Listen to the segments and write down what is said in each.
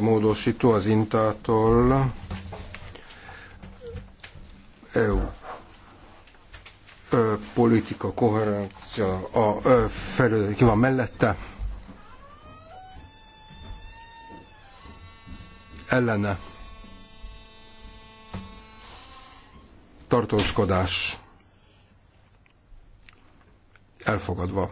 módosító az Intától EU politika, koherencia, a felül, ki van mellette, ellene tartózkodás elfogadva.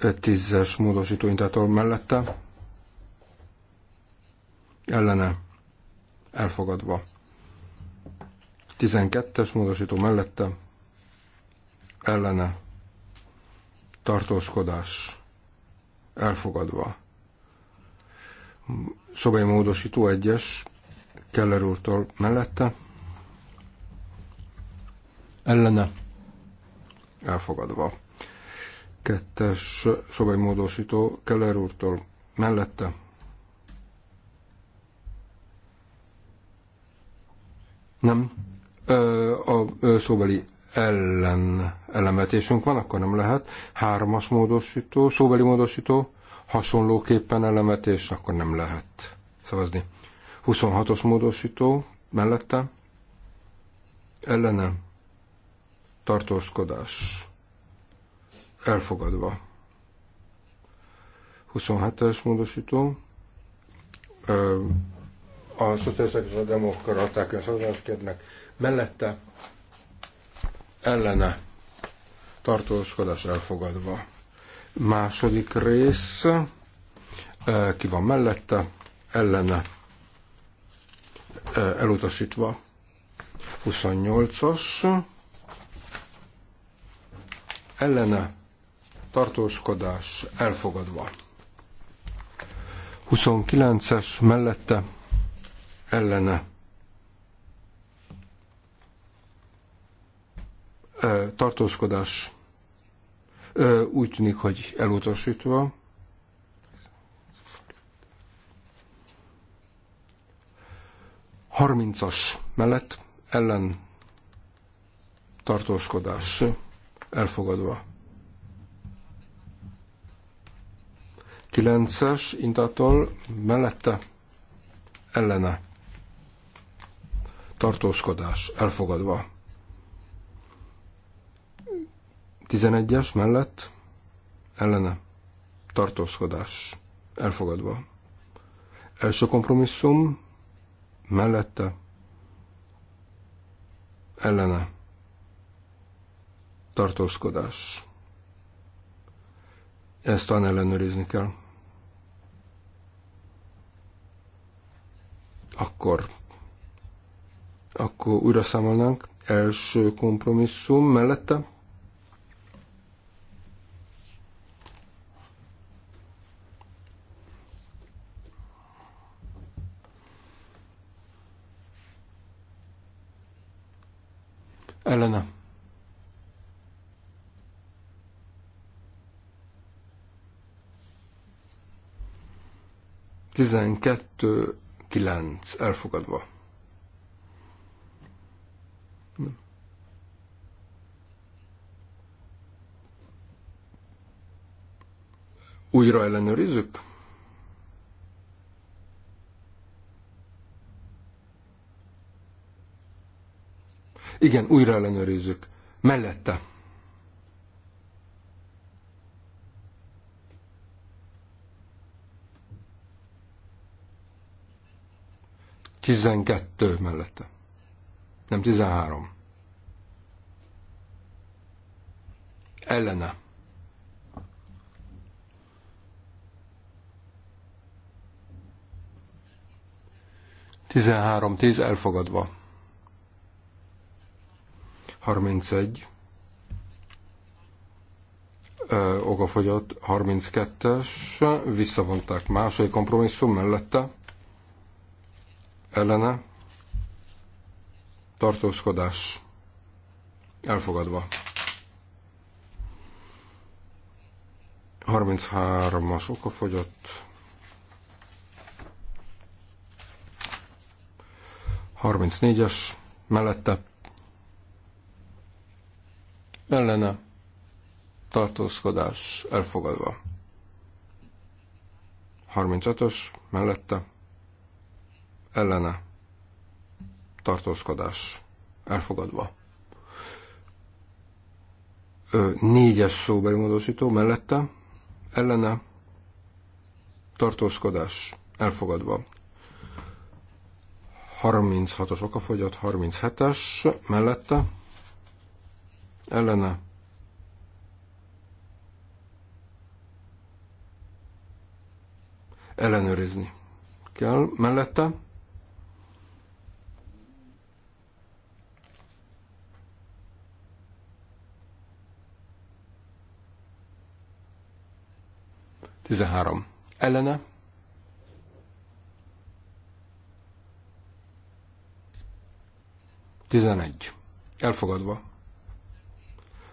10-es módosító intától mellette. Ellene. Elfogadva. 12-es módosító mellette. Ellene. Tartózkodás. Elfogadva. Szobai módosító 1-es. Keller úrtól mellette. Ellene. Elfogadva. 2-es szobagymódosító Keller úrtól mellette. Nem. A szóbeli ellen elemetésünk van, akkor nem lehet. Hármas módosító, szóbeli módosító, hasonlóképpen elemetés, akkor nem lehet szavazni. 26-os módosító mellette ellene tartózkodás elfogadva. 27-es módosító. A szociálisták és a demokraták önszavazást kérnek. Mellette ellene tartózkodás elfogadva. Második rész. Ki van mellette? Ellene elutasítva. 28-as ellene tartózkodás elfogadva. 29-es mellette ellene tartózkodás úgy tűnik, hogy elutasítva. Harmincas mellett ellen tartózkodás elfogadva. 9-es intatól mellette ellene tartózkodás elfogadva. 11-es mellett ellene tartózkodás elfogadva. Első kompromisszum mellette ellene tartózkodás ezt talán ellenőrizni kell. Akkor, akkor újra számolnánk. Első kompromisszum mellette. Ellene. 12.9 elfogadva. Újra ellenőrizzük? Igen, újra ellenőrizzük. Mellette. 12 mellette. Nem 13. Ellene. Tizenhárom, tíz elfogadva. Harmincegy. Ogafogyott, harminckettes. Visszavonták második kompromisszum mellette ellene, tartózkodás elfogadva. 33-as oka fogyott. 34-es mellette, ellene, tartózkodás elfogadva. 35-ös mellette, ellene tartózkodás elfogadva. Ö, négyes szóbeli módosító mellette ellene tartózkodás elfogadva. 36-os okafogyat, 37-es mellette ellene ellenőrizni kell mellette 13. Ellene. Tizenegy. Elfogadva.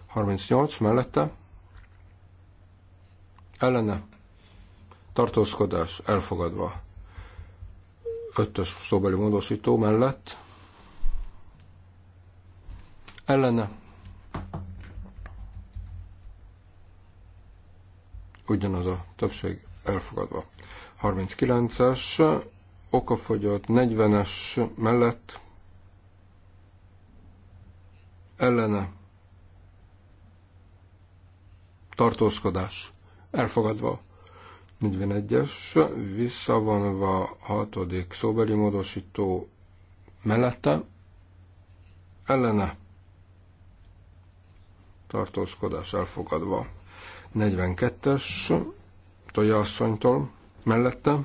38 mellette. Ellene. Tartózkodás elfogadva. Ötös szóbeli módosító mellett. Ellene. ugyanaz a többség elfogadva. 39-es, okafogyott 40-es mellett ellene tartózkodás elfogadva. 41-es, visszavonva 6. szóbeli módosító mellette, ellene tartózkodás elfogadva. 42-es Tolja asszonytól mellette.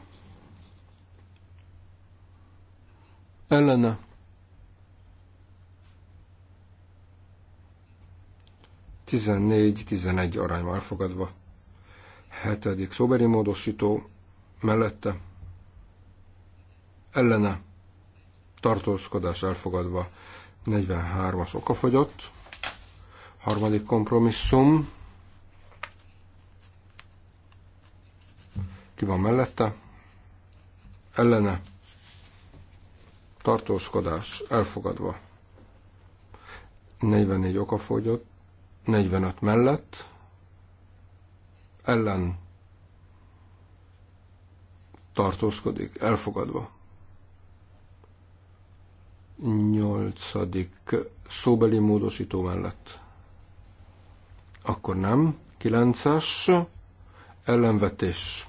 Ellene. 14 tizenegy arányban elfogadva. Hetedik szóberi módosító mellette. Ellene. Tartózkodás elfogadva. 43-as okafogyott. Harmadik kompromisszum Ki van mellette? Ellene. Tartózkodás elfogadva. 44 okafogyott, 45 mellett, ellen tartózkodik, elfogadva. Nyolcadik szóbeli módosító mellett. Akkor nem. Kilences ellenvetés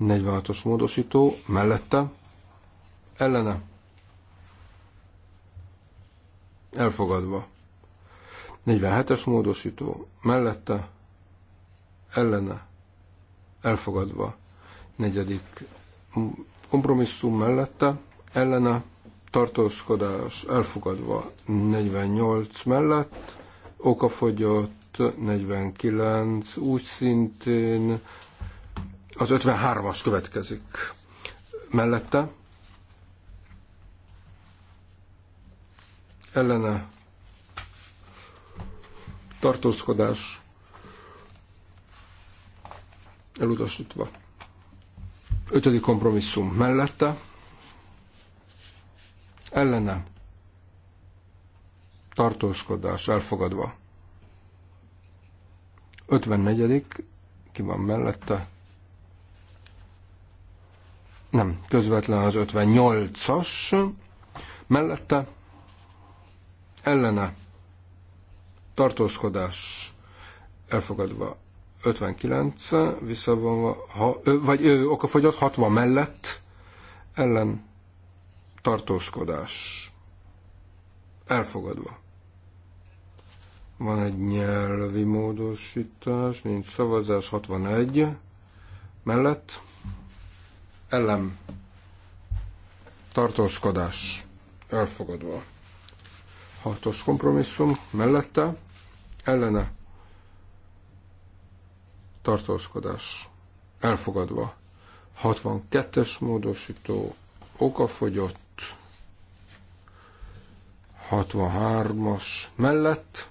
46-os módosító mellette ellene elfogadva. 47-es módosító mellette ellene elfogadva. Negyedik kompromisszum mellette ellene tartózkodás elfogadva 48 mellett, okafogyott 49, úgy szintén az 53-as következik. Mellette ellene tartózkodás elutasítva. Ötödik kompromisszum mellette ellene tartózkodás elfogadva. 54. ki van mellette, nem, közvetlen az 58-as, mellette ellene tartózkodás elfogadva 59, visszavonva, ha, vagy ö, okafogyott 60 mellett ellen tartózkodás elfogadva. Van egy nyelvi módosítás, nincs szavazás, 61 mellett ellen tartózkodás elfogadva. Hatos kompromisszum mellette ellene tartózkodás elfogadva. 62-es módosító okafogyott 63-as mellett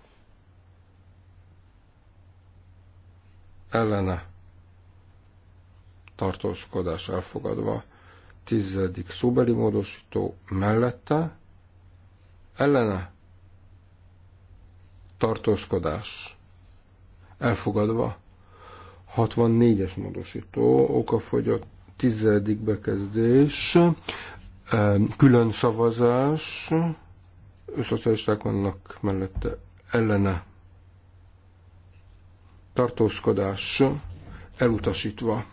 ellene tartózkodás elfogadva, tizedik szóbeli módosító mellette, ellene tartózkodás elfogadva, 64-es módosító, okafogyott tizedik bekezdés, külön szavazás, szocialisták vannak mellette ellene tartózkodás elutasítva.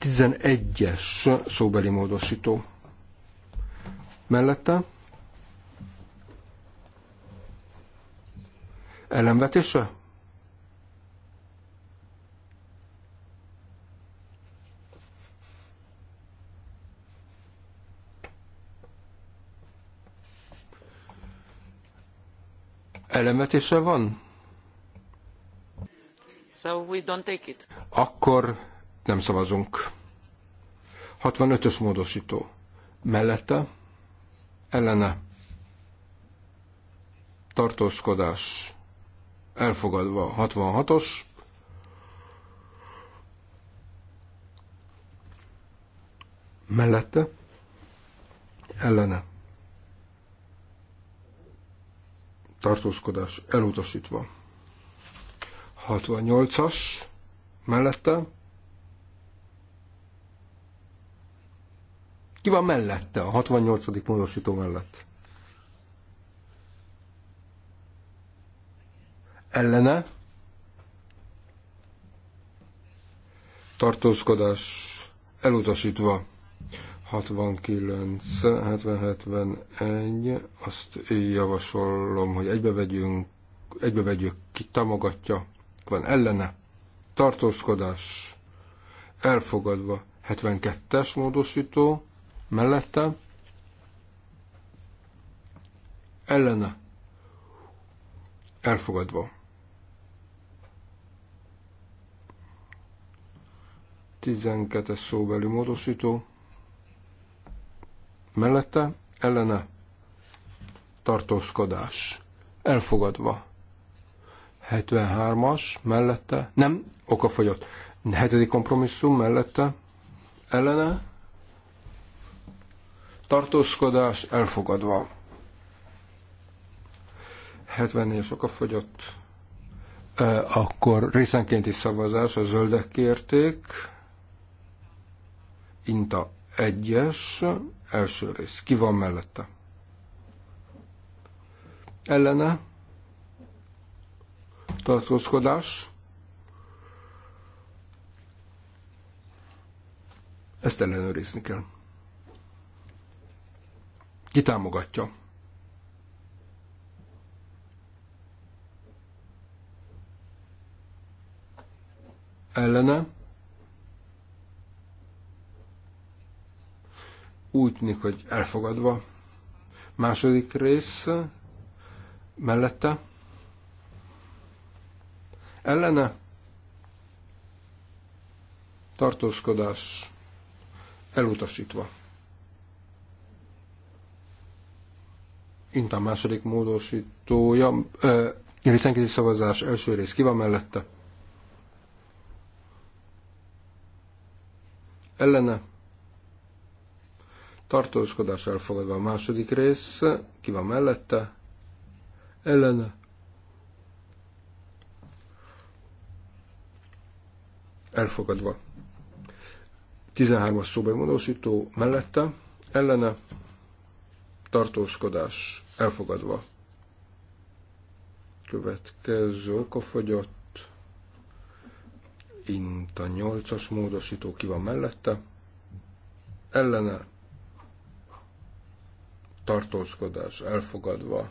11-es szóbeli módosító. Mellette ellenvetése? Ellenvetése van? So we don't take it. Akkor nem szavazunk. 65-ös módosító. Mellette. Ellene. Tartózkodás. Elfogadva. 66-os. Mellette. Ellene. Tartózkodás elutasítva. 68-as mellette Ki van mellette, a 68. módosító mellett? Ellene? Tartózkodás elutasítva. 69, 70, 71, azt javasolom, hogy egybe vegyünk, egybe ki támogatja, van ellene, tartózkodás, elfogadva, 72-es módosító, mellette, ellene, elfogadva. 12-es szóbeli módosító, mellette, ellene, tartózkodás, elfogadva. 73-as mellette, nem, okafogyott. 7. kompromisszum mellette, ellene, tartózkodás elfogadva. 70-nél a fogyott. E, akkor részenkénti szavazás a zöldek kérték. Inta egyes, első rész. Ki van mellette? Ellene? Tartózkodás? Ezt ellenőrizni kell. Ki támogatja? Ellene? Úgy tűnik, hogy elfogadva. Második rész mellette. Ellene? Tartózkodás elutasítva. Inta második módosítója, részenkézi szavazás első rész ki van mellette? Ellene? Tartózkodás elfogadva a második rész, ki van mellette? Ellene? Elfogadva. 13-as szóbeli módosító mellette, ellene tartózkodás elfogadva. Következő okafogyott, int a nyolcas módosító ki van mellette, ellene tartózkodás elfogadva.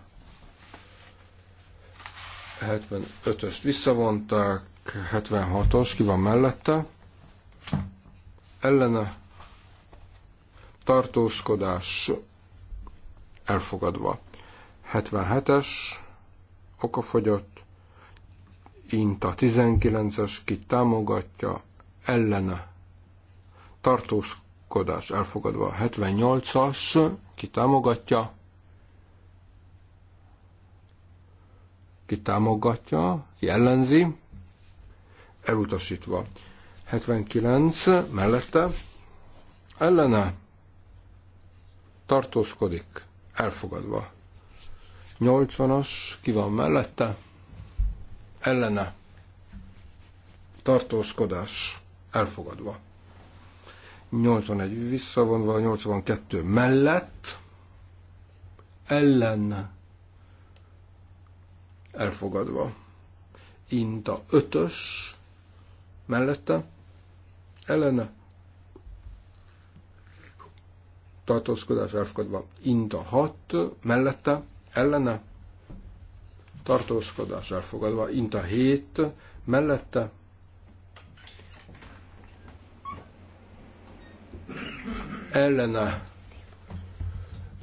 75-öst visszavonták, 76-os ki van mellette, ellene tartózkodás elfogadva. 77-es okafogyott, Inta 19-es, ki támogatja, ellene tartózkodás elfogadva. 78-as, ki támogatja, ki támogatja, ki ellenzi, elutasítva. 79 mellette ellene tartózkodik elfogadva. 80-as, ki van mellette? Ellene. Tartózkodás, elfogadva. 81 visszavonva, 82 mellett, ellen, elfogadva. Inta 5-ös, mellette, ellene, tartózkodás elfogadva. Inta hat mellette, ellene, tartózkodás elfogadva. Inta hét mellette, ellene,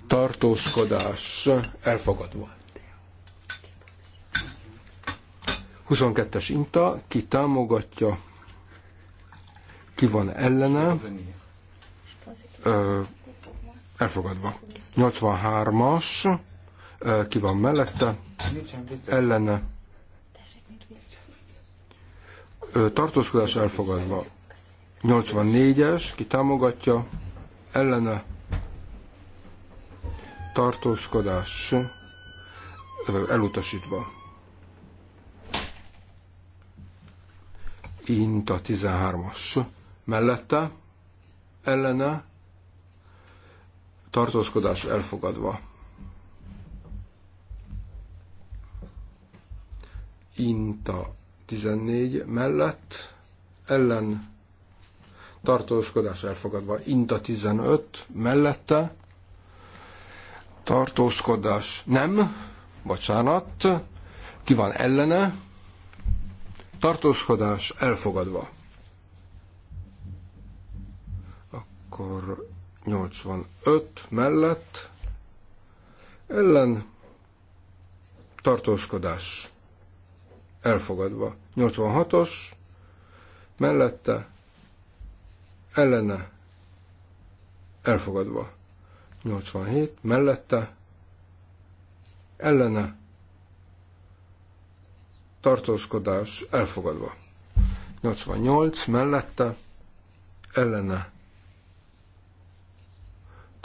tartózkodás elfogadva. 22-es Inta, ki támogatja, ki van ellene, Elfogadva. 83-as, ki van mellette, ellene, tartózkodás elfogadva. 84-es, ki támogatja, ellene, tartózkodás elutasítva. Inta 13-as mellette, ellene, tartózkodás elfogadva. Inta 14 mellett ellen tartózkodás elfogadva. Inta 15 mellette tartózkodás nem, bocsánat, ki van ellene, tartózkodás elfogadva. Akkor 85 mellett ellen tartózkodás elfogadva. 86-os mellette ellene elfogadva. 87 mellette ellene tartózkodás elfogadva. 88 mellette ellene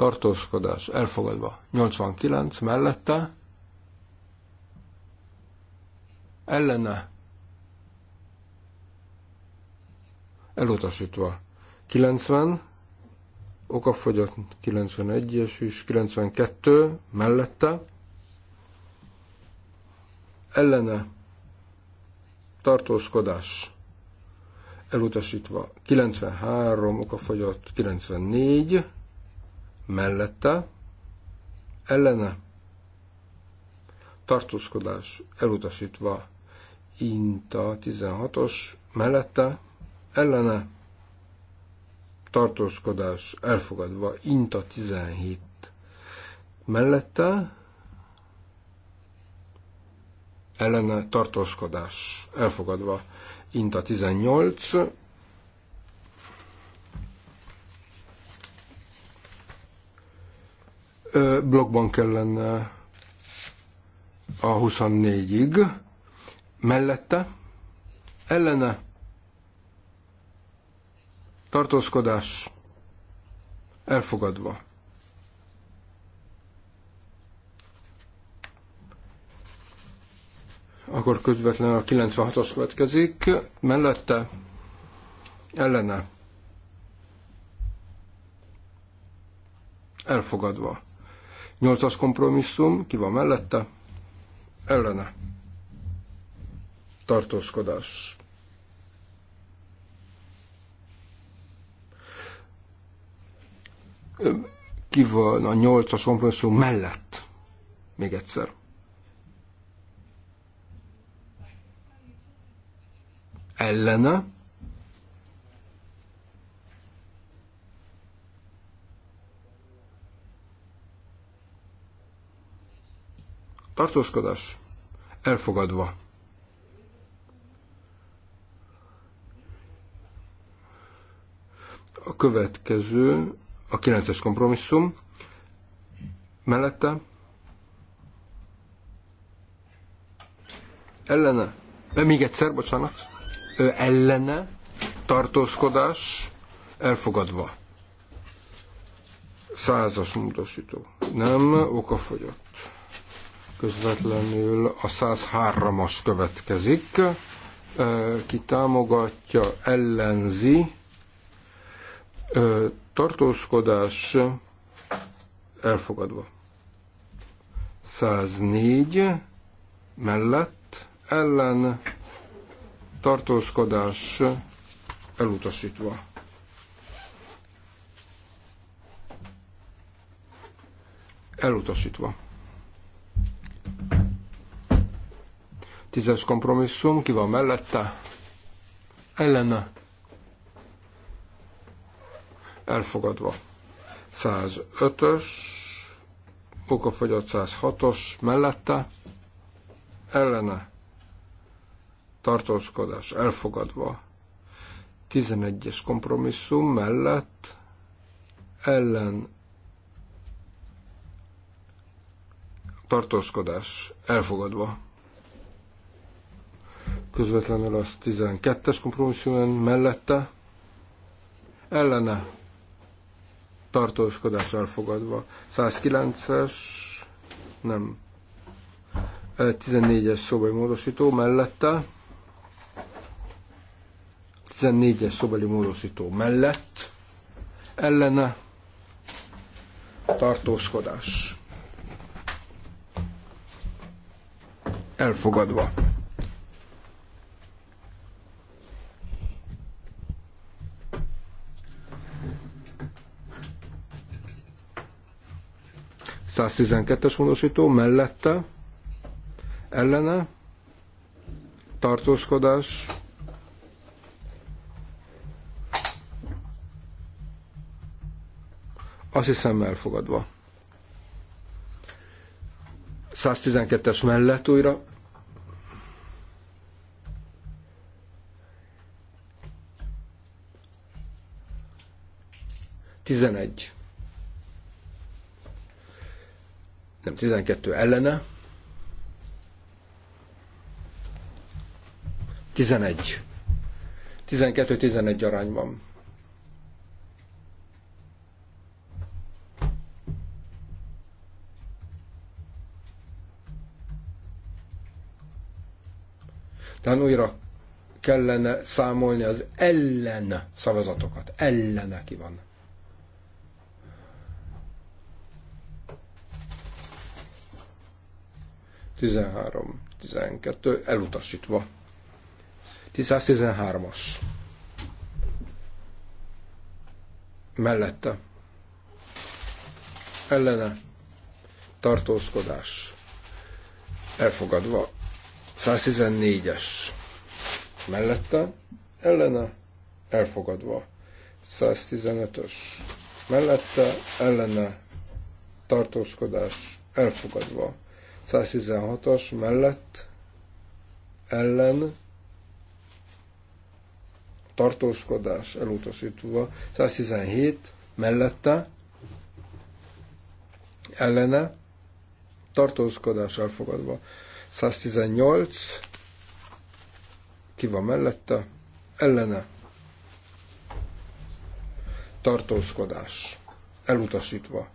tartózkodás elfogadva 89 mellette, ellene elutasítva 90, okafogyott 91-es és 92 mellette, ellene tartózkodás elutasítva 93, okafogyott 94, mellette, ellene, tartózkodás elutasítva, Inta 16-os, mellette, ellene, tartózkodás elfogadva, Inta 17 mellette, ellene tartózkodás elfogadva, Inta 18 blokkban lenne a 24-ig, mellette, ellene, tartózkodás, elfogadva. Akkor közvetlenül a 96-os következik, mellette, ellene, elfogadva. Nyolcas kompromisszum, ki van mellette? Ellene. Tartózkodás. Ki van a nyolcas kompromisszum mellett? Még egyszer. Ellene tartózkodás elfogadva. A következő, a 9-es kompromisszum mellette ellene, még egyszer, bocsánat, ellene tartózkodás elfogadva. Százas módosító. Nem, okafogyott. Közvetlenül a 103-as következik. Ki támogatja, ellenzi. Tartózkodás elfogadva. 104 mellett ellen tartózkodás elutasítva. Elutasítva. Tízes kompromisszum, ki van mellette? Ellene. Elfogadva. 105-ös, okafogyat 106-os, mellette, ellene, tartózkodás elfogadva, 11-es kompromisszum mellett, ellen, tartózkodás elfogadva közvetlenül az 12-es kompromisszum mellette ellene tartózkodás elfogadva. 109-es, nem, 14-es e, szobai módosító mellette, 14-es szobeli módosító mellett ellene tartózkodás. Elfogadva. 112-es módosító mellette ellene tartózkodás azt hiszem elfogadva. 112-es mellett újra. Tizenegy. nem 12 ellene, 11. 12-11 arányban. Tehát újra kellene számolni az ellen szavazatokat. Ellene ki van. 13, 12, elutasítva. 113-as. Mellette. Ellene. Tartózkodás. Elfogadva. 114-es. Mellette. Ellene. Elfogadva. 115-ös. Mellette. Ellene. Tartózkodás. Elfogadva. 116-as mellett ellen tartózkodás elutasítva, 117 mellette ellene tartózkodás elfogadva, 118 ki van mellette, ellene tartózkodás elutasítva,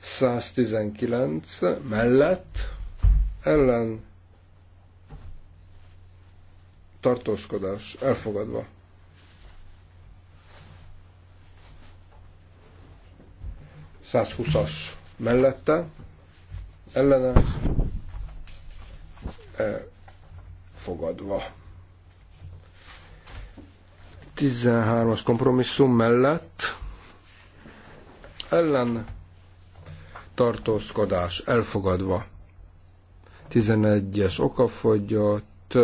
119 mellett ellen tartózkodás elfogadva. Százhúszas mellette ellene elfogadva. 13-as kompromisszum mellett ellen tartózkodás elfogadva. 11-es okafogyott,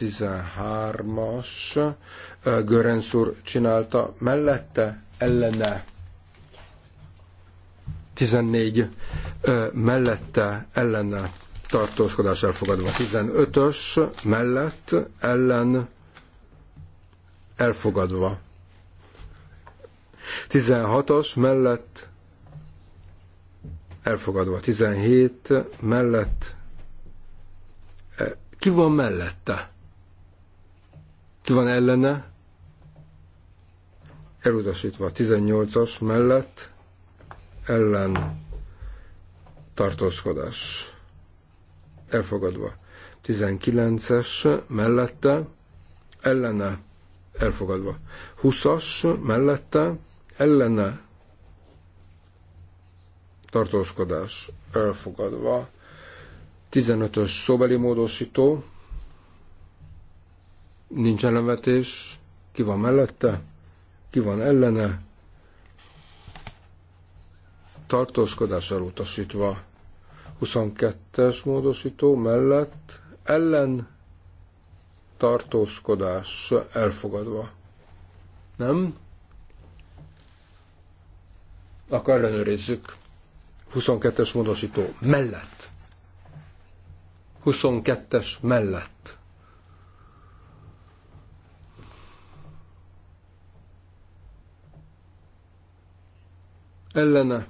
13-as Görensz úr csinálta mellette, ellene 14 mellette, ellene tartózkodás elfogadva. 15-ös mellett, ellen elfogadva. 16-os mellett elfogadva. 17 mellett ki van mellette? Ki van ellene? Elutasítva 18-as mellett ellen tartózkodás. Elfogadva. 19-es mellette ellene elfogadva. 20-as mellette ellene tartózkodás elfogadva. 15-ös szóbeli módosító, nincs ellenvetés, ki van mellette, ki van ellene, Tartózkodással utasítva, 22-es módosító mellett ellen tartózkodás elfogadva. Nem? Akkor ellenőrizzük. 22-es módosító mellett 22-es mellett. Ellene.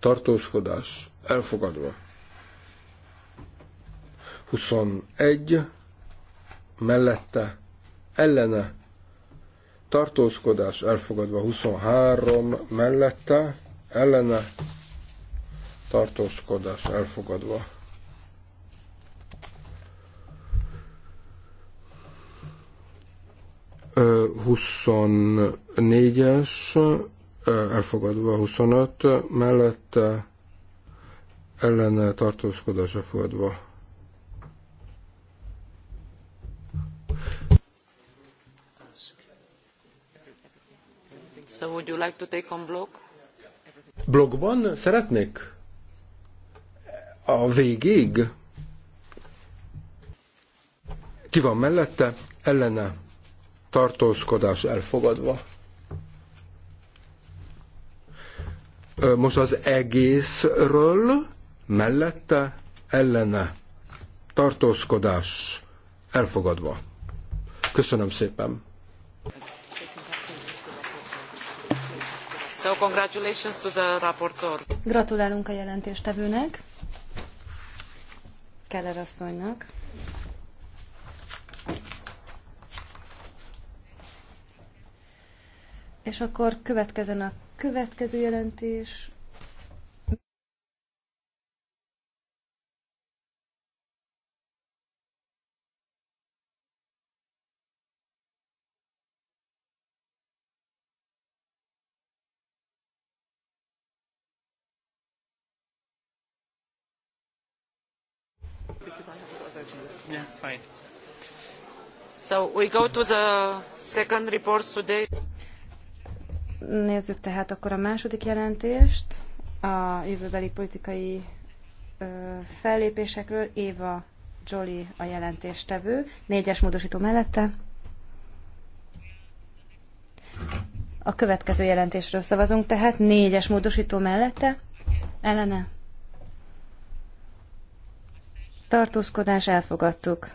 Tartózkodás elfogadva. 21 mellette ellene tartózkodás elfogadva 23 mellette, ellene tartózkodás elfogadva. Uh, 24-es elfogadva 25 mellette ellene tartózkodás elfogadva So would you like to take on blog? Blogban szeretnék? A végig? Ki van mellette? Ellene tartózkodás elfogadva. Most az egészről mellette ellene tartózkodás elfogadva. Köszönöm szépen! So congratulations to the rapporteur. Gratulálunk a jelentéstevőnek, Keller asszonynak. És akkor következzen a következő jelentés, Yeah, fine. So we go to the second report today. Nézzük tehát akkor a második jelentést, a jövőbeli politikai ö, fellépésekről. Éva Jolly a jelentéstevő, négyes módosító mellette. A következő jelentésről szavazunk, tehát négyes módosító mellette. Ellene? tartózkodás elfogadtuk.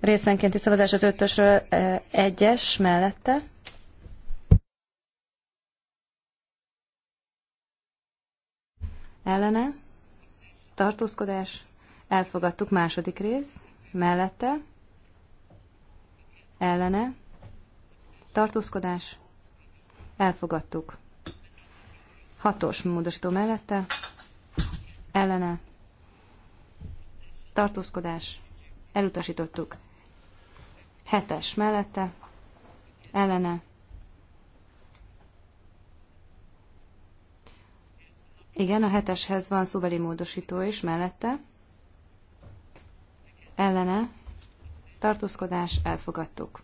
Részenkénti szavazás az ötösről egyes mellette. Ellene. Tartózkodás. Elfogadtuk második rész. Mellette. Ellene. Tartózkodás. Elfogadtuk. Hatos módosító mellette, ellene, tartózkodás, elutasítottuk. Hetes mellette, ellene, Igen, a heteshez van szóbeli módosító is mellette. Ellene tartózkodás elfogadtuk.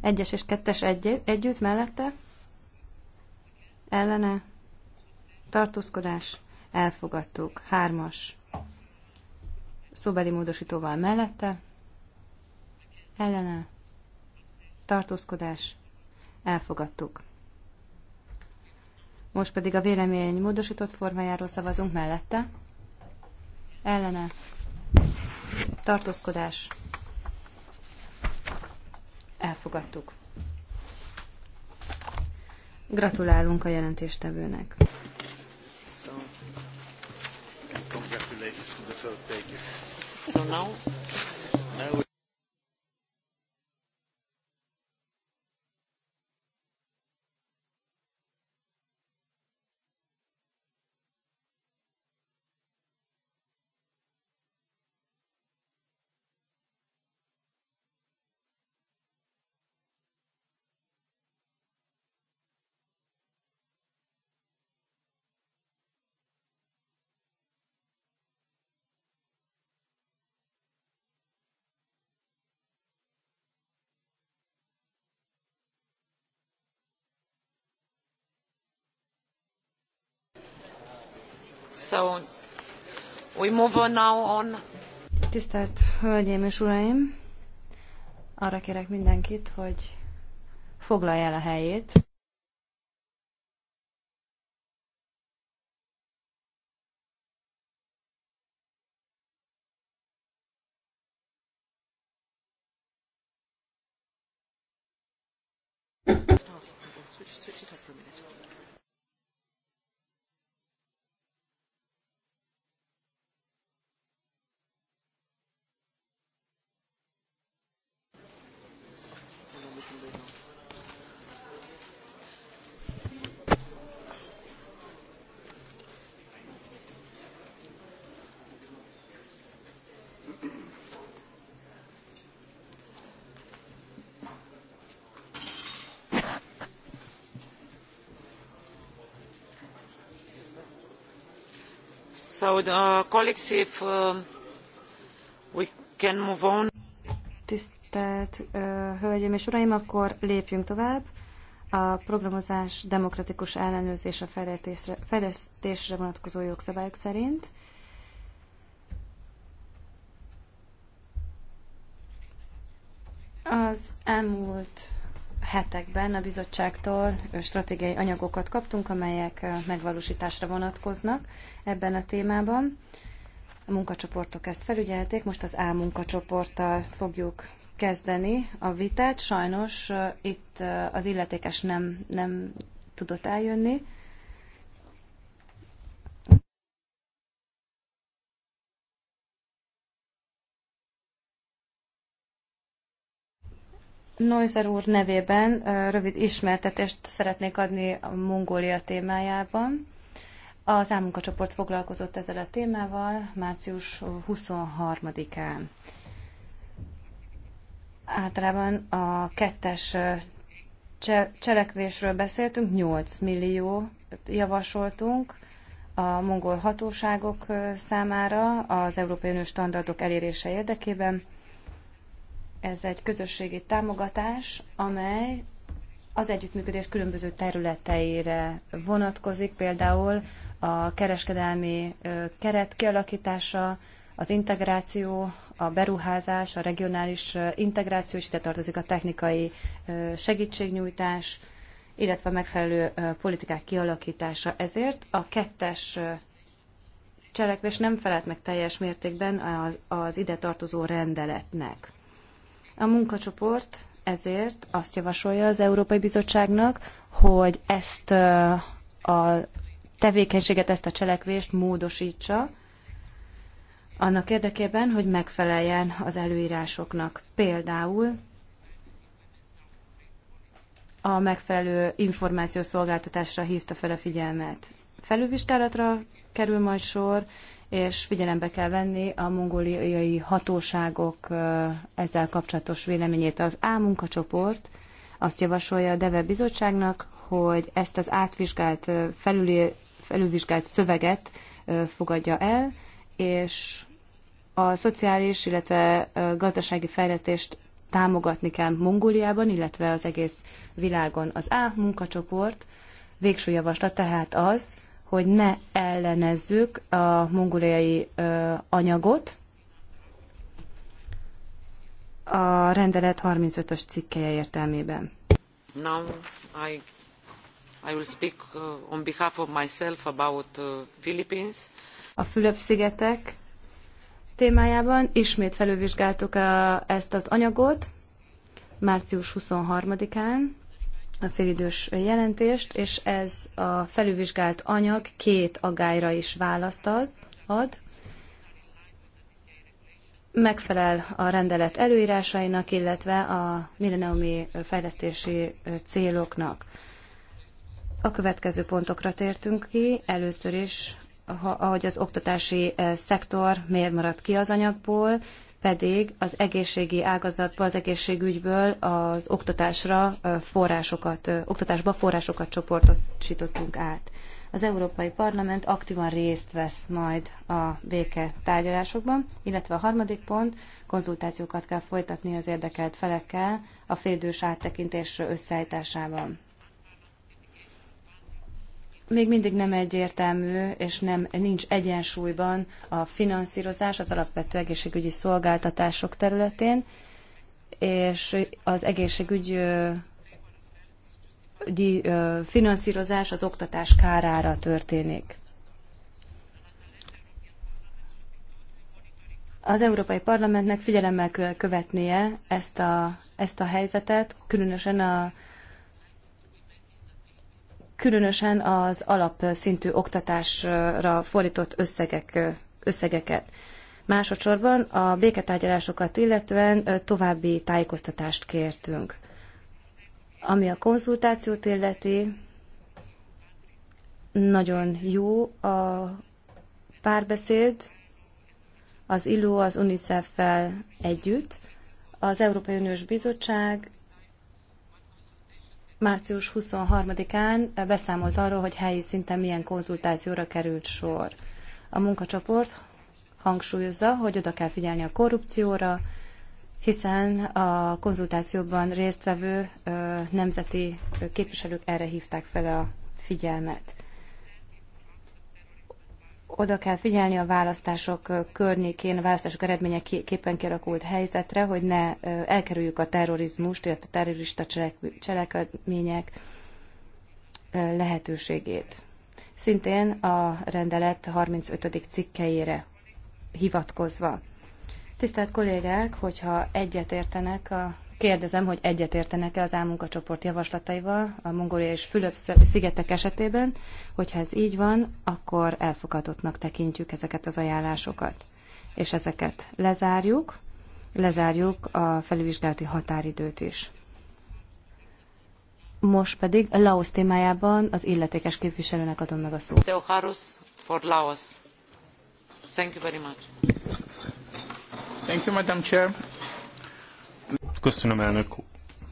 Egyes és kettes egy, együtt mellette. Ellene. Tartózkodás. Elfogadtuk. Hármas. Szóbeli módosítóval mellette. Ellene. Tartózkodás. Elfogadtuk. Most pedig a vélemény módosított formájáról szavazunk mellette. Ellene. Tartózkodás. Elfogadtuk. Gratulálunk a jelentéstevőnek. So, So now, now we So, we move on now on. Tisztelt Hölgyeim és Uraim! Arra kérek mindenkit, hogy foglalja el a helyét. So, the uh, colleagues, if uh, we can move on. Tisztelt uh, Hölgyeim és Uraim, akkor lépjünk tovább. A programozás demokratikus ellenőrzése fejlesztésre, fejlesztésre vonatkozó jogszabályok szerint. Az elmúlt hetekben a bizottságtól stratégiai anyagokat kaptunk, amelyek megvalósításra vonatkoznak ebben a témában. A munkacsoportok ezt felügyelték, most az A munkacsoporttal fogjuk kezdeni a vitát. Sajnos itt az illetékes nem, nem tudott eljönni. Noiser úr nevében rövid ismertetést szeretnék adni a Mongólia témájában. Az álmunkacsoport foglalkozott ezzel a témával március 23-án. Általában a kettes cselekvésről beszéltünk, 8 millió javasoltunk a mongol hatóságok számára az Európai Uniós standardok elérése érdekében ez egy közösségi támogatás, amely az együttműködés különböző területeire vonatkozik, például a kereskedelmi keret kialakítása, az integráció, a beruházás, a regionális integráció, és ide tartozik a technikai segítségnyújtás, illetve a megfelelő politikák kialakítása. Ezért a kettes cselekvés nem felelt meg teljes mértékben az, az ide tartozó rendeletnek. A munkacsoport ezért azt javasolja az Európai Bizottságnak, hogy ezt a tevékenységet, ezt a cselekvést módosítsa, annak érdekében, hogy megfeleljen az előírásoknak. Például a megfelelő információszolgáltatásra hívta fel a figyelmet. Felülvizsgálatra kerül majd sor, és figyelembe kell venni a mongóliai hatóságok ezzel kapcsolatos véleményét. Az A munkacsoport azt javasolja a DEVE bizottságnak, hogy ezt az átvizsgált, felüli felülvizsgált szöveget fogadja el, és a szociális, illetve gazdasági fejlesztést támogatni kell Mongóliában, illetve az egész világon. Az A munkacsoport végső javaslat tehát az, hogy ne ellenezzük a mongoliai anyagot. A rendelet 35-ös cikkeje értelmében. Now I, I will speak uh, on behalf of myself about uh, Philippines. A Fülöp-szigetek témájában ismét felülvizsgáltuk a, uh, ezt az anyagot március 23-án, a félidős jelentést, és ez a felülvizsgált anyag két agályra is választ ad. Megfelel a rendelet előírásainak, illetve a milleniumi fejlesztési céloknak. A következő pontokra tértünk ki. Először is, ahogy az oktatási eh, szektor miért maradt ki az anyagból, pedig az egészségi ágazatba, az egészségügyből az oktatásra forrásokat, oktatásba forrásokat csoportosítottunk át. Az Európai Parlament aktívan részt vesz majd a béke tárgyalásokban, illetve a harmadik pont, konzultációkat kell folytatni az érdekelt felekkel a félidős áttekintés összeállításában még mindig nem egyértelmű, és nem, nincs egyensúlyban a finanszírozás az alapvető egészségügyi szolgáltatások területén, és az egészségügyi finanszírozás az oktatás kárára történik. Az Európai Parlamentnek figyelemmel kell követnie ezt a, ezt a helyzetet, különösen a különösen az alapszintű oktatásra fordított összegek, összegeket. Másodszorban a béketárgyalásokat illetően további tájékoztatást kértünk. Ami a konzultációt illeti, nagyon jó a párbeszéd az ILO, az UNICEF-fel együtt. Az Európai Uniós Bizottság március 23-án beszámolt arról, hogy helyi szinten milyen konzultációra került sor. A munkacsoport hangsúlyozza, hogy oda kell figyelni a korrupcióra, hiszen a konzultációban résztvevő nemzeti képviselők erre hívták fel a figyelmet oda kell figyelni a választások környékén, a választások eredményeképpen kialakult helyzetre, hogy ne elkerüljük a terrorizmust, illetve a terrorista cselekmények lehetőségét. Szintén a rendelet 35. cikkejére hivatkozva. Tisztelt kollégák, hogyha egyetértenek a Kérdezem, hogy egyetértenek-e az álmunkacsoport javaslataival a Mongólia és Fülöp-szigetek esetében, hogyha ez így van, akkor elfogadottnak tekintjük ezeket az ajánlásokat. És ezeket lezárjuk, lezárjuk a felülvizsgálati határidőt is. Most pedig a Laos témájában az illetékes képviselőnek adom meg a szót. Harus, for Laos. Thank you very much. Thank you, Madam Chair. Köszönöm, elnök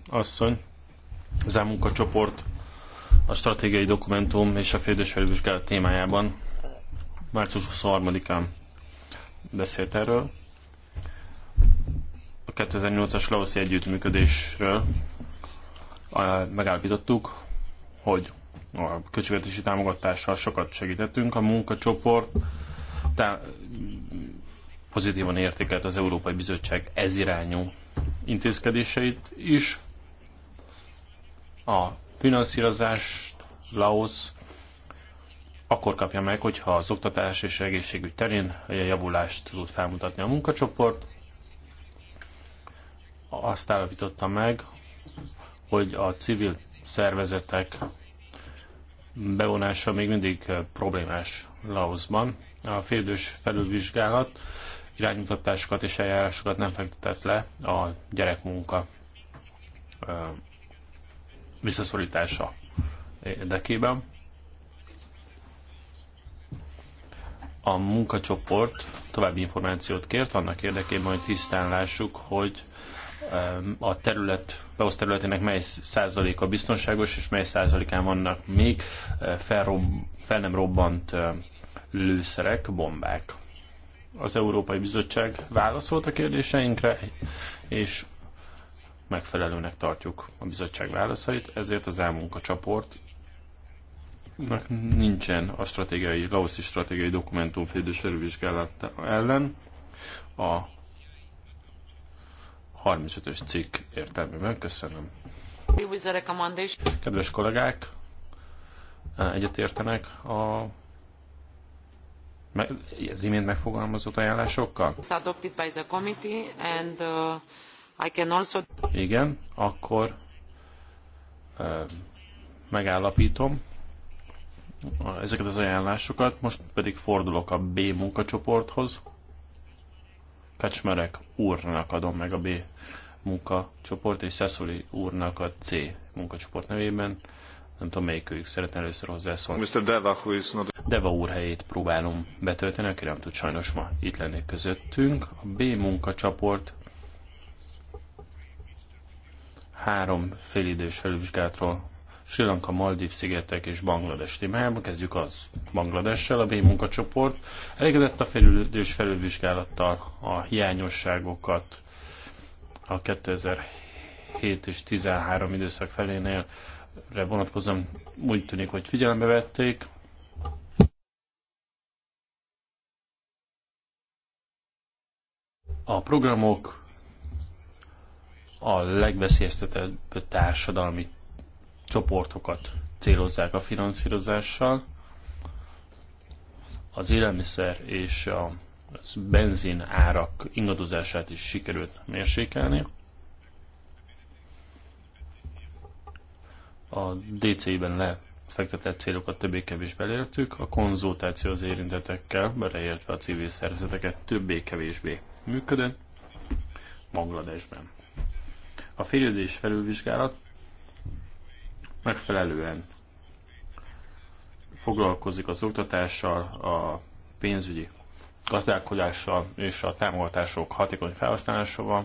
asszony. Az munkacsoport a stratégiai dokumentum és a félidős felvizsgálat témájában március 23-án beszélt erről. A 2008-as laoszi együttműködésről eh, megállapítottuk, hogy a költségvetési támogatással sokat segítettünk. A munkacsoport tá- pozitívan értékelt az Európai Bizottság ezirányú intézkedéseit is. A finanszírozást Laos akkor kapja meg, hogyha az oktatás és egészségügy terén a javulást tud felmutatni a munkacsoport. Azt állapította meg, hogy a civil szervezetek bevonása még mindig eh, problémás Laosban. A félidős felülvizsgálat iránymutatásokat és eljárásokat nem fektetett le a gyerekmunka visszaszorítása érdekében. A munkacsoport további információt kért annak érdekében, hogy tisztán lássuk, hogy a terület, Beosz területének mely százaléka biztonságos, és mely százalékán vannak még fel, rob, fel nem robbant lőszerek, bombák az Európai Bizottság válaszolt a kérdéseinkre, és megfelelőnek tartjuk a bizottság válaszait, ezért az elmunkacsoport nincsen a stratégiai, Laoszi stratégiai dokumentum félidős ellen a 35-ös cikk értelmében. Köszönöm. Kedves kollégák, egyetértenek a az imént megfogalmazott ajánlásokkal? adopted by the committee and uh, I can also... Igen, akkor megállapítom ezeket az ajánlásokat, most pedig fordulok a B munkacsoporthoz. Kacsmerek úrnak adom meg a B munkacsoport, és Szeszuli úrnak a C munkacsoport nevében nem tudom, melyikőjük szeretne először hozzászólni. Mr. Deva, who is not... Deva úr helyét próbálom betölteni, aki nem tud sajnos ma itt lenni közöttünk. A B munkacsoport három félidős felvizsgálatról Sri Lanka, Maldív szigetek és Banglades témájában. Kezdjük az Bangladessel, a B munkacsoport. Elégedett a félidős felülvizsgálattal a hiányosságokat a 2007 és 13 időszak felénél vonatkozom, úgy tűnik, hogy figyelembe vették. A programok a legveszélyeztetebb társadalmi csoportokat célozzák a finanszírozással. Az élelmiszer és a benzin árak ingadozását is sikerült mérsékelni. a DC-ben lefektetett célokat többé-kevésbé elértük, a konzultáció az érintetekkel, beleértve a civil szervezeteket többé-kevésbé működött Bangladesben. A félidős felülvizsgálat megfelelően foglalkozik az oktatással, a pénzügyi gazdálkodással és a támogatások hatékony felhasználásával,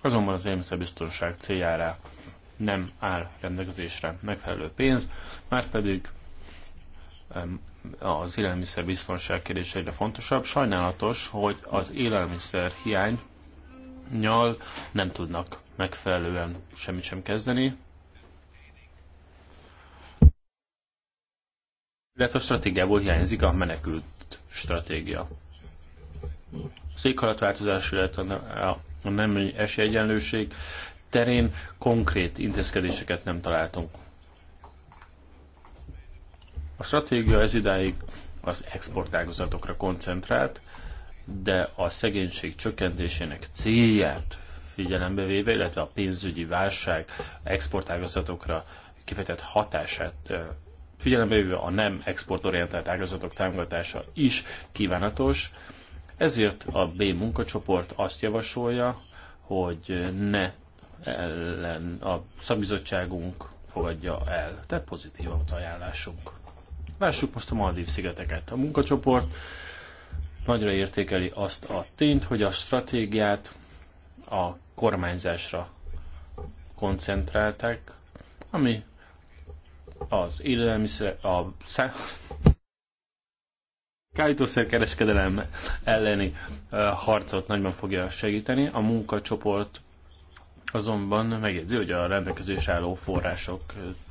azonban az élmiszerbiztonság céljára nem áll rendelkezésre megfelelő pénz, már pedig az élelmiszer biztonság kérdéseire fontosabb. Sajnálatos, hogy az élelmiszer hiány nyal nem tudnak megfelelően semmit sem kezdeni. Illetve a stratégiából hiányzik a menekült stratégia. Székhalatváltozás, illetve a nem esélyegyenlőség terén konkrét intézkedéseket nem találtunk. A stratégia ez idáig az exportágazatokra koncentrált, de a szegénység csökkentésének célját figyelembe véve, illetve a pénzügyi válság exportágazatokra kifejtett hatását figyelembe véve a nem exportorientált ágazatok támogatása is kívánatos, ezért a B munkacsoport azt javasolja, hogy ne ellen a szabizottságunk fogadja el. Tehát pozitív az ajánlásunk. Lássuk most a Maldív szigeteket. A munkacsoport nagyra értékeli azt a tényt, hogy a stratégiát a kormányzásra koncentrálták, ami az élelmiszer, a szá... kábítószerkereskedelem elleni harcot nagyban fogja segíteni. A munkacsoport azonban megjegyzi, hogy a rendelkezés álló források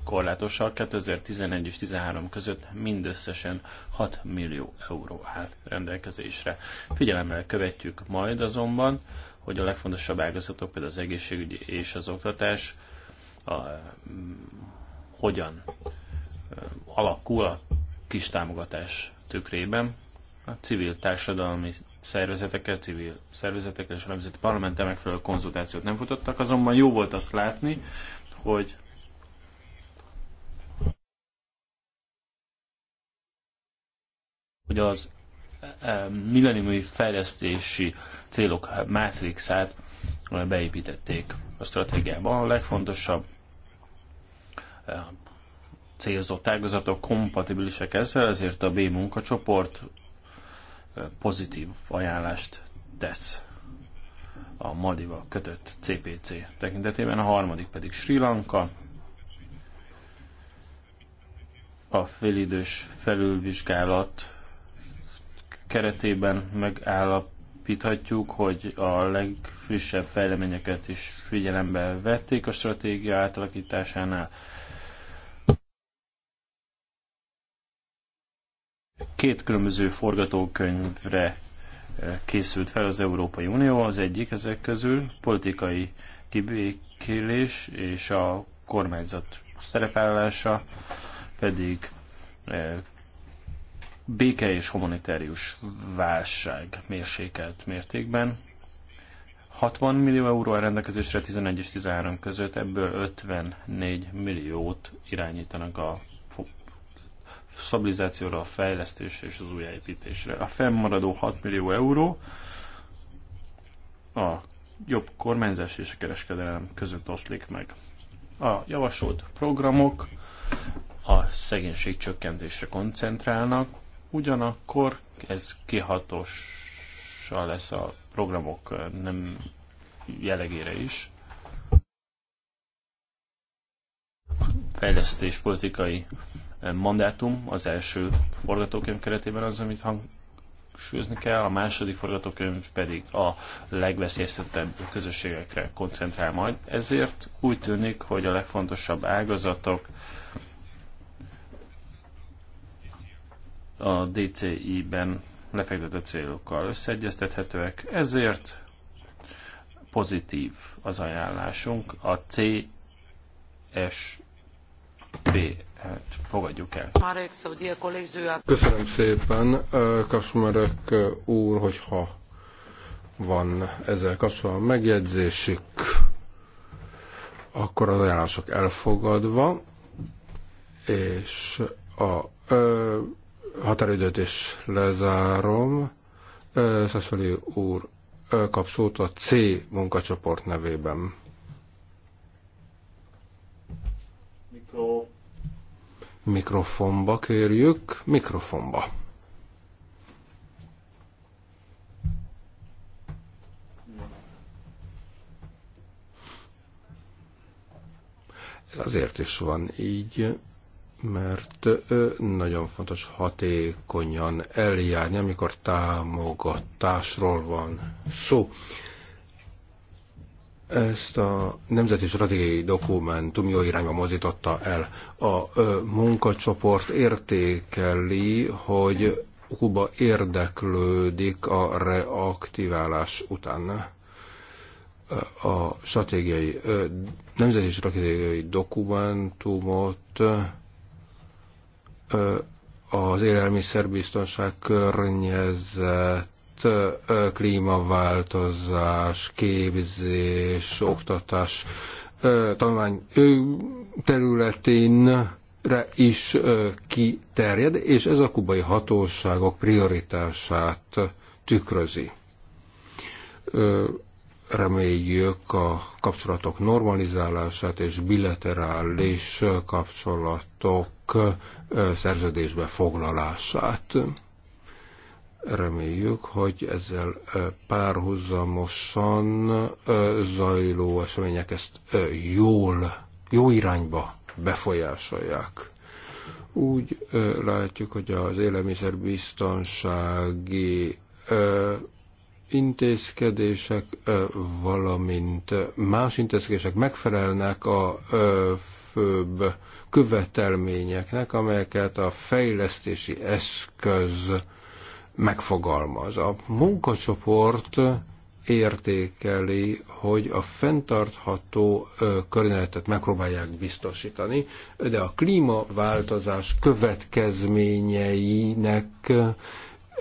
korlátosak 2011 és 2013 között mindösszesen 6 millió euró áll rendelkezésre. Figyelemmel követjük majd azonban, hogy a legfontosabb ágazatok, például az egészségügy és az oktatás, a, mm, hogyan alakul a kis támogatás tükrében, a civil társadalmi szervezetekkel, civil szervezetekkel és a nemzeti parlamenttel megfelelő konzultációt nem futottak, azonban jó volt azt látni, hogy hogy az e, e, milleniumi fejlesztési célok mátrixát e, beépítették a stratégiába. A legfontosabb célzott ágazatok kompatibilisek ezzel, ezért a B munkacsoport pozitív ajánlást tesz a Maldival kötött CPC tekintetében, a harmadik pedig Sri Lanka. A félidős felülvizsgálat keretében megállapíthatjuk, hogy a legfrissebb fejleményeket is figyelembe vették a stratégia átalakításánál. két különböző forgatókönyvre eh, készült fel az Európai Unió, az egyik ezek közül politikai kibékélés és a kormányzat szerepállása pedig eh, béke és humanitárius válság mérsékelt mértékben. 60 millió euró a rendelkezésre 11 és 13 között, ebből 54 milliót irányítanak a stabilizációra, a fejlesztésre és az újjáépítésre. A fennmaradó 6 millió euró a jobb kormányzás és a kereskedelem között oszlik meg. A javasolt programok a szegénység csökkentésre koncentrálnak, ugyanakkor ez kihatossal lesz a programok nem jellegére is. politikai eh, mandátum az első forgatókönyv keretében az, amit hangsúlyozni kell, a második forgatókönyv pedig a legveszélyeztetebb közösségekre koncentrál majd. Ezért úgy tűnik, hogy a legfontosabb ágazatok a DCI-ben lefektetett célokkal összeegyeztethetőek, ezért pozitív az ajánlásunk a CS B eh, fogadjuk el. Köszönöm szépen, eh, Kasmarek eh, úr, hogyha van ezzel kapcsolatban megjegyzésük, akkor az ajánlások elfogadva, és a ö, határidőt is lezárom. Szeszfeli úr kap szót a C munkacsoport nevében. Mikrofonba kérjük, mikrofonba. Ez azért is van így, mert nagyon fontos hatékonyan eljárni, amikor támogatásról van szó ezt a nemzeti stratégiai dokumentum jó irányba mozította el. A munkacsoport értékeli, hogy Kuba érdeklődik a reaktiválás után. A stratégiai, nemzeti stratégiai dokumentumot az élelmiszerbiztonság környezet klímaváltozás, képzés, oktatás, tanulmány területén is kiterjed, és ez a kubai hatóságok prioritását tükrözi. Reméljük a kapcsolatok normalizálását és bilaterális kapcsolatok szerződésbe foglalását. Reméljük, hogy ezzel párhuzamosan zajló események ezt jól, jó irányba befolyásolják úgy látjuk, hogy az élelmiszerbiztonsági intézkedések, valamint más intézkedések megfelelnek a főbb követelményeknek, amelyeket a fejlesztési eszköz megfogalmaz. A munkacsoport értékeli, hogy a fenntartható környezetet megpróbálják biztosítani, de a klímaváltozás következményeinek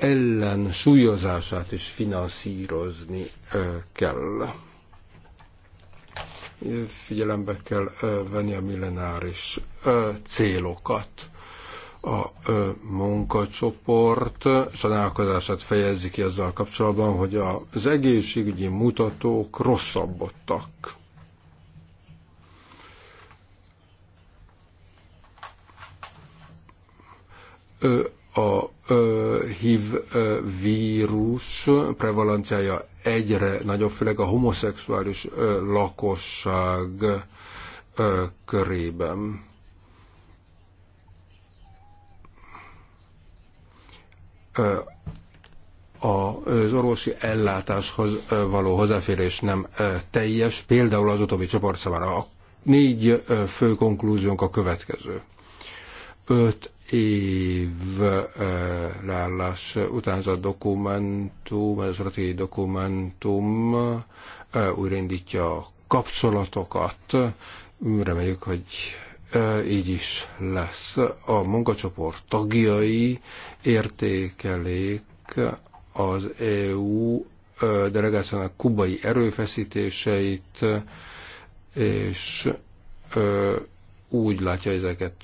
ellen súlyozását is finanszírozni kell. Figyelembe kell venni a millenáris célokat a munkacsoport sanálkozását fejezi ki azzal kapcsolatban, hogy az egészségügyi mutatók rosszabbodtak. A HIV vírus prevalenciája egyre nagyobb, főleg a homoszexuális lakosság körében az orvosi ellátáshoz való hozzáférés nem teljes, például az utóbbi csoport A négy fő konklúziónk a következő. Öt év leállás után ez a dokumentum, ez a stratégiai dokumentum újraindítja a kapcsolatokat. Reméljük, hogy így is lesz. A munkacsoport tagjai értékelik az EU delegációnak kubai erőfeszítéseit, és úgy látja, hogy ezeket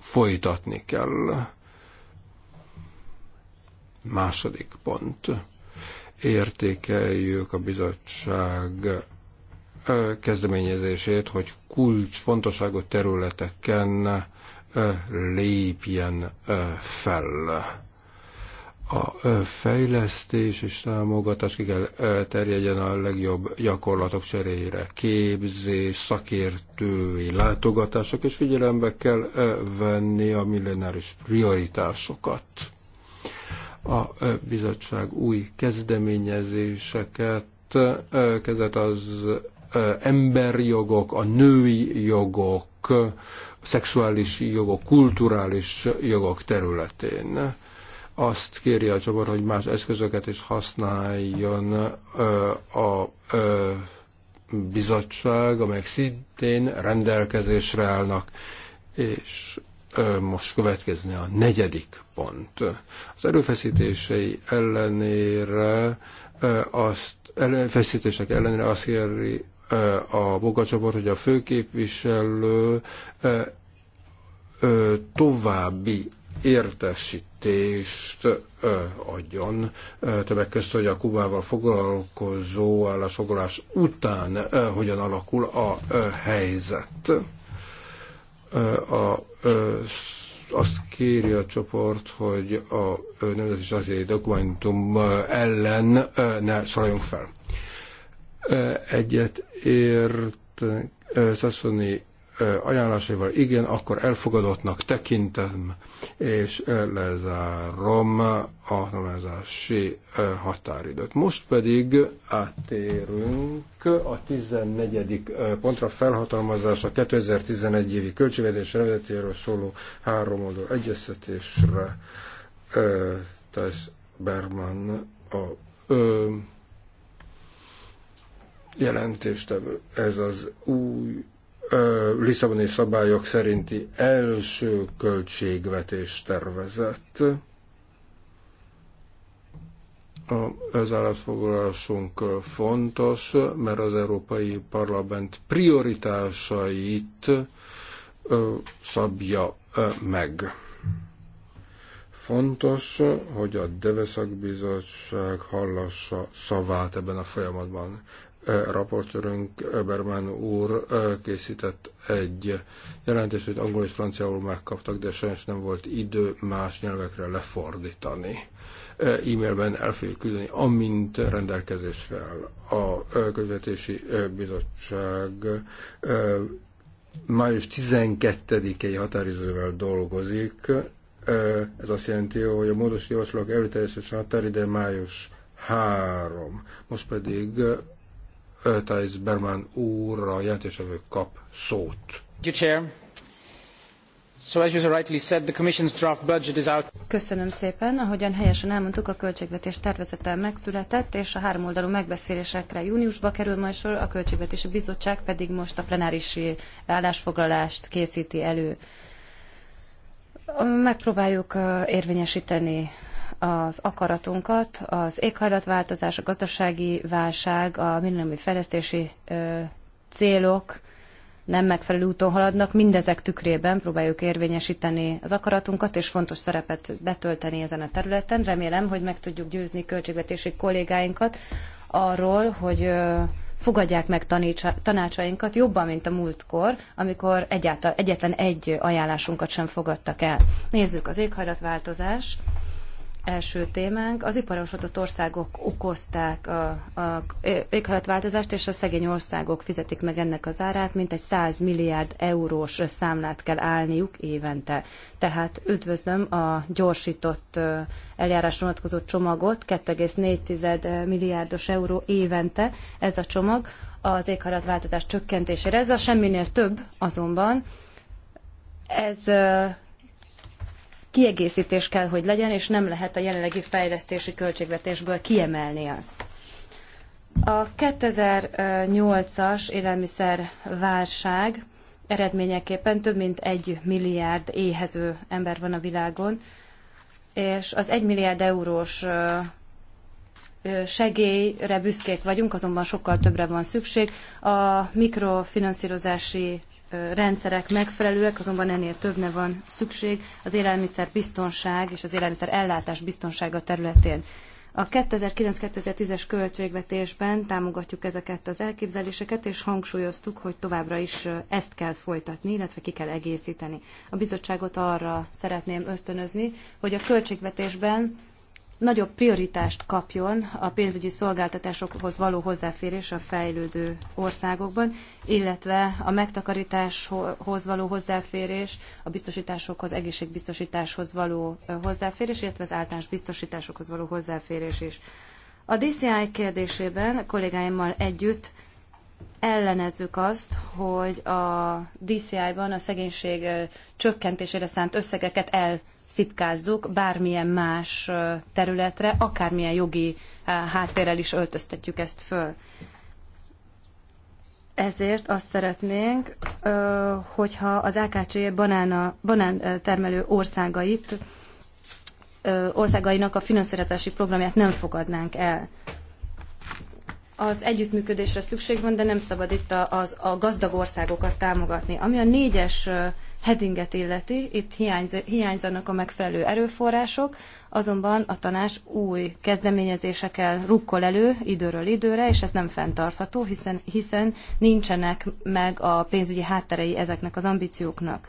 folytatni kell. Második pont. Értékeljük a bizottság kezdeményezését, hogy kulcsfontosságú területeken lépjen fel. A fejlesztés és támogatás ki kell terjedjen a legjobb gyakorlatok cseréjére, képzés, szakértői látogatások, és figyelembe kell venni a millenáris prioritásokat a bizottság új kezdeményezéseket kezdett az emberi jogok, a női jogok, szexuális jogok, kulturális jogok területén. Azt kéri a csoport, hogy más eszközöket is használjon a bizottság, amelyek szintén rendelkezésre állnak, és most következne a negyedik pont. Az erőfeszítései ellenére azt, erőfeszítések ellenére azt kéri a munkacsoport, hogy a főképviselő további értesítést adjon, többek között, hogy a Kubával foglalkozó állásfoglalás után hogyan alakul a helyzet. A, azt kéri a csoport, hogy a nemzeti stratégiai dokumentum ellen ne szálljunk fel egyet ért Szaszoni ajánlásaival, igen, akkor elfogadottnak tekintem, és lezárom a nomázási határidőt. Most pedig áttérünk a 14. pontra felhatalmazás a 2011 évi költségvetés revezetéről szóló három oldal egyeztetésre tesz Berman a ö, jelentéstevő. Ez az új Lisszaboni szabályok szerinti első költségvetés tervezett. Az állásfoglalásunk fontos, mert az Európai Parlament prioritásait ö, szabja ö, meg fontos, hogy a Deveszak Bizottság hallassa szavát ebben a folyamatban. E, raportőrünk e, Berman úr e, készített egy jelentést, hogy angol és franciául megkaptak, de sajnos nem volt idő más nyelvekre lefordítani. E-mailben el fogjuk küldeni, amint rendelkezésre áll a közvetési bizottság május 12-i határidővel dolgozik. Ez azt jelenti, hogy a módosítósok erőteljesen de május 3. Most pedig Berman a jelentésevő kap szót. Köszönöm szépen. Ahogyan helyesen elmondtuk, a költségvetés tervezete megszületett, és a háromoldalú megbeszélésekre júniusba kerül majd sor, a Költségvetési Bizottság pedig most a plenárisi állásfoglalást készíti elő. Megpróbáljuk érvényesíteni az akaratunkat az éghajlatváltozás, a gazdasági válság, a minimumi fejlesztési célok nem megfelelő úton haladnak, mindezek tükrében próbáljuk érvényesíteni az akaratunkat, és fontos szerepet betölteni ezen a területen. Remélem, hogy meg tudjuk győzni költségvetési kollégáinkat arról, hogy fogadják meg tanácsainkat jobban, mint a múltkor, amikor egyáltalán egyetlen egy ajánlásunkat sem fogadtak el. Nézzük az éghajlatváltozás első témánk. Az iparosodott országok okozták a, a éghajlatváltozást, és a szegény országok fizetik meg ennek az árát, mint egy 100 milliárd eurós számlát kell állniuk évente. Tehát üdvözlöm a gyorsított eljárásra vonatkozó csomagot, 2,4 milliárdos euró évente ez a csomag az éghajlatváltozás csökkentésére. Ez a semminél több azonban. Ez kiegészítés kell, hogy legyen, és nem lehet a jelenlegi fejlesztési költségvetésből kiemelni azt. A 2008-as élelmiszerválság eredményeképpen több mint egy milliárd éhező ember van a világon, és az egy milliárd eurós segélyre büszkék vagyunk, azonban sokkal többre van szükség. A mikrofinanszírozási rendszerek megfelelőek, azonban ennél többre van szükség az élelmiszer biztonság és az élelmiszer ellátás biztonsága területén. A 2009-2010-es költségvetésben támogatjuk ezeket az elképzeléseket, és hangsúlyoztuk, hogy továbbra is ezt kell folytatni, illetve ki kell egészíteni. A bizottságot arra szeretném ösztönözni, hogy a költségvetésben nagyobb prioritást kapjon a pénzügyi szolgáltatásokhoz való hozzáférés a fejlődő országokban, illetve a megtakarításhoz való hozzáférés, a biztosításokhoz, egészségbiztosításhoz való hozzáférés, illetve az általános biztosításokhoz való hozzáférés is. A DCI kérdésében kollégáimmal együtt ellenezzük azt, hogy a DCI-ban a szegénység csökkentésére szánt összegeket elszipkázzuk bármilyen más területre, akármilyen jogi háttérrel is öltöztetjük ezt föl. Ezért azt szeretnénk, hogyha az AKC banána, banán termelő országait, országainak a finanszírozási programját nem fogadnánk el az együttműködésre szükség van, de nem szabad itt a, az, a gazdag országokat támogatni. Ami a négyes headinget illeti, itt hiányz, hiányzanak a megfelelő erőforrások, azonban a tanás új kezdeményezésekkel rukkol elő időről időre, és ez nem fenntartható, hiszen, hiszen nincsenek meg a pénzügyi hátterei ezeknek az ambícióknak.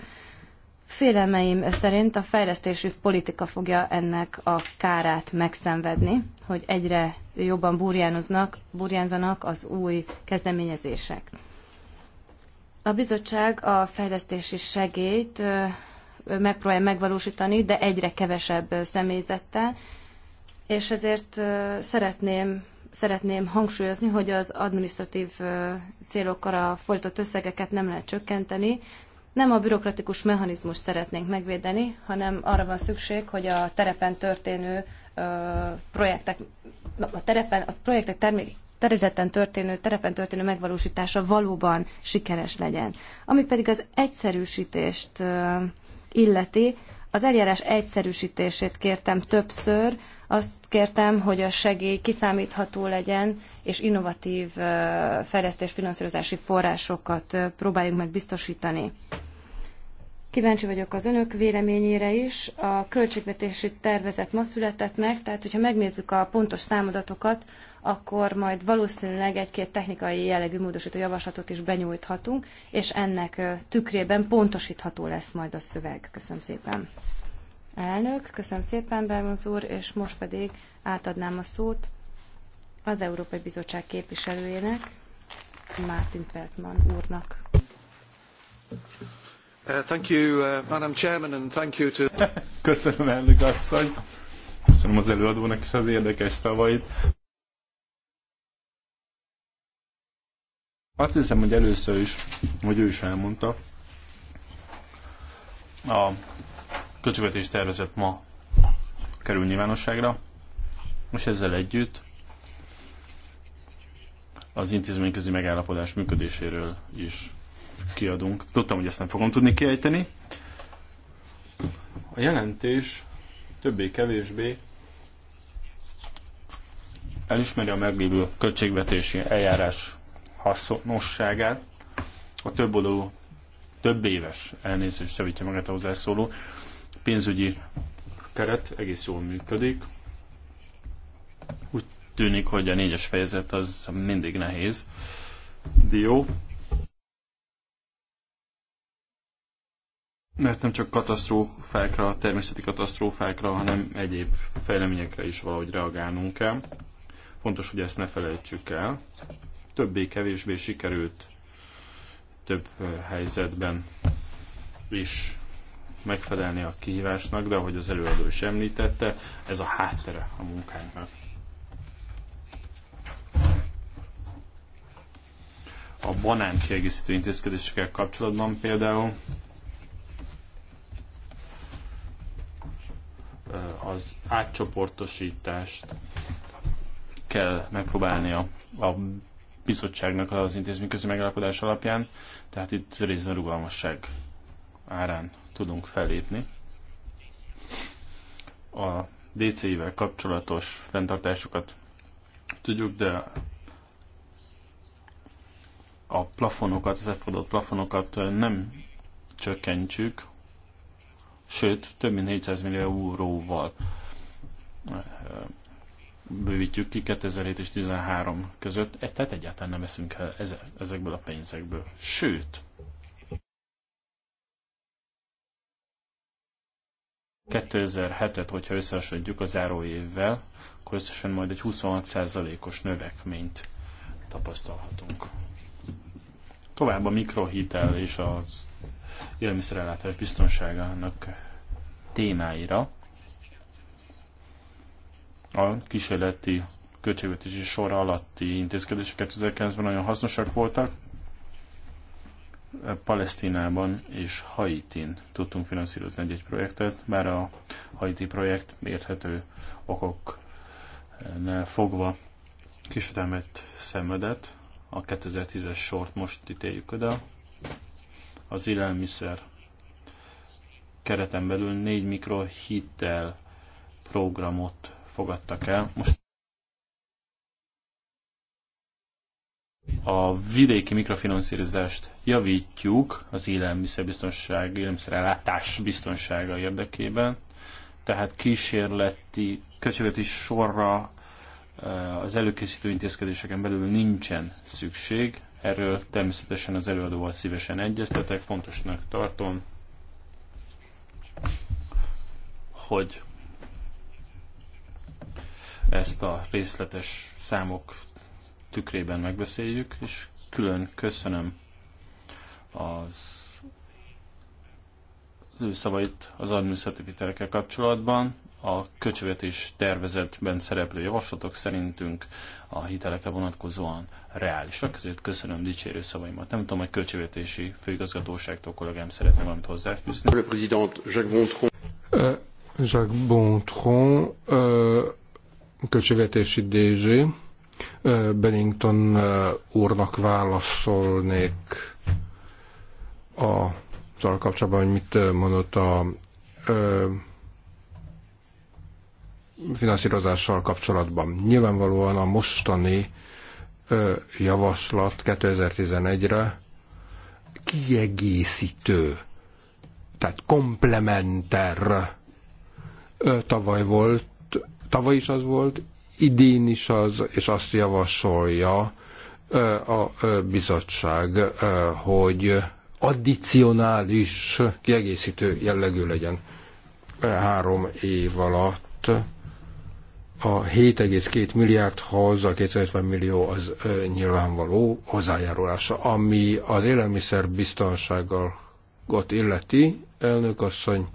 Félelmeim szerint a fejlesztési politika fogja ennek a kárát megszenvedni, hogy egyre jobban burjánoznak, burjánzanak az új kezdeményezések. A bizottság a fejlesztési segélyt megpróbál megvalósítani, de egyre kevesebb személyzettel, és ezért szeretném, szeretném hangsúlyozni, hogy az administratív célokra folytott összegeket nem lehet csökkenteni, nem a bürokratikus mechanizmus szeretnénk megvédeni, hanem arra van szükség, hogy a terepen történő projektek, a, terepen, a projektek termék, területen történő, terepen történő megvalósítása valóban sikeres legyen. Ami pedig az egyszerűsítést illeti, az eljárás egyszerűsítését kértem többször, azt kértem, hogy a segély kiszámítható legyen, és innovatív fejlesztés finanszírozási forrásokat próbáljuk meg biztosítani. Kíváncsi vagyok az önök véleményére is. A költségvetési tervezet ma született meg, tehát hogyha megnézzük a pontos számadatokat, akkor majd valószínűleg egy-két technikai jellegű módosító javaslatot is benyújthatunk, és ennek tükrében pontosítható lesz majd a szöveg. Köszönöm szépen. Elnök, köszönöm szépen, Bermonz úr, és most pedig átadnám a szót az Európai Bizottság képviselőjének, Martin Peltman úrnak. Uh, thank you, uh, Madam Chairman, and thank you to... Köszönöm, elnök asszony. Köszönöm az előadónak is az érdekes szavait. Azt hiszem, hogy először is, hogy ő is elmondta, a költségvetés tervezet ma kerül nyilvánosságra, és ezzel együtt az intézményközi megállapodás működéséről is kiadunk. Tudtam, hogy ezt nem fogom tudni kiejteni. A jelentés többé-kevésbé elismeri a meglévő költségvetési eljárás hasznosságát, a több oldalú, több éves elnézést javítja magát a hozzászóló, pénzügyi keret egész jól működik. Úgy tűnik, hogy a négyes fejezet az mindig nehéz. Dió. Mert nem csak katasztrófákra, természeti katasztrófákra, hanem egyéb fejleményekre is valahogy reagálnunk kell. Fontos, hogy ezt ne felejtsük el. Többé-kevésbé sikerült több eh, helyzetben is megfelelni a kihívásnak, de ahogy az előadó is említette, ez a háttere a munkánknak. A banán kiegészítő intézkedésekkel kapcsolatban például az átcsoportosítást kell megpróbálnia a bizottságnak az intézmény intézményközi megállapodás alapján, tehát itt részben rugalmasság árán tudunk felépni. A DC-vel kapcsolatos fenntartásokat tudjuk, de a plafonokat, az elfogadott plafonokat nem csökkentsük, sőt, több mint 400 millió euróval eh, bővítjük ki 2007 és 2013 között, e, tehát egyáltalán nem veszünk el ezekből a pénzekből. Sőt, 2007-et, hogyha összehasonlítjuk a záró évvel, akkor összesen majd egy 26%-os növekményt tapasztalhatunk. Tovább a mikrohitel és az élelmiszerellátás biztonságának témáira a kísérleti költségvetési sor alatti intézkedések 2009-ben nagyon hasznosak voltak, Palesztinában és Haitin tudtunk finanszírozni egy-egy projektet, bár a Haiti projekt érthető okoknál fogva kisütemet szenvedett. A 2010-es sort most ítéljük oda. Az élelmiszer kereten belül négy mikrohitel programot fogadtak el. Most a vidéki mikrofinanszírozást javítjuk az élelmiszerbiztonság, élelmiszerellátás biztonsága érdekében, tehát kísérleti, kísérleti sorra eh, az előkészítő intézkedéseken belül nincsen szükség. Erről természetesen az előadóval szívesen egyeztetek, fontosnak tartom, hogy ezt a részletes számok tükrében megbeszéljük, és külön köszönöm az ő szavait az adminisztratív hitelekkel kapcsolatban. A és tervezetben szereplő javaslatok szerintünk a hitelekre vonatkozóan reálisak, ezért köszönöm dicsérő szavaimat. Nem tudom, hogy köcsövetési főigazgatóságtól kollégám szeretne valamit hozzáfűzni. Le président Jacques Bontron. Jacques Bontron, köcsövetési DG. Bennington úrnak válaszolnék a, azzal kapcsolatban, hogy mit mondott a ö, finanszírozással kapcsolatban. Nyilvánvalóan a mostani ö, javaslat 2011-re kiegészítő, tehát komplementer ö, tavaly volt, tavaly is az volt, idén is az, és azt javasolja a bizottság, hogy addicionális, kiegészítő jellegű legyen három év alatt a 7,2 milliárdhoz a 250 millió az nyilvánvaló hozzájárulása, ami az élelmiszer biztonsággal illeti, elnök asszony,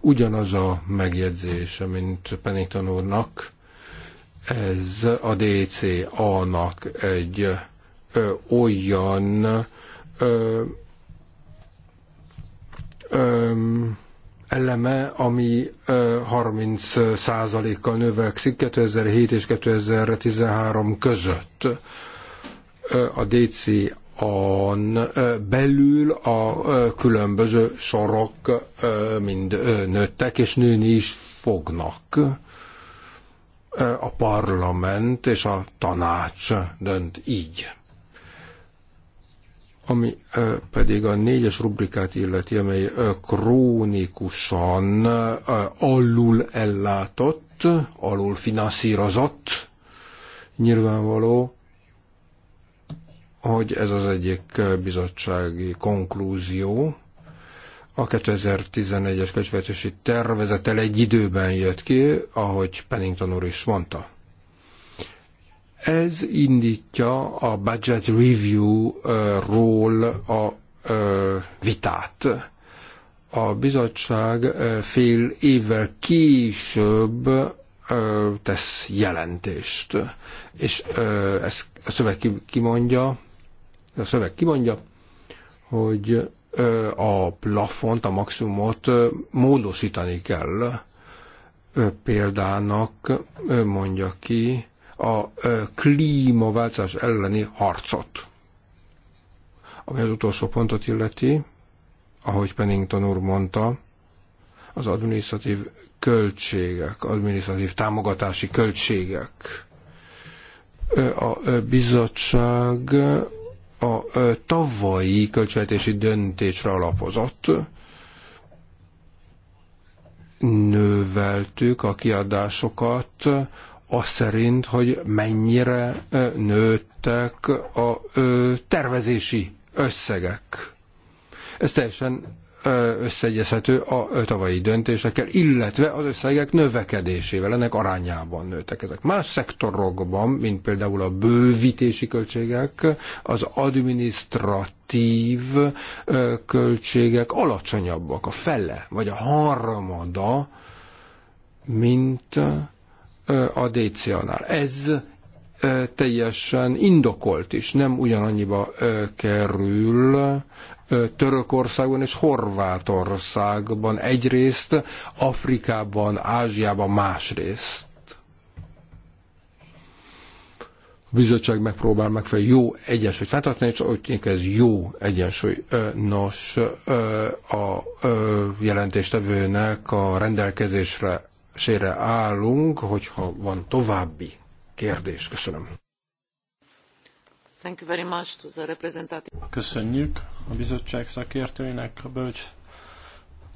ugyanaz a megjegyzése, mint Pennington úrnak, ez a DCA-nak egy ö, olyan ö, ö, eleme, ami 30%-kal növekszik 2007 és 2013 között. A DCA-n belül a különböző sorok mind nőttek, és nőni is fognak a parlament és a tanács dönt így. Ami pedig a négyes rubrikát illeti, amely krónikusan alul ellátott, alul finanszírozott, nyilvánvaló, hogy ez az egyik bizottsági konklúzió, a 2011-es költségvetési tervezettel egy időben jött ki, ahogy Pennington úr is mondta. Ez indítja a budget review-ról a vitát. A bizottság fél évvel később tesz jelentést, és ezt a szöveg kimondja, a szöveg kimondja, hogy a plafont, a maximumot módosítani kell. Példának mondja ki a klímaváltozás elleni harcot. Ami az utolsó pontot illeti, ahogy Pennington úr mondta, az adminisztratív költségek, adminisztratív támogatási költségek. A bizottság a tavalyi költségvetési döntésre alapozott. Növeltük a kiadásokat az szerint, hogy mennyire nőttek a tervezési összegek. Ez teljesen összeegyezhető a tavalyi döntésekkel, illetve az összegek növekedésével, ennek arányában nőttek ezek. Más szektorokban, mint például a bővítési költségek, az adminisztratív költségek alacsonyabbak, a fele, vagy a harmada, mint a DCA-nál. Ez teljesen indokolt is, nem ugyanannyiba kerül Törökországban és Horvátországban egyrészt, Afrikában, Ázsiában másrészt. A bizottság megpróbál megfelelő jó egyensúlyt fenntartani, és úgy ez jó egyensúly. Nos, a jelentéstevőnek a rendelkezésre sére állunk, hogyha van további kérdés. Köszönöm. Thank you very much to the representative. Köszönjük a bizottság szakértőinek a bölcs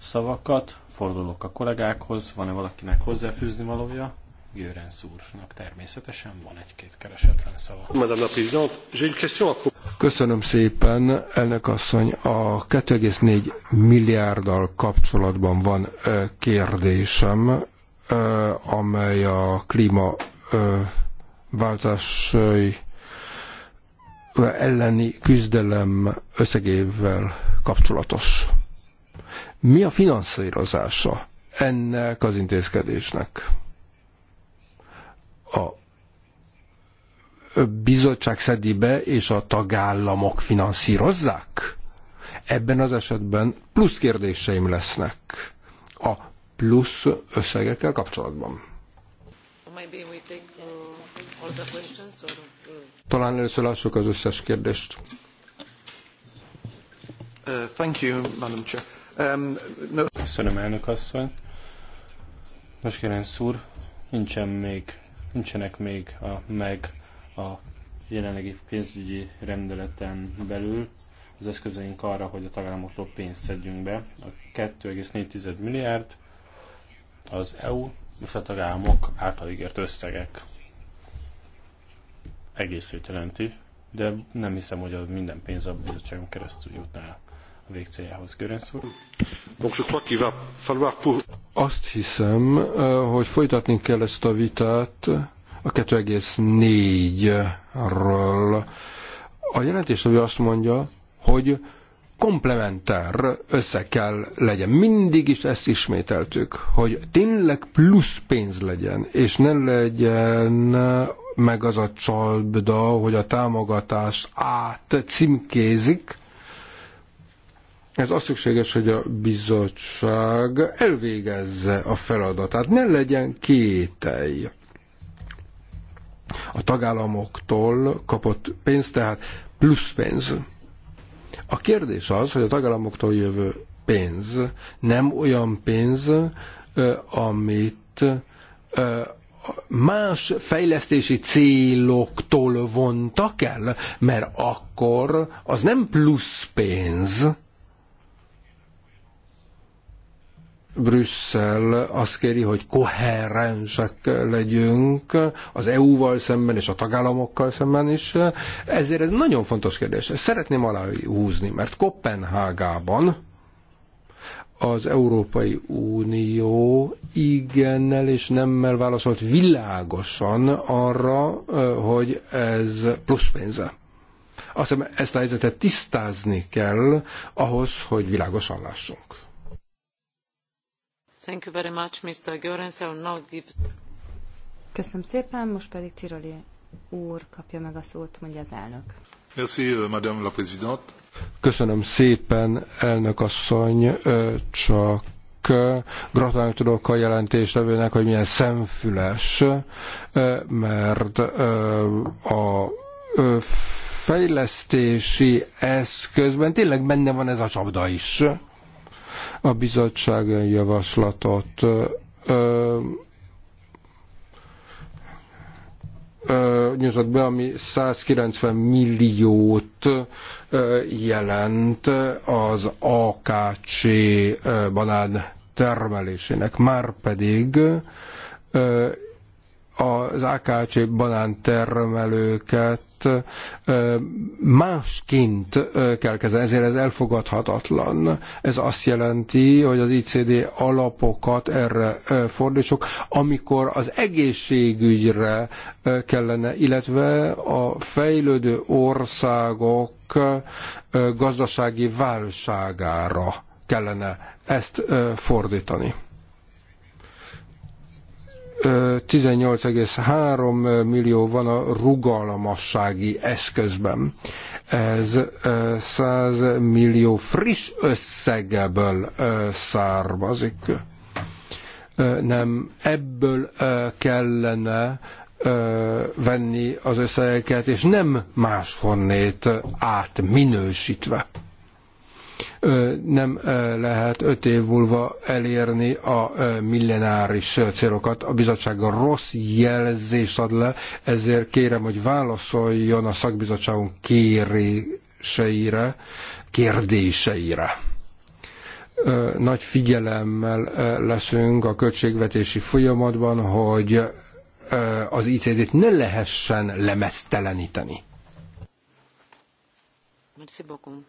szavakat. Fordulok a kollégákhoz. Van-e valakinek hozzáfűzni valója? Görenc úrnak természetesen van egy-két keresetlen szava. Madame la Présidente, Köszönöm szépen, elnök asszony. A 2,4 milliárddal kapcsolatban van kérdésem, amely a klíma változásai elleni küzdelem összegével kapcsolatos. Mi a finanszírozása ennek az intézkedésnek? A bizottság szedi be, és a tagállamok finanszírozzák? Ebben az esetben plusz kérdéseim lesznek a plusz összegekkel kapcsolatban. So uh, talán először lássuk az összes kérdést. Uh, thank you, Madam Chair. Um, no... Köszönöm, elnök asszony. Most kérem, szúr, nincsen még, nincsenek még a, meg a jelenlegi pénzügyi rendeleten belül az eszközeink arra, hogy a tagállamoktól pénzt szedjünk be. A 2,4 milliárd az EU és a tagállamok által ígért összegek egészét jelenti, de nem hiszem, hogy a minden pénz a bizottságon keresztül jutna el a végcéljához. Görensz úr? Azt hiszem, hogy folytatni kell ezt a vitát a 2,4-ről. A jelentés azt mondja, hogy komplementár össze kell legyen. Mindig is ezt ismételtük, hogy tényleg plusz pénz legyen, és ne legyen meg az a csalbda, hogy a támogatás át címkézik. Ez az szükséges, hogy a bizottság elvégezze a feladatát. Ne legyen kételj. A tagállamoktól kapott pénz, tehát plusz pénz. A kérdés az, hogy a tagállamoktól jövő pénz nem olyan pénz, amit más fejlesztési céloktól vontak el, mert akkor az nem plusz pénz. Brüsszel azt kéri, hogy koherensek legyünk az EU-val szemben és a tagállamokkal szemben is. Ezért ez nagyon fontos kérdés. Ezt szeretném aláhúzni, mert Kopenhágában az Európai Unió igennel és nemmel válaszolt világosan arra, hogy ez plusz pénze. Azt hiszem, ezt a helyzetet tisztázni kell ahhoz, hogy világosan lássunk. Thank you very much, Mr. Görens. I now give... Köszönöm szépen, most pedig Tiroli úr kapja meg a szót, mondja az elnök. Euh, Köszönöm szépen, elnök asszony, csak gratulálni tudok a jelentéstevőnek, hogy milyen szemfüles, mert a fejlesztési eszközben tényleg benne van ez a csapda is. A bizottság javaslatot nyújtott be, ami 190 milliót jelent az AKC banán termelésének. Márpedig az AKC banántermelőket másként kell kezelni, ezért ez elfogadhatatlan. Ez azt jelenti, hogy az ICD alapokat erre fordítsuk, amikor az egészségügyre kellene, illetve a fejlődő országok gazdasági válságára kellene ezt fordítani. 18,3 millió van a rugalmassági eszközben. Ez 100 millió friss összegeből származik. Nem ebből kellene venni az összegeket, és nem máshonnét átminősítve nem lehet öt év múlva elérni a millenáris célokat. A bizottság rossz jelzést ad le, ezért kérem, hogy válaszoljon a szakbizottságunk kéréseire, kérdéseire nagy figyelemmel leszünk a költségvetési folyamatban, hogy az ICD-t ne lehessen lemezteleníteni. Merci beaucoup.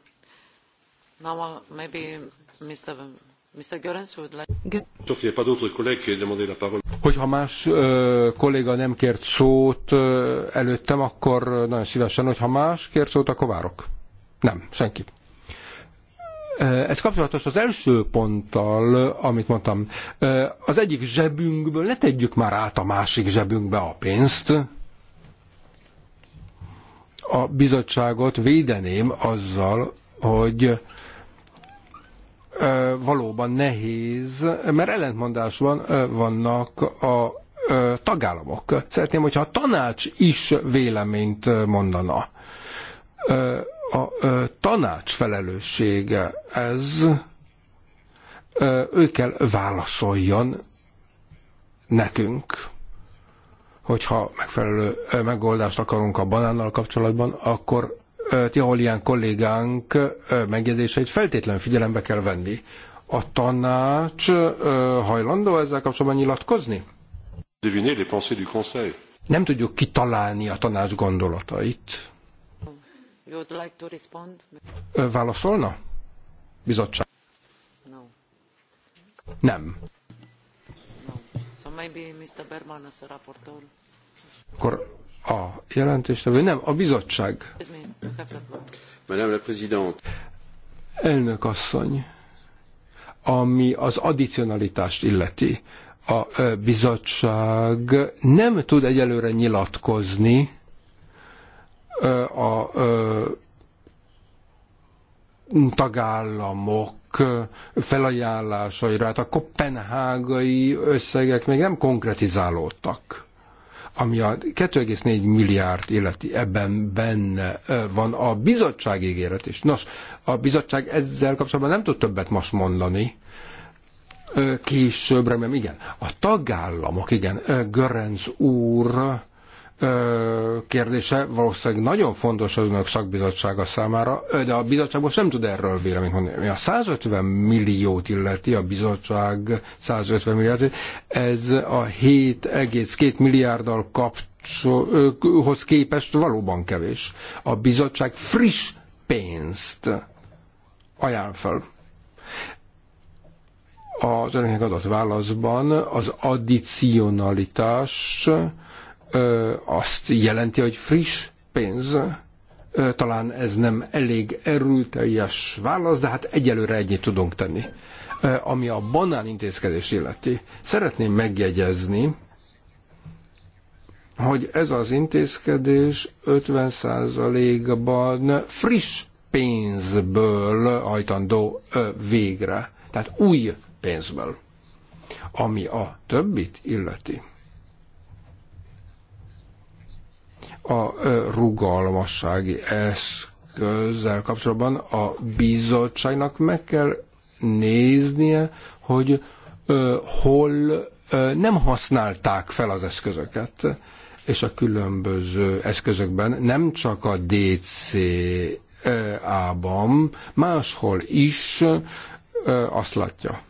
Hogyha más ö, kolléga nem kért szót ö, előttem, akkor nagyon szívesen, hogyha más kért szót, akkor várok. Nem, senki. Ez kapcsolatos az első ponttal, amit mondtam. Az egyik zsebünkből ne tegyük már át a másik zsebünkbe a pénzt. A bizottságot védeném azzal, hogy valóban nehéz, mert ellentmondásban vannak a tagállamok. Szeretném, hogyha a tanács is véleményt mondana. A tanács felelőssége ez, ő kell válaszoljon nekünk hogyha megfelelő megoldást akarunk a banánnal kapcsolatban, akkor Tiholián kollégánk megjegyzéseit feltétlenül figyelembe kell venni. A tanács hajlandó ezzel kapcsolatban nyilatkozni? Nem tudjuk kitalálni a tanács gondolatait. Válaszolna? Bizottság. Nem. Akkor a jelentéstevő, nem, a bizottság. Madame la Présidente. Elnök asszony, ami az addicionalitást illeti, a bizottság nem tud egyelőre nyilatkozni a tagállamok felajánlásaira, hát a kopenhágai összegek még nem konkretizálódtak ami a 2,4 milliárd illeti, ebben benne van a bizottság ígéret is. Nos, a bizottság ezzel kapcsolatban nem tud többet most mondani, később, remélem, igen. A tagállamok, igen, Görenc úr kérdése valószínűleg nagyon fontos az önök szakbizottsága számára, de a bizottság most nem tud erről véleményt mondani. A 150 milliót illeti a bizottság 150 milliárd, ez a 7,2 milliárddal kapcsolhoz képest valóban kevés. A bizottság friss pénzt ajánl fel az önöknek adott válaszban az addicionalitás azt jelenti, hogy friss pénz, talán ez nem elég erőteljes válasz, de hát egyelőre ennyit tudunk tenni. Ami a banán intézkedés illeti, szeretném megjegyezni, hogy ez az intézkedés 50%-ban friss pénzből hajtandó végre, tehát új pénzből, ami a többit illeti a rugalmassági eszközzel kapcsolatban a bizottságnak meg kell néznie, hogy hol nem használták fel az eszközöket, és a különböző eszközökben nem csak a DCA-ban, máshol is azt látja,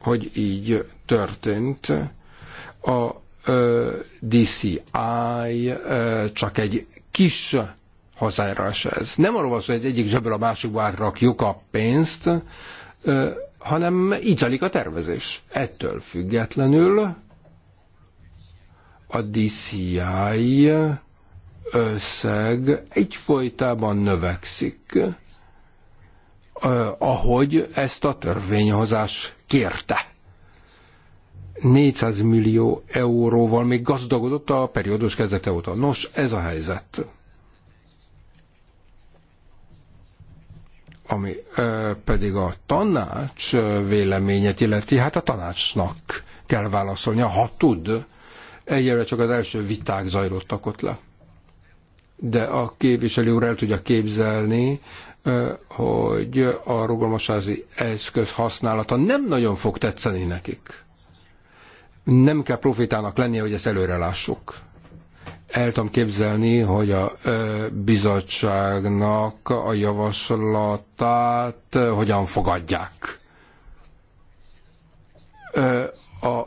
hogy így történt. A DCI csak egy kis hazárás ez. Nem arról van szó, hogy egyik zsebből a másikba átrakjuk a pénzt, hanem így zajlik a tervezés. Ettől függetlenül a DCI összeg egyfolytában növekszik, ahogy ezt a törvényhozás kérte. 400 millió euróval még gazdagodott a periódus kezdete óta. Nos, ez a helyzet. Ami ö, pedig a tanács véleményet illeti, hát a tanácsnak kell válaszolnia, ha tud. Egyelőre csak az első viták zajlottak ott le. De a képviselő úr el tudja képzelni, hogy a rugalmasázi eszköz használata nem nagyon fog tetszeni nekik nem kell profitának lennie, hogy ezt előre lássuk. El tudom képzelni, hogy a bizottságnak a javaslatát hogyan fogadják. a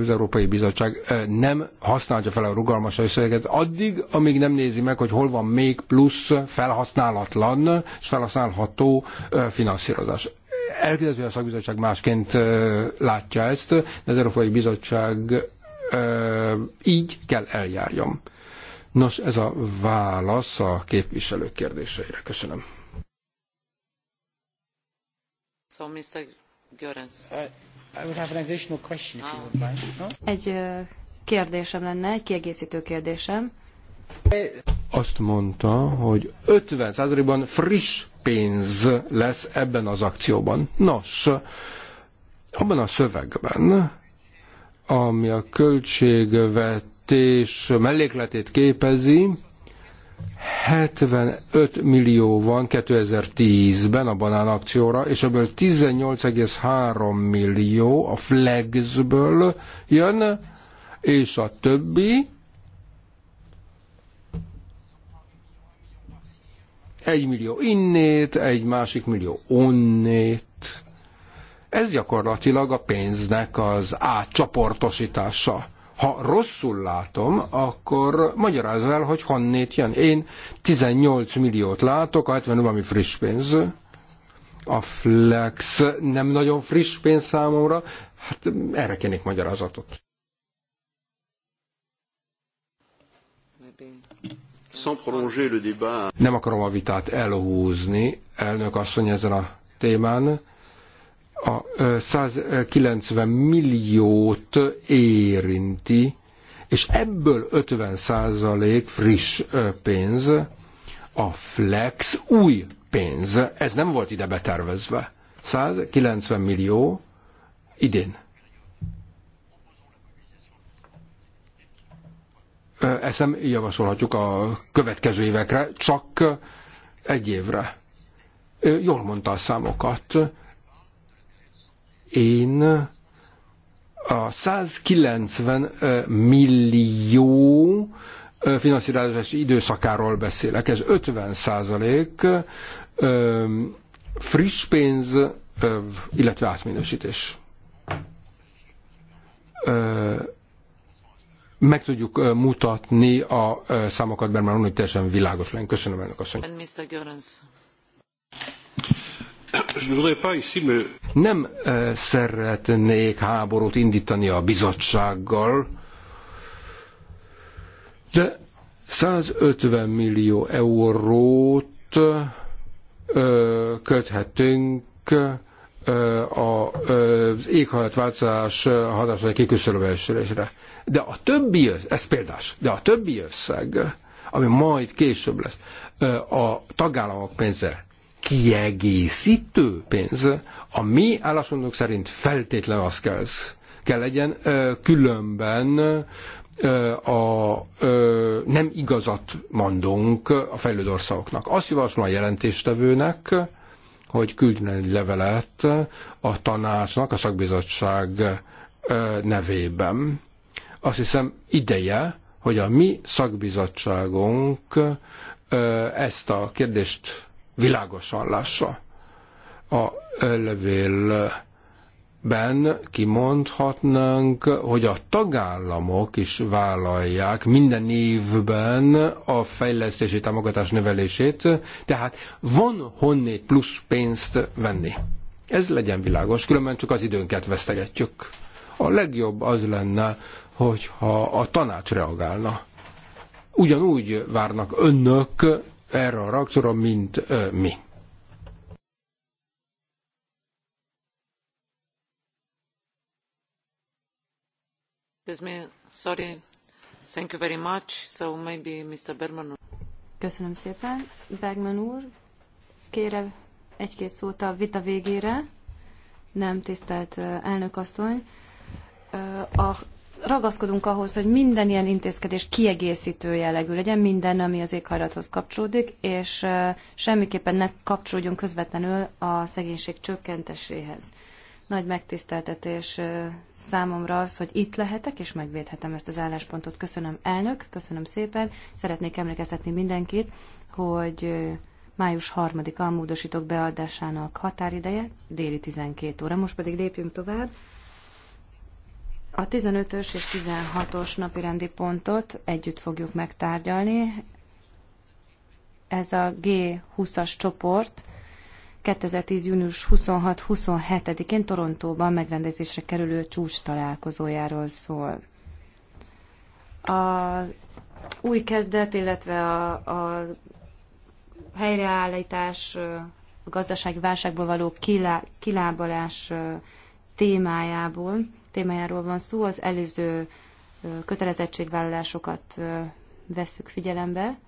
az Európai Bizottság nem használja fel a rugalmas összegeket addig, amíg nem nézi meg, hogy hol van még plusz felhasználatlan és felhasználható finanszírozás. Elképzelhető, hogy a szakbizottság másként látja ezt, de az Európai Bizottság így kell eljárjam. Nos, ez a válasz a képviselők kérdéseire. Köszönöm. So, Mr. Uh, I would have an additional question if you ah. would mind. Egy kérdésem lenne, egy kiegészítő kérdésem. Azt mondta, hogy 50%-ban friss pénz lesz ebben az akcióban. Nos, abban a szövegben, ami a költségvetés mellékletét képezi, 75 millió van 2010-ben a banán akcióra, és ebből 18,3 millió a flexből jön, és a többi Egy millió innét, egy másik millió onnét. Ez gyakorlatilag a pénznek az átcsoportosítása. Ha rosszul látom, akkor magyarázz el, hogy honnét jön. Én 18 milliót látok, 70 valami friss pénz. A flex nem nagyon friss pénz számomra, hát erre kénik magyarázatot. Nem akarom a vitát elhúzni, elnök asszony ezen a témán. A 190 milliót érinti, és ebből 50 százalék friss pénz, a flex új pénz. Ez nem volt ide betervezve. 190 millió idén. Ezt nem javasolhatjuk a következő évekre, csak egy évre. Jól mondta a számokat. Én a 190 millió finanszírozási időszakáról beszélek. Ez 50 százalék friss pénz, illetve átminősítés meg tudjuk mutatni a számokat, mert már onnan teljesen világos legyen. Köszönöm, elnök asszony. Nem szeretnék háborút indítani a bizottsággal, de 150 millió eurót köthetünk az éghajlatváltozás hatásai kiküszöbölésére. De a többi, ez példás, de a többi összeg, ami majd később lesz, a tagállamok pénze kiegészítő pénz, a mi álláspontunk szerint feltétlen az kell, kell legyen, különben a, nem igazat mondunk a fejlődő országoknak. Azt javaslom a jelentéstevőnek, hogy küldjön egy levelet a tanácsnak, a szakbizottság nevében. Azt hiszem ideje, hogy a mi szakbizottságunk ezt a kérdést világosan lássa. A levél ben kimondhatnánk, hogy a tagállamok is vállalják minden évben a fejlesztési támogatás növelését, tehát van honnét plusz pénzt venni. Ez legyen világos, különben csak az időnket vesztegetjük. A legjobb az lenne, hogyha a tanács reagálna. Ugyanúgy várnak önök erre a raktorra, mint ö, mi. Köszönöm szépen. Bergman úr, kére egy-két szót a vita végére. Nem, tisztelt elnökasszony, A ragaszkodunk ahhoz, hogy minden ilyen intézkedés kiegészítő jellegű legyen, minden, ami az éghajlathoz kapcsolódik, és semmiképpen ne kapcsolódjon közvetlenül a szegénység csökkentéséhez. Nagy megtiszteltetés számomra az, hogy itt lehetek, és megvédhetem ezt az álláspontot. Köszönöm elnök, köszönöm szépen. Szeretnék emlékeztetni mindenkit, hogy május 3-a a módosítók beadásának határideje, déli 12 óra. Most pedig lépjünk tovább. A 15-ös és 16-os rendi pontot együtt fogjuk megtárgyalni. Ez a G20-as csoport, 2010. június 26-27-én Torontóban megrendezésre kerülő csúcs találkozójáról szól. A új kezdet, illetve a, a helyreállítás, a gazdasági válságból való kilá, kilábalás témájából, témájáról van szó, az előző kötelezettségvállalásokat vesszük figyelembe,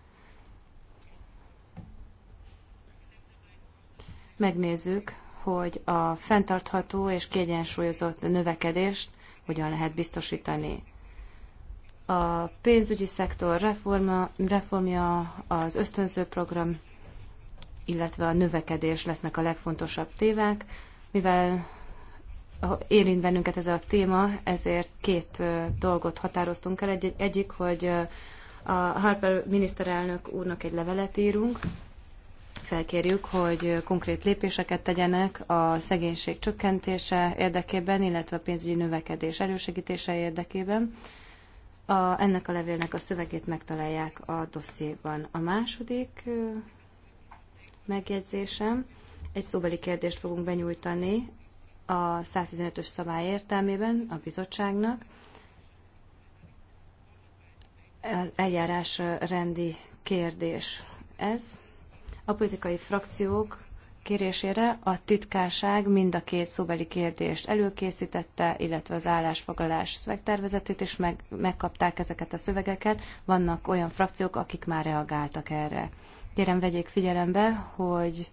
megnézzük, hogy a fenntartható és kiegyensúlyozott növekedést hogyan lehet biztosítani. A pénzügyi szektor reforma, reformja, az ösztönző program, illetve a növekedés lesznek a legfontosabb tévák. Mivel érint bennünket ez a téma, ezért két dolgot határoztunk el. Egy, egyik, hogy a Harper miniszterelnök úrnak egy levelet írunk, felkérjük, hogy konkrét lépéseket tegyenek a szegénység csökkentése érdekében, illetve a pénzügyi növekedés elősegítése érdekében. A, ennek a levélnek a szövegét megtalálják a dossziéban. A második megjegyzésem, egy szóbeli kérdést fogunk benyújtani a 115-ös szabály értelmében a bizottságnak. Eljárás rendi kérdés ez. A politikai frakciók kérésére a titkárság mind a két szóbeli kérdést előkészítette, illetve az állásfoglalás szövegtervezetét is meg, megkapták ezeket a szövegeket. Vannak olyan frakciók, akik már reagáltak erre. Kérem, vegyék figyelembe, hogy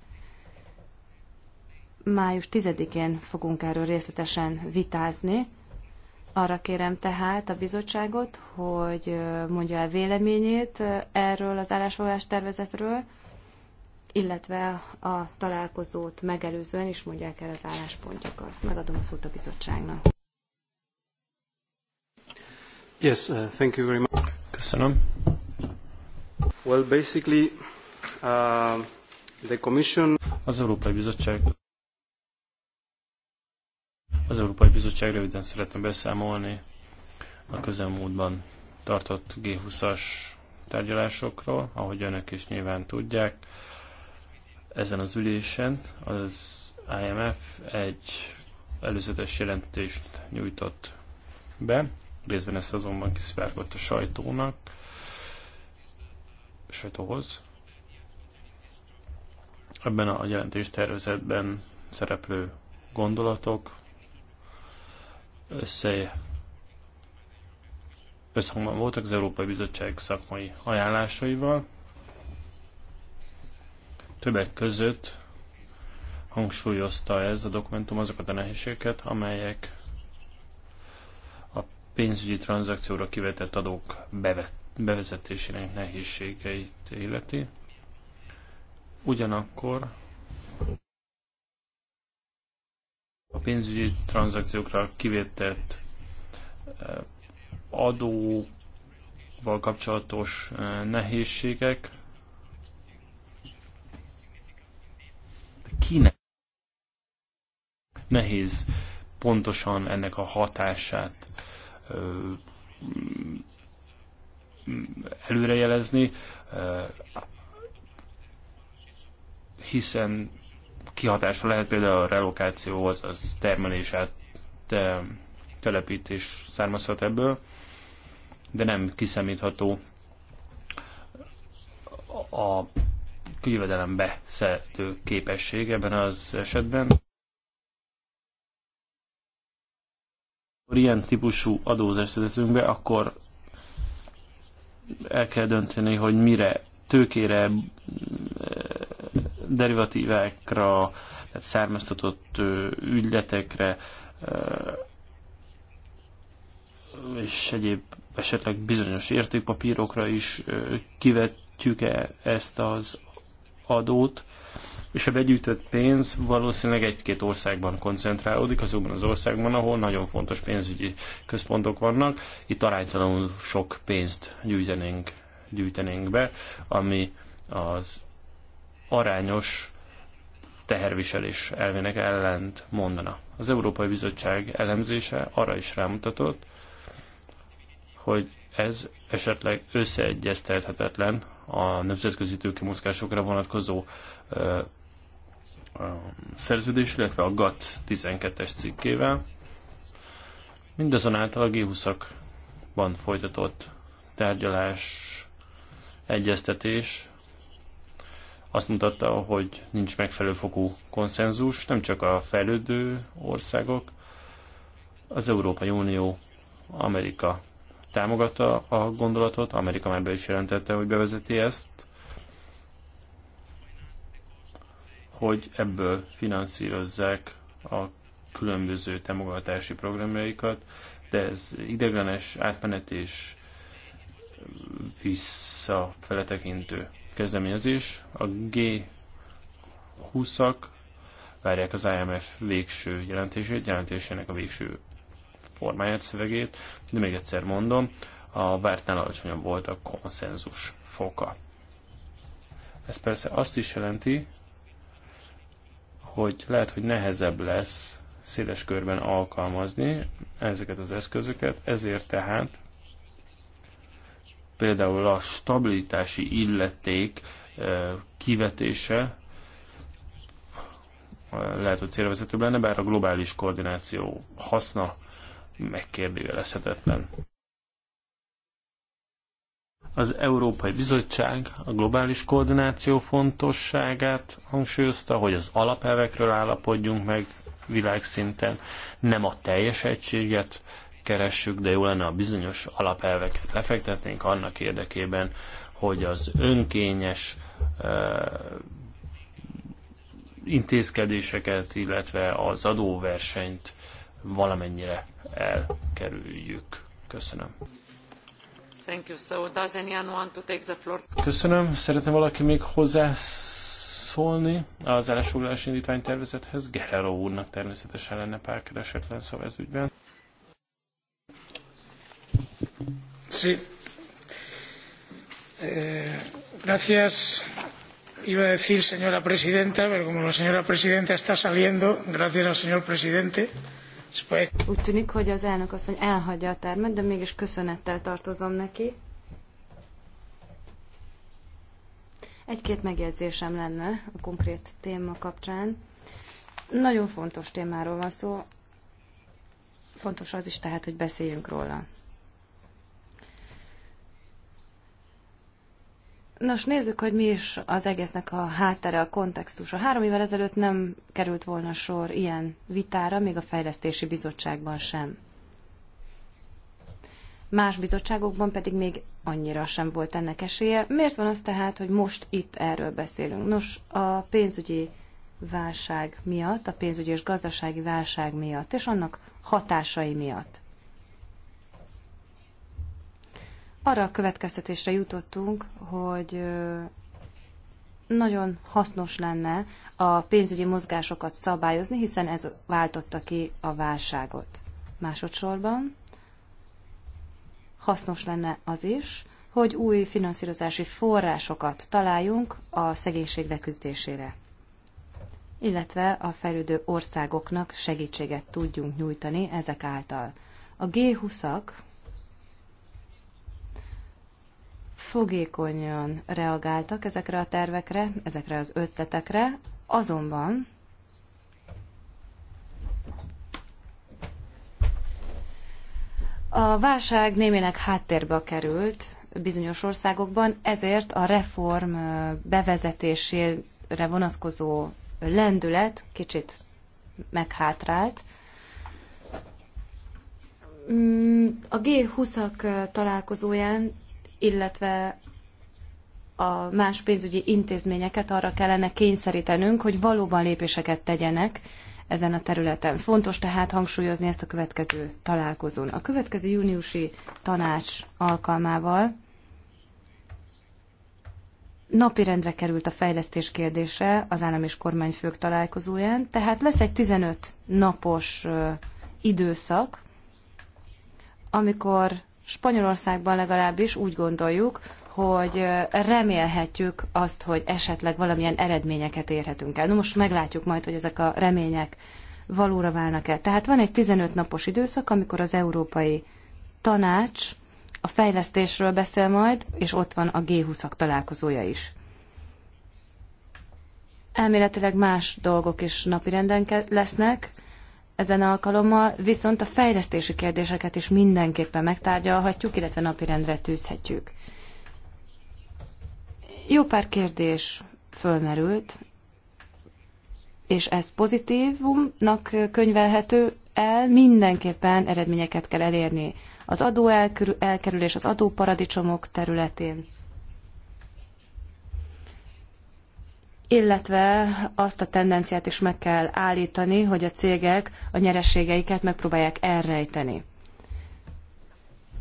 május 10-én fogunk erről részletesen vitázni. Arra kérem tehát a bizottságot, hogy mondja el véleményét erről az állásfoglalás tervezetről, illetve a találkozót megelőzően is mondják el az álláspontjukat. Megadom a szót a bizottságnak. Yes, uh, thank you very much. Köszönöm. Well, basically, uh, the Commission... Az Európai Bizottság az Európai Bizottság röviden szeretne beszámolni a közelmúltban tartott G20-as tárgyalásokról, ahogy önök is nyilván tudják ezen az ülésen az IMF egy előzetes jelentést nyújtott be, részben ezt azonban kiszivárgott a sajtónak, a sajtóhoz. Ebben a jelentés tervezetben szereplő gondolatok össze összhangban voltak az Európai Bizottság szakmai ajánlásaival, Többek között hangsúlyozta ez a dokumentum azokat a nehézségeket, amelyek a pénzügyi tranzakcióra kivetett adók bevet, bevezetésének nehézségeit illeti. Ugyanakkor a pénzügyi tranzakciókra kivetett eh, adóval kapcsolatos eh, nehézségek kinek nehéz pontosan ennek a hatását előrejelezni, hiszen kihatása lehet például a relokáció, az termelés át telepítés származhat ebből, de nem kiszámítható a jövedelem beszedő képesség ebben az esetben. Ilyen típusú adózást vezetünk be, akkor el kell dönteni, hogy mire tőkére, eh, derivatívákra, tehát származtatott ügyletekre eh, és egyéb esetleg bizonyos értékpapírokra is eh, kivetjük-e ezt az adót, és a begyűjtött pénz valószínűleg egy-két országban koncentrálódik, azokban az országban, ahol nagyon fontos pénzügyi központok vannak. Itt aránytalanul sok pénzt gyűjtenénk, gyűjtenénk be, ami az arányos teherviselés elvének ellent mondana. Az Európai Bizottság elemzése arra is rámutatott, hogy ez esetleg összeegyeztethetetlen a nemzetközi tőkemozgásokra vonatkozó szerződés, illetve a GATT 12-es cikkével. Mindazonáltal a G20-akban folytatott tárgyalás, egyeztetés azt mutatta, hogy nincs megfelelő fokú konszenzus, nem csak a fejlődő országok, az Európai Unió, Amerika támogatta a gondolatot, Amerika már be is jelentette, hogy bevezeti ezt, hogy ebből finanszírozzák a különböző támogatási programjaikat, de ez ideglenes átmenet és visszafeletekintő kezdeményezés. A G20-ak várják az IMF végső jelentését, jelentésének a végső formáját, szövegét, de még egyszer mondom, a vártnál alacsonyabb volt a konszenzus foka. Ez persze azt is jelenti, hogy lehet, hogy nehezebb lesz széles körben alkalmazni ezeket az eszközöket, ezért tehát például a stabilitási illeték kivetése lehet, hogy célvezetőbb lenne, bár a globális koordináció haszna megkérdőjelezhetetlen. Az Európai Bizottság a globális koordináció fontosságát hangsúlyozta, hogy az alapelvekről állapodjunk meg világszinten, nem a teljes egységet keressük, de jó lenne a bizonyos alapelveket lefektetnénk annak érdekében, hogy az önkényes uh, intézkedéseket, illetve az adóversenyt valamennyire elkerüljük. Köszönöm. Thank you. So does anyone want to take the floor? Köszönöm. Szeretne valaki még hozzászólni az állásfoglalás indítvány tervezethez? Gerero úrnak természetesen lenne pár keresetlen szó ez ügyben. Sí. Eh, gracias. Iba a decir señora presidenta, pero como la señora presidenta está saliendo, gracias al señor presidente. Eh, úgy tűnik, hogy az elnök asszony elhagyja a termet, de mégis köszönettel tartozom neki. Egy-két megjegyzésem lenne a konkrét téma kapcsán. Nagyon fontos témáról van szó. Fontos az is tehát, hogy beszéljünk róla. Nos, nézzük, hogy mi is az egésznek a háttere, a kontextusa. Három évvel ezelőtt nem került volna sor ilyen vitára, még a Fejlesztési Bizottságban sem. Más bizottságokban pedig még annyira sem volt ennek esélye. Miért van az tehát, hogy most itt erről beszélünk? Nos, a pénzügyi válság miatt, a pénzügyi és gazdasági válság miatt, és annak hatásai miatt. arra a következtetésre jutottunk, hogy nagyon hasznos lenne a pénzügyi mozgásokat szabályozni, hiszen ez váltotta ki a válságot. Másodszorban hasznos lenne az is, hogy új finanszírozási forrásokat találjunk a szegénység leküzdésére, illetve a fejlődő országoknak segítséget tudjunk nyújtani ezek által. A G20-ak fogékonyan reagáltak ezekre a tervekre, ezekre az ötletekre, azonban a válság némének háttérbe került bizonyos országokban, ezért a reform bevezetésére vonatkozó lendület kicsit meghátrált. Mm, a G20-ak találkozóján illetve a más pénzügyi intézményeket arra kellene kényszerítenünk, hogy valóban lépéseket tegyenek ezen a területen. Fontos tehát hangsúlyozni ezt a következő találkozón. A következő júniusi tanács alkalmával napirendre került a fejlesztés kérdése az állam és kormányfők találkozóján, tehát lesz egy 15 napos időszak, amikor Spanyolországban legalábbis úgy gondoljuk, hogy remélhetjük azt, hogy esetleg valamilyen eredményeket érhetünk el. Na most meglátjuk majd, hogy ezek a remények valóra válnak-e. Tehát van egy 15 napos időszak, amikor az Európai Tanács a fejlesztésről beszél majd, és ott van a G20-ak találkozója is. Elméletileg más dolgok is napirenden lesznek, ezen alkalommal, viszont a fejlesztési kérdéseket is mindenképpen megtárgyalhatjuk, illetve napirendre tűzhetjük. Jó pár kérdés fölmerült, és ez pozitívumnak könyvelhető el, mindenképpen eredményeket kell elérni az adó elkerülés, az adóparadicsomok területén. illetve azt a tendenciát is meg kell állítani, hogy a cégek a nyereségeiket megpróbálják elrejteni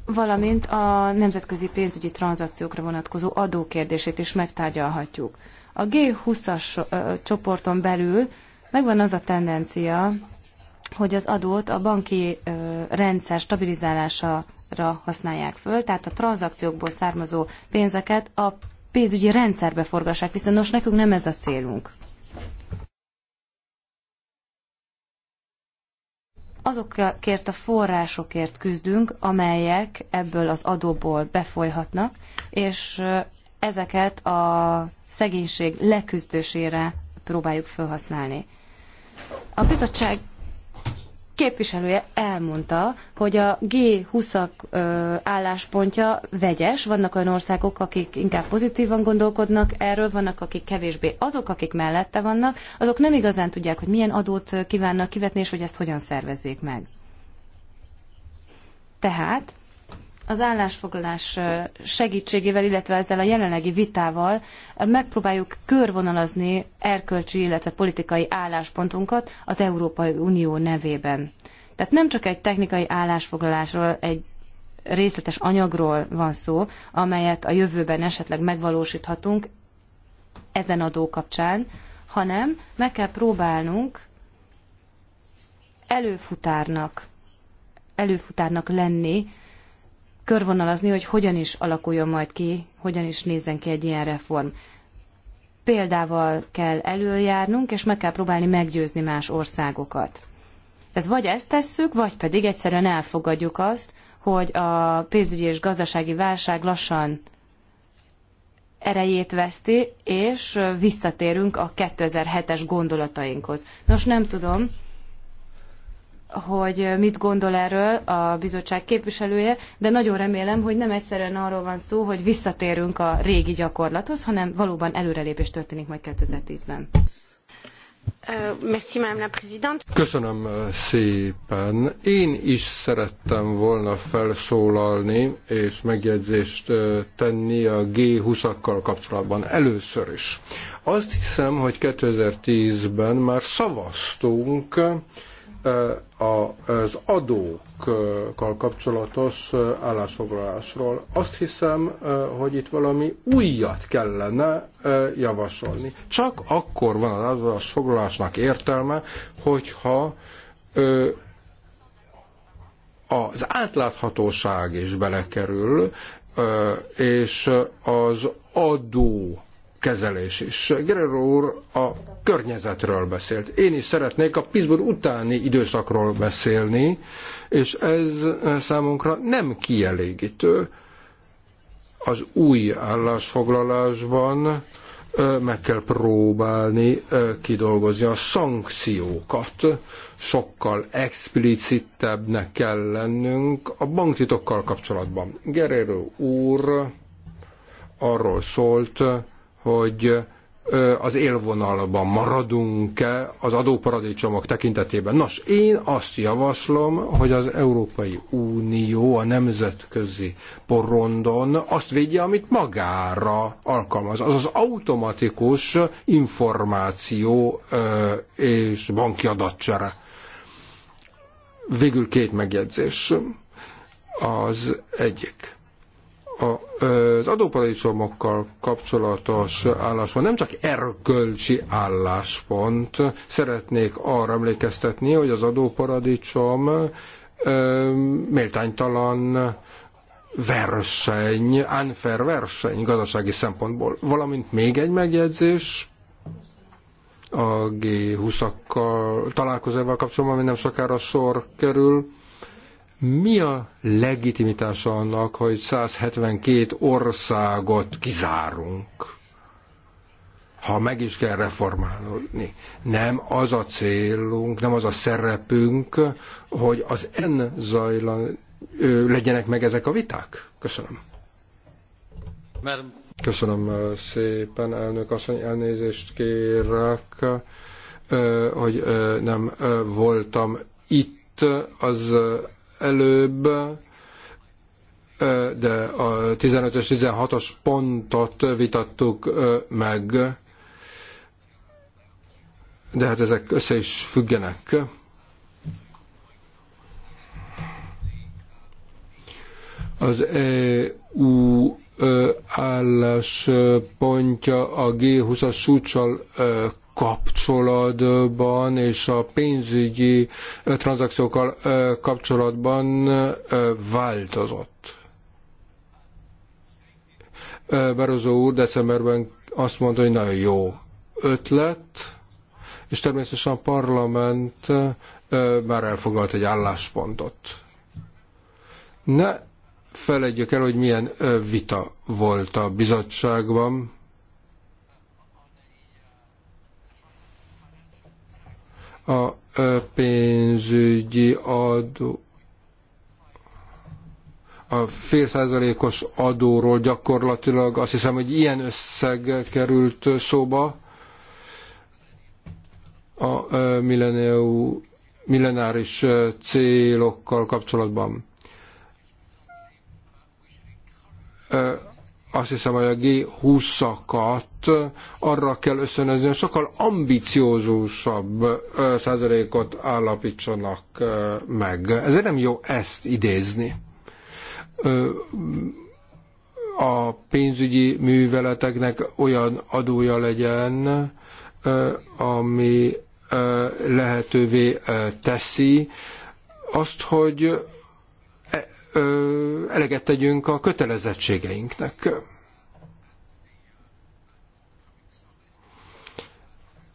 valamint a nemzetközi pénzügyi tranzakciókra vonatkozó adókérdését is megtárgyalhatjuk. A G20-as csoporton belül megvan az a tendencia, hogy az adót a banki ö, rendszer stabilizálására használják föl, tehát a tranzakciókból származó pénzeket a pénzügyi rendszerbe forgassák, viszont most nekünk nem ez a célunk. azokért a forrásokért küzdünk, amelyek ebből az adóból befolyhatnak, és ezeket a szegénység leküzdésére próbáljuk felhasználni. A bizottság képviselője elmondta, hogy a G20-ak álláspontja vegyes, vannak olyan országok, akik inkább pozitívan gondolkodnak erről, vannak akik kevésbé. Azok, akik mellette vannak, azok nem igazán tudják, hogy milyen adót kívánnak kivetni, és hogy ezt hogyan szervezzék meg. Tehát az állásfoglalás segítségével, illetve ezzel a jelenlegi vitával megpróbáljuk körvonalazni erkölcsi, illetve politikai álláspontunkat az Európai Unió nevében. Tehát nem csak egy technikai állásfoglalásról, egy részletes anyagról van szó, amelyet a jövőben esetleg megvalósíthatunk ezen adó kapcsán, hanem meg kell próbálnunk előfutárnak, előfutárnak lenni körvonalazni, hogy hogyan is alakuljon majd ki, hogyan is nézzen ki egy ilyen reform. Példával kell előjárnunk, és meg kell próbálni meggyőzni más országokat. Tehát vagy ezt tesszük, vagy pedig egyszerűen elfogadjuk azt, hogy a pénzügyi és gazdasági válság lassan erejét veszti, és visszatérünk a 2007-es gondolatainkhoz. Nos, nem tudom, hogy mit gondol erről a bizottság képviselője, de nagyon remélem, hogy nem egyszerűen arról van szó, hogy visszatérünk a régi gyakorlathoz, hanem valóban előrelépés történik majd 2010-ben. Euh, Köszönöm szépen. Én is szerettem volna felszólalni és megjegyzést tenni a G20-akkal kapcsolatban először is. Azt hiszem, hogy 2010-ben már szavaztunk az adókkal kapcsolatos állásfoglalásról. Azt hiszem, hogy itt valami újat kellene javasolni. Csak akkor van az állásfoglalásnak értelme, hogyha az átláthatóság is belekerül, és az adó kezelés is. Guerrero úr a környezetről beszélt. Én is szeretnék a Pittsburgh utáni időszakról beszélni, és ez számunkra nem kielégítő. Az új állásfoglalásban meg kell próbálni kidolgozni a szankciókat. Sokkal explicitebbnek kell lennünk a banktitokkal kapcsolatban. Gerero úr arról szólt, hogy az élvonalban maradunk-e az adóparadicsomok tekintetében. Nos, én azt javaslom, hogy az Európai Unió a nemzetközi porondon azt védje, amit magára alkalmaz. Az az automatikus információ és banki adatcsere. Végül két megjegyzés. Az egyik az adóparadicsomokkal kapcsolatos álláspont nem csak erkölcsi álláspont. Szeretnék arra emlékeztetni, hogy az adóparadicsom méltánytalan verseny, unfair verseny gazdasági szempontból. Valamint még egy megjegyzés, a G20-akkal találkozóval kapcsolatban, ami nem sokára sor kerül mi a legitimitása annak, hogy 172 országot kizárunk, ha meg is kell reformálni? Nem az a célunk, nem az a szerepünk, hogy az en zajlan, ö, legyenek meg ezek a viták? Köszönöm. Mert... Köszönöm szépen, elnök asszony, elnézést kérek, hogy nem voltam itt az előbb, de a 15-ös, 16-os pontot vitattuk meg, de hát ezek össze is függenek. Az EU álláspontja a G20-as súcsal kapcsolatban és a pénzügyi tranzakciókkal kapcsolatban változott. Barozó úr decemberben azt mondta, hogy nagyon jó ötlet, és természetesen a parlament már elfoglalt egy álláspontot. Ne feledjük el, hogy milyen vita volt a bizottságban, a pénzügyi adó a százalékos adóról gyakorlatilag azt hiszem, hogy ilyen összeg került szóba a millenáris célokkal kapcsolatban azt hiszem, hogy a G20-akat arra kell összönözni, hogy sokkal ambiciózusabb százalékot állapítsanak meg. Ezért nem jó ezt idézni. A pénzügyi műveleteknek olyan adója legyen, ami lehetővé teszi azt, hogy eleget tegyünk a kötelezettségeinknek.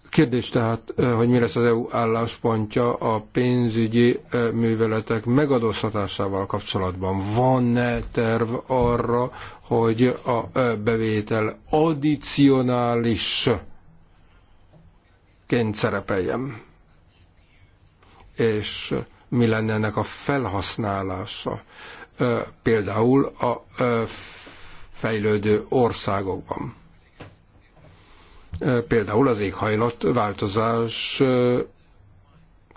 Kérdés tehát, hogy mi lesz az EU álláspontja a pénzügyi műveletek megadóztatásával kapcsolatban. Van-e terv arra, hogy a bevétel addicionális ként szerepeljem? És mi lenne ennek a felhasználása, például a fejlődő országokban. Például az éghajlatváltozás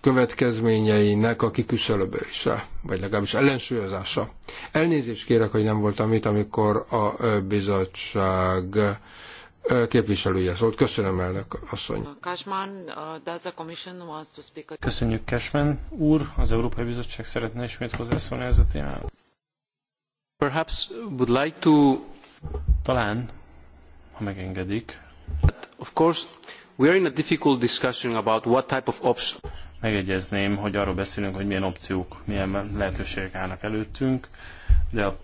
következményeinek a kiküszöbölése, vagy legalábbis ellensúlyozása. Elnézést kérek, hogy nem voltam itt, amikor a bizottság képviselője szólt. Köszönöm, elnök asszony. Uh, Cashman, uh, does Köszönjük, Cashman úr. Az Európai Bizottság szeretne ismét hozzászólni ez a témához. Perhaps would like to... Talán, ha megengedik. Of course, we are in a difficult discussion about what type of option. Megegyezném, hogy arról beszélünk, hogy milyen opciók, milyen lehetőségek állnak előttünk, de a,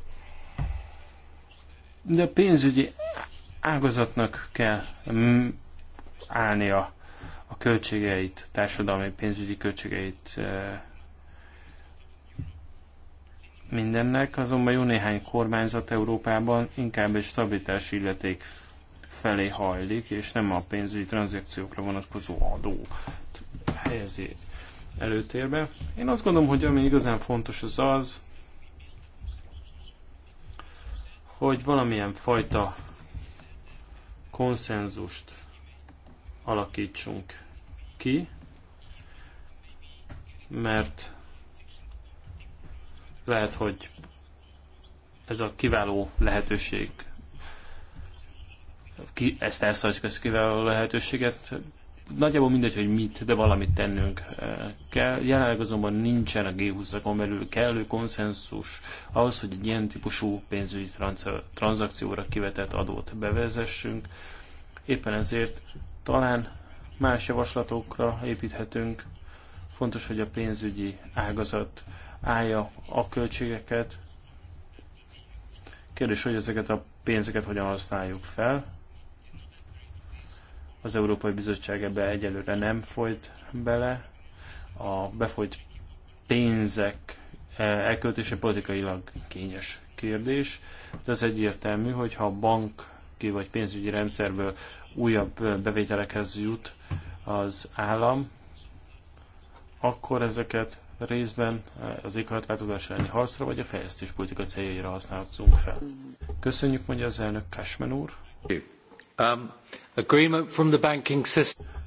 de a pénzügyi ágazatnak kell mm, állnia a költségeit, társadalmi pénzügyi költségeit e, mindennek, azonban jó néhány kormányzat Európában inkább egy stabilitási illeték felé hajlik, és nem a pénzügyi tranzakciókra vonatkozó adó helyezi előtérbe. Én azt gondolom, hogy ami igazán fontos az az, hogy valamilyen fajta konszenzust alakítsunk ki, mert lehet, hogy ez a kiváló lehetőség, ki, ezt elszállítjuk, ezt a kiváló lehetőséget nagyjából mindegy, hogy mit, de valamit tennünk eh, kell. Jelenleg azonban nincsen a g 20 belül kellő konszenzus ahhoz, hogy egy ilyen típusú pénzügyi tranzakcióra kivetett adót bevezessünk. Éppen ezért talán más javaslatokra építhetünk. Fontos, hogy a pénzügyi ágazat állja a költségeket. Kérdés, hogy ezeket a pénzeket hogyan használjuk fel az Európai Bizottság ebbe egyelőre nem folyt bele. A befolyt pénzek e, elköltése politikailag kényes kérdés, de az egyértelmű, hogy ha a banki vagy pénzügyi rendszerből újabb bevételekhez jut az állam, akkor ezeket részben az éghajlatváltozás elleni harcra vagy a fejlesztés politika céljaira használhatunk fel. Köszönjük, mondja az elnök Kásmen úr. Köszönjük. Um,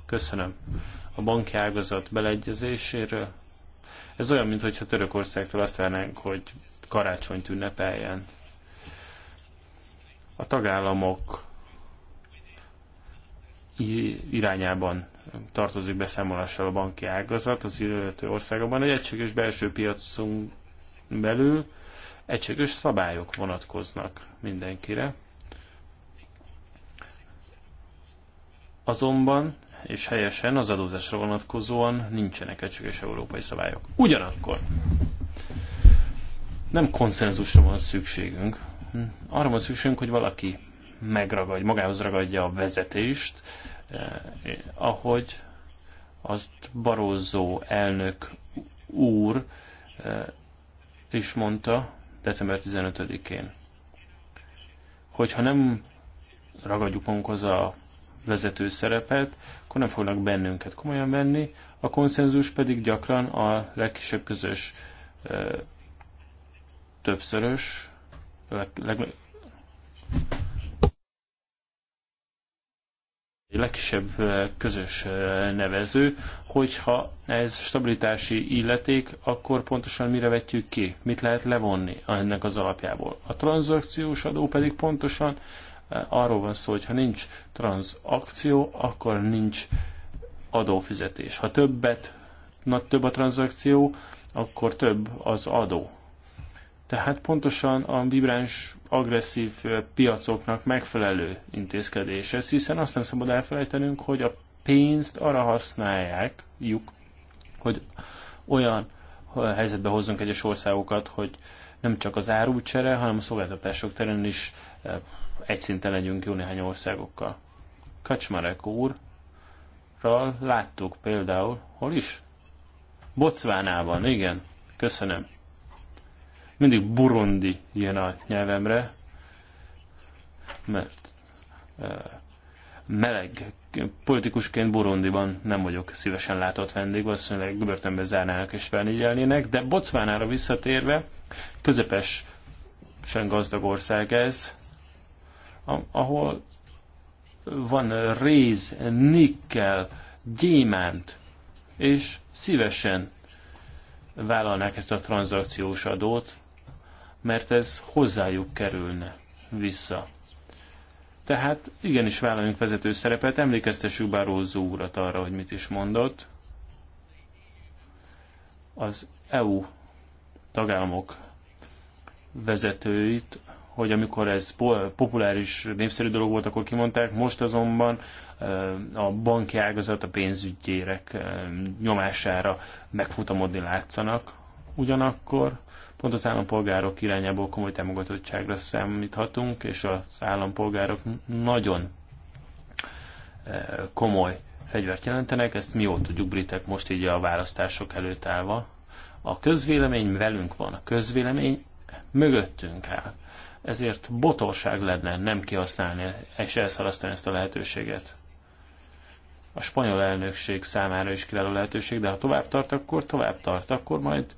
Köszönöm. A banki ágazat beleegyezéséről. Ez olyan, mintha Törökországtól azt várnánk, hogy karácsonyt ünnepeljen. A tagállamok irányában tartozik beszámolással a banki ágazat az illető országokban. Egy egységes belső piacunk belül egységes szabályok vonatkoznak mindenkire. Azonban, és helyesen az adózásra vonatkozóan nincsenek egységes európai szabályok. Ugyanakkor nem konszenzusra van szükségünk, arra van szükségünk, hogy valaki megragadj, magához ragadja a vezetést, eh, ahogy azt Barózó elnök úr eh, is mondta december 15-én. Hogyha nem ragadjuk magunkhoz a vezető szerepet, akkor nem fognak bennünket komolyan venni, a konszenzus pedig gyakran a legkisebb közös többszörös, leg, leg, legkisebb közös nevező, hogyha ez stabilitási illeték, akkor pontosan mire vetjük ki, mit lehet levonni ennek az alapjából. A tranzakciós adó pedig pontosan arról van szó, hogy ha nincs tranzakció, akkor nincs adófizetés. Ha többet, na, több a tranzakció, akkor több az adó. Tehát pontosan a vibráns, agresszív piacoknak megfelelő intézkedés ez, hiszen azt nem szabad elfelejtenünk, hogy a pénzt arra használják, lyuk, hogy olyan helyzetbe hozzunk egyes országokat, hogy nem csak az árucsere, hanem a szolgáltatások terén is eh, egy szinten legyünk jó néhány országokkal. Kacsmarek úrral láttuk például, hol is? Bocvánában, igen, köszönöm. Mindig burundi jön a nyelvemre, mert meleg politikusként Burundiban nem vagyok szívesen látott vendég, valószínűleg börtönbe zárnának és felnégyelnének, de Bocvánára visszatérve, sem gazdag ország ez, ahol van réz, nikkel, gyémánt, és szívesen vállalnák ezt a tranzakciós adót, mert ez hozzájuk kerülne vissza. Tehát igenis vállaljunk vezető szerepet, emlékeztessük Rózó úrat arra, hogy mit is mondott. Az EU tagállamok vezetőit hogy amikor ez populáris, népszerű dolog volt, akkor kimondták, most azonban eh, a banki ágazat, a pénzügyérek eh, nyomására megfutamodni látszanak. Ugyanakkor pont az állampolgárok irányából komoly támogatottságra számíthatunk, és az állampolgárok nagyon eh, komoly fegyvert jelentenek, ezt mi jól tudjuk britek most így a választások előtt állva. A közvélemény velünk van, a közvélemény mögöttünk áll ezért botorság lenne nem kihasználni és elszalasztani ezt a lehetőséget. A spanyol elnökség számára is kiváló lehetőség, de ha tovább tart, akkor tovább tart, akkor majd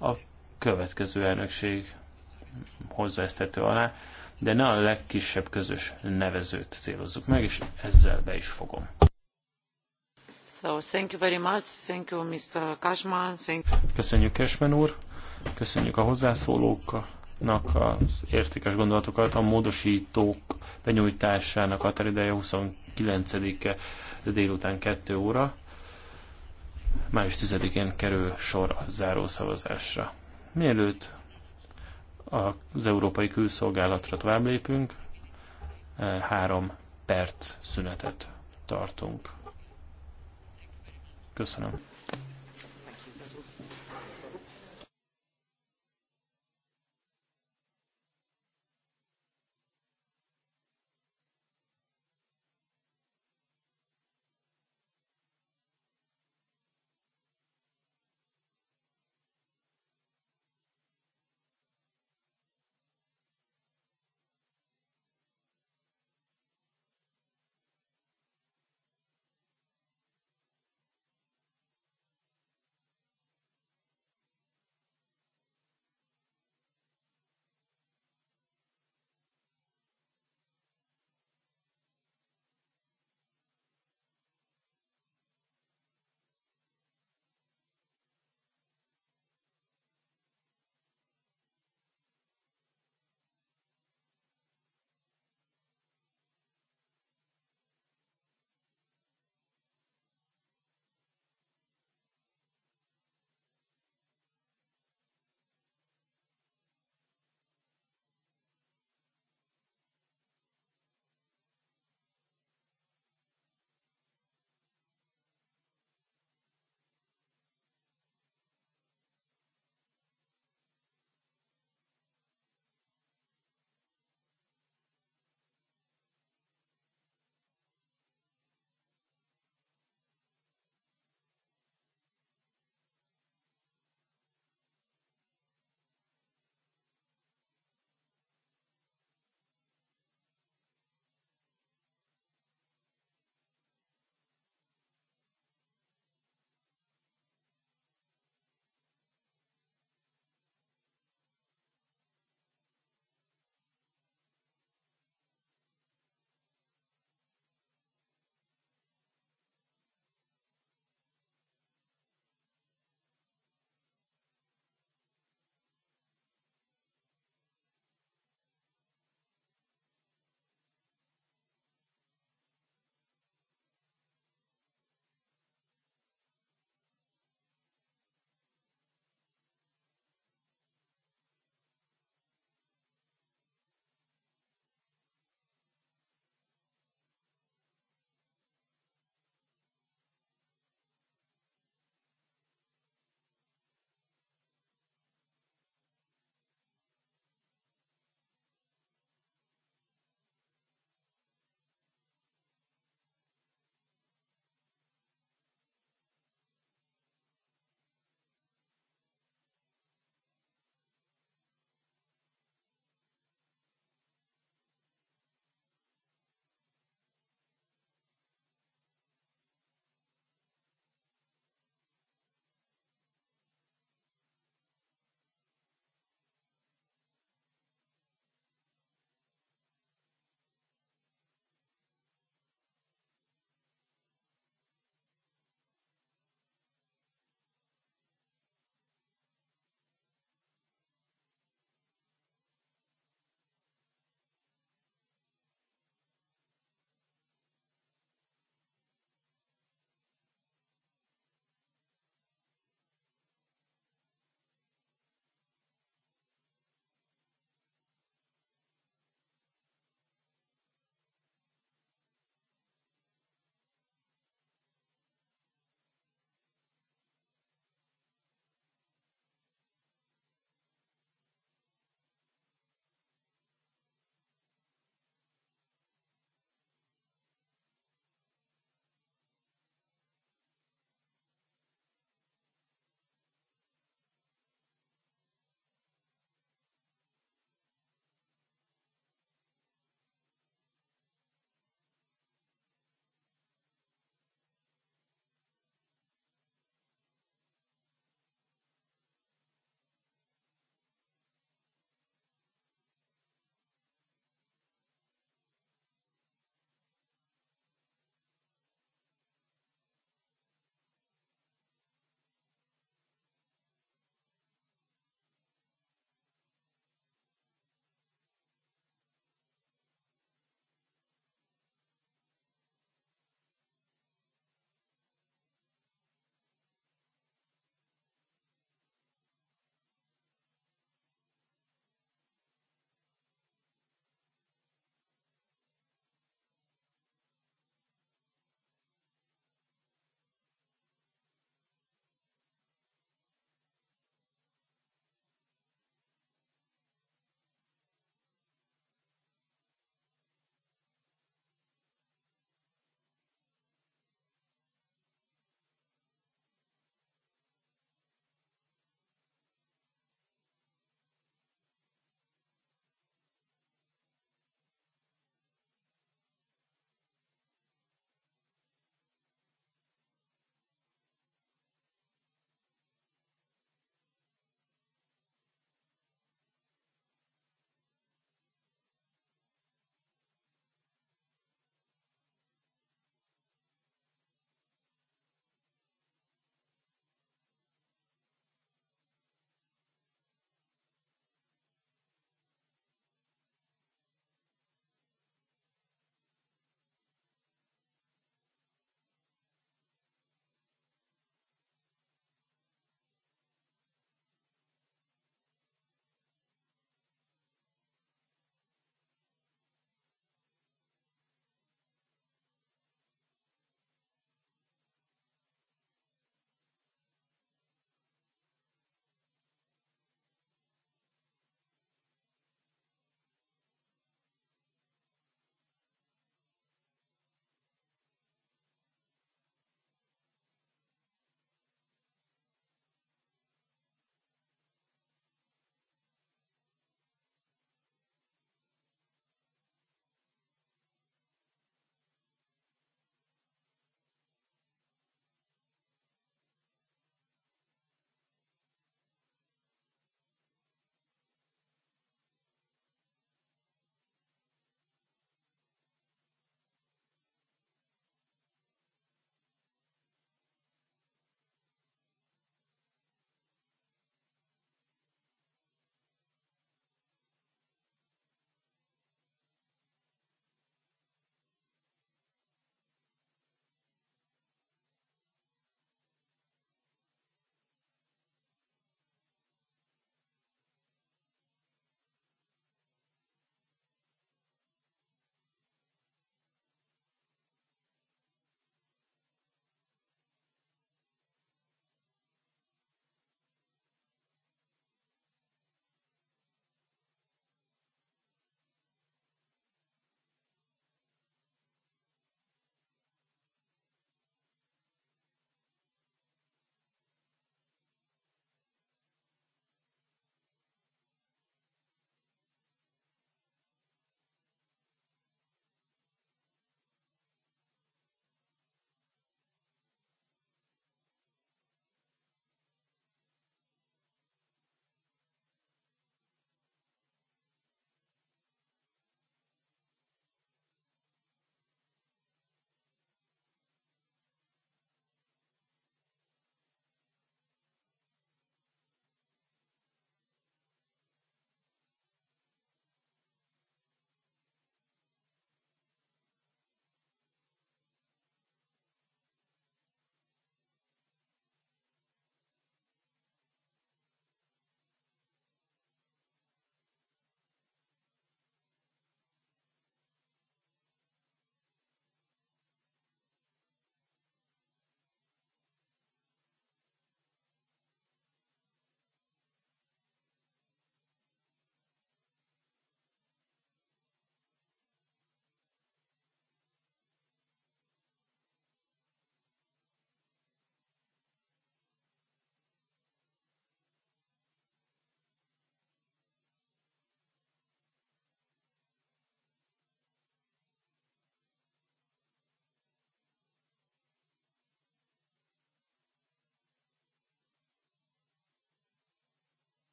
a következő elnökség hozza ezt tető alá, de ne a legkisebb közös nevezőt célozzuk meg, és ezzel be is fogom. So, thank you very much. Thank you, Mr. Kashman, Thank... Köszönjük Kesmen úr, köszönjük a hozzászólókat nak az értékes gondolatokat a módosítók benyújtásának terideje 29-e délután 2 óra, május 10-én kerül sor a zárószavazásra. Mielőtt az Európai Külszolgálatra tovább lépünk, három perc szünetet tartunk. Köszönöm.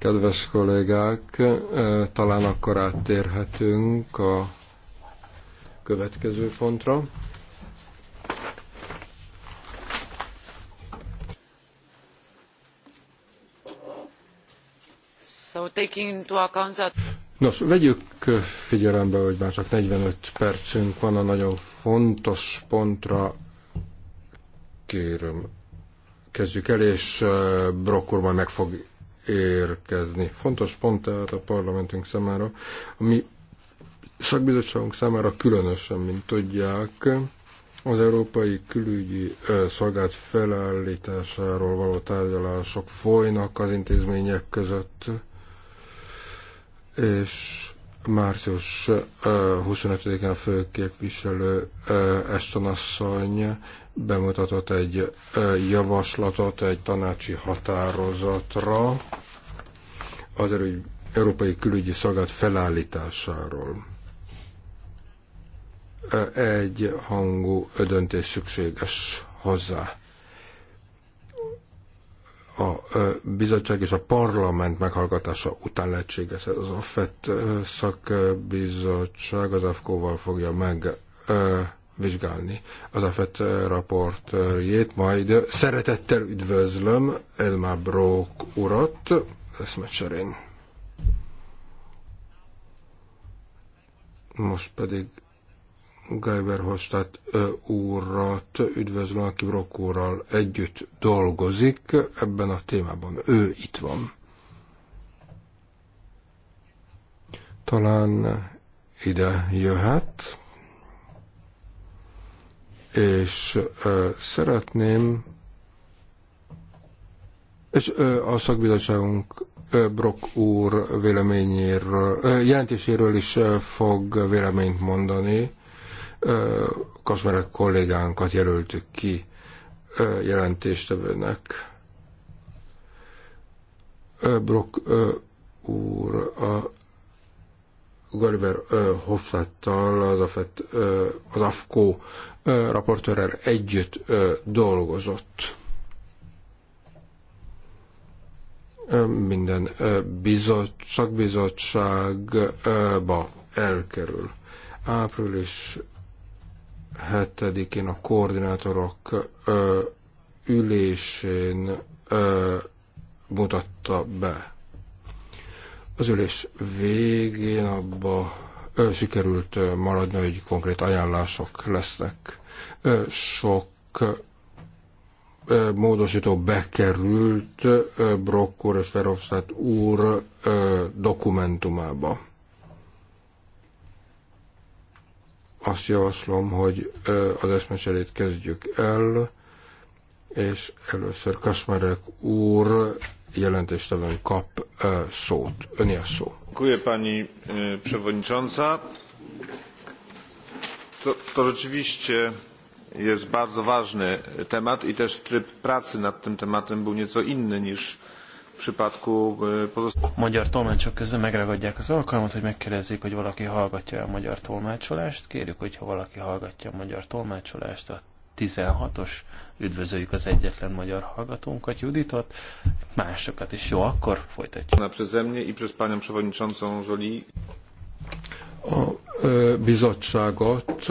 Kedves kollégák, eh, talán akkor áttérhetünk a következő pontra. So, taking into account that... Nos, vegyük figyelembe, hogy már csak 45 percünk van a nagyon fontos pontra. Kérem, kezdjük el, és Brock úr majd meg fog érkezni. Fontos pont tehát a parlamentünk számára, ami szakbizottságunk számára különösen, mint tudják, az Európai Külügyi Szolgált felállításáról való tárgyalások folynak az intézmények között, és március 25 a főképviselő Estonasszony bemutatott egy javaslatot egy tanácsi határozatra az Európai Külügyi Szolgálat felállításáról. Egy hangú döntés szükséges hozzá a bizottság és a parlament meghallgatása után lehetséges. Az AFET szakbizottság az AFKO-val fogja meg vizsgálni az AFET eh, raportjét, majd szeretettel üdvözlöm Elmar Brók urat eszmecserén. Most pedig Geiber Hostát úrat eh, üdvözlöm, aki Brok úrral együtt dolgozik ebben a témában. Ő itt van. Talán ide jöhet és szeretném, és a szakbizottságunk Brock úr véleményéről, jelentéséről is fog véleményt mondani. Kasmerek kollégánkat jelöltük ki jelentéstevőnek. Brock úr a Gulliver Hoffettal, az, az AFKO raportőrrel együtt dolgozott. Minden bizot, szakbizottságba elkerül. Április 7-én a koordinátorok ülésén mutatta be. Az ülés végén abba sikerült maradni, hogy konkrét ajánlások lesznek. Sok módosító bekerült Brock úr és Verhofstadt úr dokumentumába. Azt javaslom, hogy az eszmecserét kezdjük el, és először Kasmerek úr jelentéstevőn kap szót. Öni a szó. E, to, rzeczywiście jest bardzo ważny temat i też tryb pracy nad tym tematem był nieco inny niż w przypadku e, pozostałych. Magyar tolmácsok közül megragadják az alkalmat, hogy megkérdezzék, hogy valaki hallgatja a magyar tolmácsolást. Kérjük, hogyha valaki hallgatja a magyar tolmácsolást, a 16-os Üdvözöljük az egyetlen magyar hallgatónkat, Juditot, másokat is. Jó, akkor folytatjuk. Przeze mnie i przez panią przewodniczącą Zsoli. A ö, e, bizottságot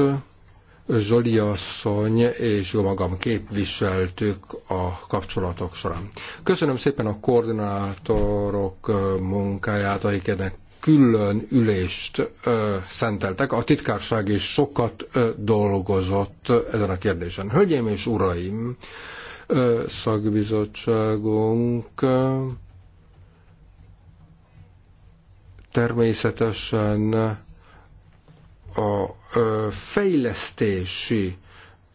Zsoli asszony és jó magam képviseltük a kapcsolatok során. Köszönöm szépen a koordinátorok munkáját, akiknek külön ülést ö, szenteltek, a titkárság is sokat ö, dolgozott ezen a kérdésen. Hölgyeim és uraim, ö, szakbizottságunk ö, természetesen a ö, fejlesztési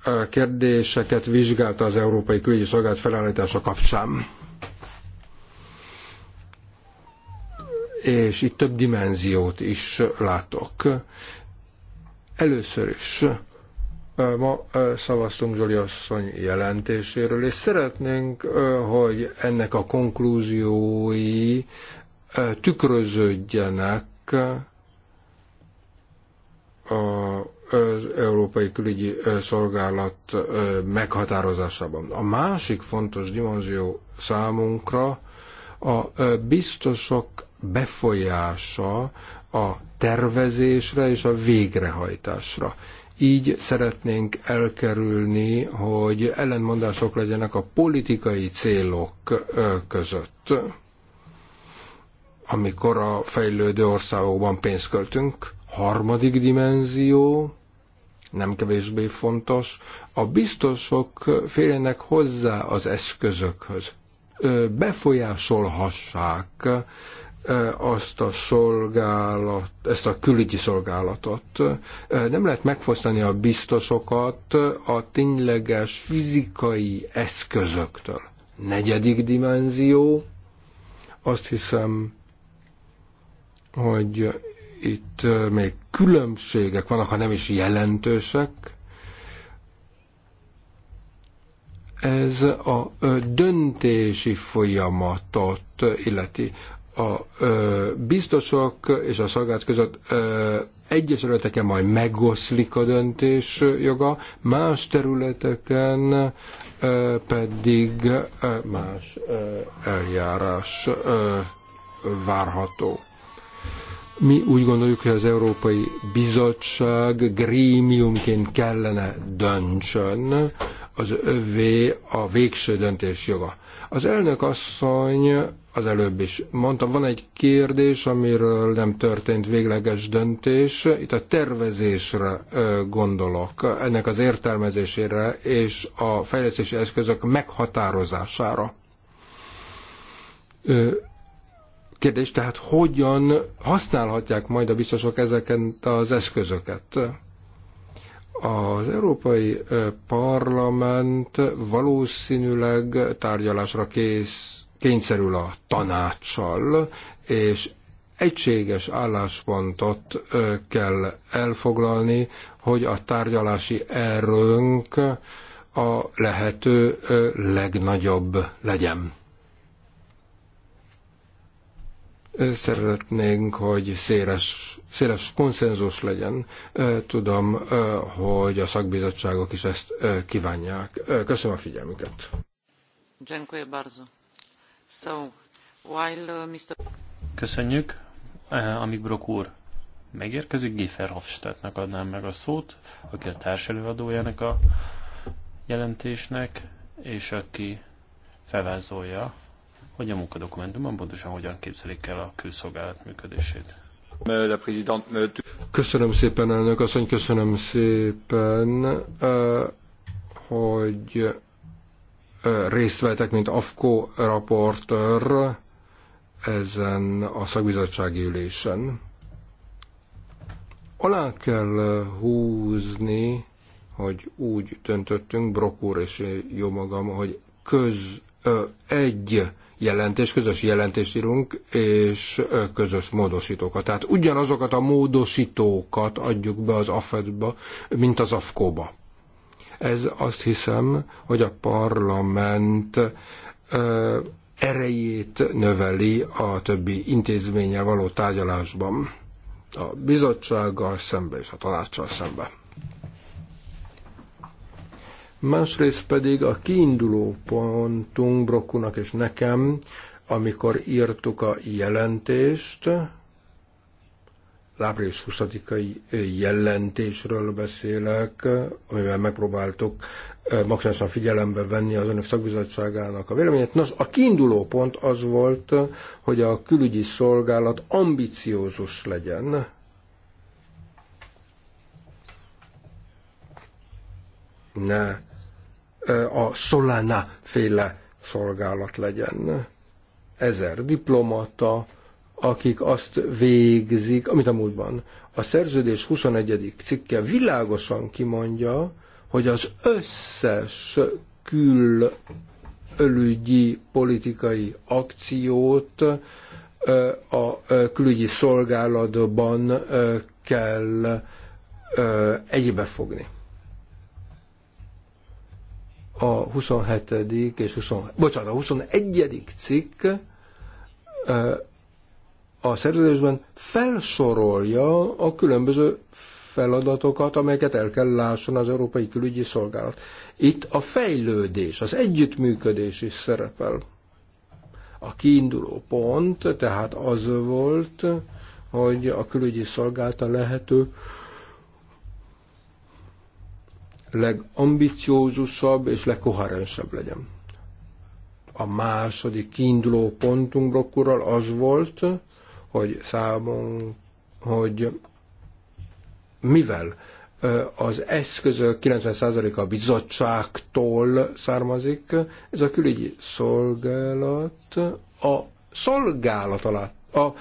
ö, kérdéseket vizsgálta az Európai Külügyi Szolgálat felállítása kapcsán és itt több dimenziót is látok. Először is ma szavaztunk Zsoli asszony jelentéséről, és szeretnénk, hogy ennek a konklúziói tükröződjenek az Európai Külügyi Szolgálat meghatározásában. A másik fontos dimenzió számunkra a biztosok befolyása a tervezésre és a végrehajtásra. Így szeretnénk elkerülni, hogy ellentmondások legyenek a politikai célok között, amikor a fejlődő országokban pénzt költünk. Harmadik dimenzió, nem kevésbé fontos, a biztosok férjenek hozzá az eszközökhöz. Befolyásolhassák azt a szolgálat, ezt a külügyi szolgálatot. Nem lehet megfosztani a biztosokat a tényleges fizikai eszközöktől. Negyedik dimenzió, azt hiszem, hogy itt még különbségek vannak, ha nem is jelentősek, ez a döntési folyamatot illeti a biztosok és a szolgált között egyes területeken majd megoszlik a döntés joga, más területeken pedig más eljárás várható. Mi úgy gondoljuk, hogy az Európai Bizottság grémiumként kellene döntsön, az övé a végső döntés joga. Az elnök asszony, az előbb is Mondta van egy kérdés, amiről nem történt végleges döntés. Itt a tervezésre gondolok, ennek az értelmezésére és a fejlesztési eszközök meghatározására. Kérdés tehát, hogyan használhatják majd a biztosok ezeket az eszközöket? Az Európai Parlament valószínűleg tárgyalásra kész, kényszerül a tanácssal, és egységes álláspontot kell elfoglalni, hogy a tárgyalási erőnk a lehető legnagyobb legyen. Szeretnénk, hogy széles széles konszenzus legyen. Tudom, hogy a szakbizottságok is ezt kívánják. Köszönöm a figyelmüket. Uh, Köszönjük. Amíg Brok úr megérkezik, Giffer Hofstadtnak adnám meg a szót, aki a társelőadójának a jelentésnek, és aki felvázolja, hogy a munkadokumentumban pontosan hogyan képzelik el a külszolgálat működését. Köszönöm szépen, elnök asszony, köszönöm szépen, hogy részt vettek, mint AFKO raportőr ezen a szakbizottsági ülésen. Alá kell húzni, hogy úgy döntöttünk, Brokúr és jó magam, hogy köz ö, egy jelentés, közös jelentést írunk, és közös módosítókat. Tehát ugyanazokat a módosítókat adjuk be az AFED-ba, mint az AFKO-ba. Ez azt hiszem, hogy a parlament ö, erejét növeli a többi intézménye való tárgyalásban. A bizottsággal szembe és a tanácssal szemben másrészt pedig a kiinduló pontunk Brokkunak és nekem, amikor írtuk a jelentést, április 20-ai jelentésről beszélek, amivel megpróbáltuk maximálisan figyelembe venni az önök szakbizottságának a véleményét. Nos, a kiinduló pont az volt, hogy a külügyi szolgálat ambiciózus legyen, ne a Solana féle szolgálat legyen. Ezer diplomata, akik azt végzik, amit a múltban. A szerződés 21. cikke világosan kimondja, hogy az összes külügyi politikai akciót a külügyi szolgálatban kell egybefogni. fogni a 27. és 20, bocsánat, a 21. cikk a szerződésben felsorolja a különböző feladatokat, amelyeket el kell lásson az Európai Külügyi Szolgálat. Itt a fejlődés, az együttműködés is szerepel. A kiinduló pont tehát az volt, hogy a külügyi szolgálta lehető legambiciózusabb és legkoherensebb legyen. A második kiinduló pontunk blokkurral az volt, hogy számunk, hogy mivel az eszközök 90%-a bizottságtól származik, ez a külügyi szolgálat a szolgálat alatt a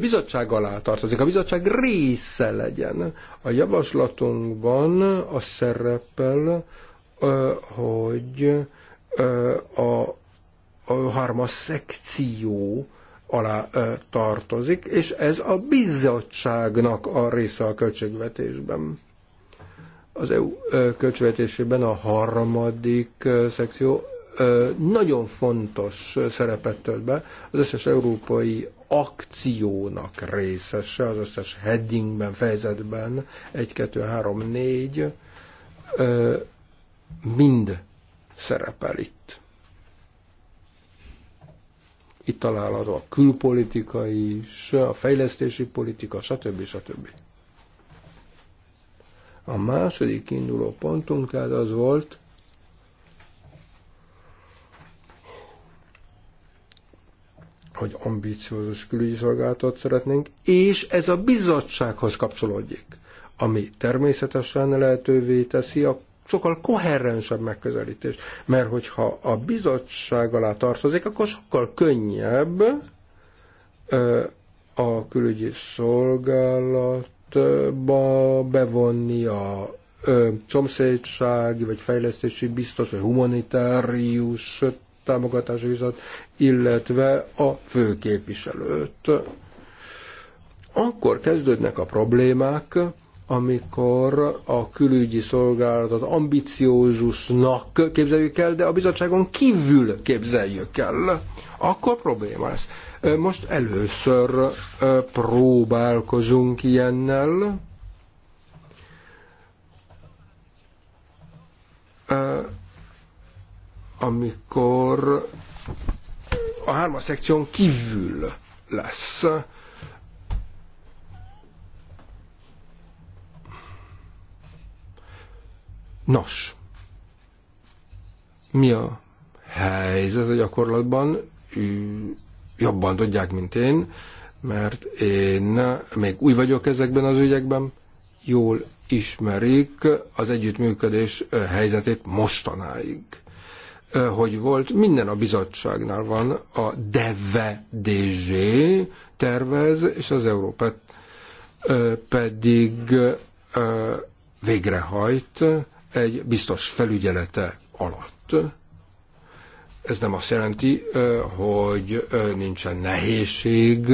bizottság alá tartozik, a bizottság része legyen. A javaslatunkban az szerepel, hogy a, a harmas szekció alá tartozik, és ez a bizottságnak a része a költségvetésben az EU költségvetésében a harmadik szekció nagyon fontos szerepet tölt be. Az összes európai akciónak részese az összes headingben, fejezetben, 1, 2, 3, 4, mind szerepel itt. Itt található a külpolitika is, a fejlesztési politika, stb. stb. A második induló pontunk tehát az volt, hogy ambíciózus külügyi szolgálatot szeretnénk, és ez a bizottsághoz kapcsolódik, ami természetesen lehetővé teszi a sokkal koherensebb megközelítés, mert hogyha a bizottság alá tartozik, akkor sokkal könnyebb a külügyi szolgálatba bevonni a csomszédsági, vagy fejlesztési biztos, vagy humanitárius támogatási bizott, illetve a főképviselőt. Akkor kezdődnek a problémák, amikor a külügyi szolgálatot ambiciózusnak képzeljük el, de a bizottságon kívül képzeljük el, akkor probléma lesz. Most először próbálkozunk ilyennel amikor a hármas szekción kívül lesz. Nos, mi a helyzet a gyakorlatban? Jobban tudják, mint én, mert én még új vagyok ezekben az ügyekben, jól ismerik az együttműködés helyzetét mostanáig hogy volt, minden a bizottságnál van a DVDG tervez, és az Európát pedig végrehajt egy biztos felügyelete alatt. Ez nem azt jelenti, hogy nincsen nehézség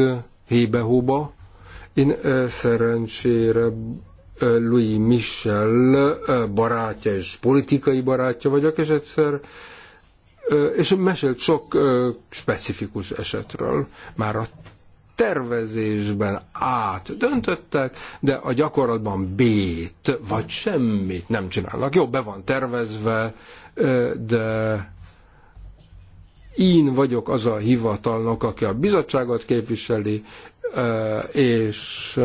hébe-hóba. Én szerencsére Louis Michel barátja és politikai barátja vagyok, és egyszer és mesélt sok specifikus esetről. Már a tervezésben át döntöttek, de a gyakorlatban B-t vagy semmit nem csinálnak. Jó, be van tervezve, de én vagyok az a hivatalnok, aki a bizottságot képviseli, és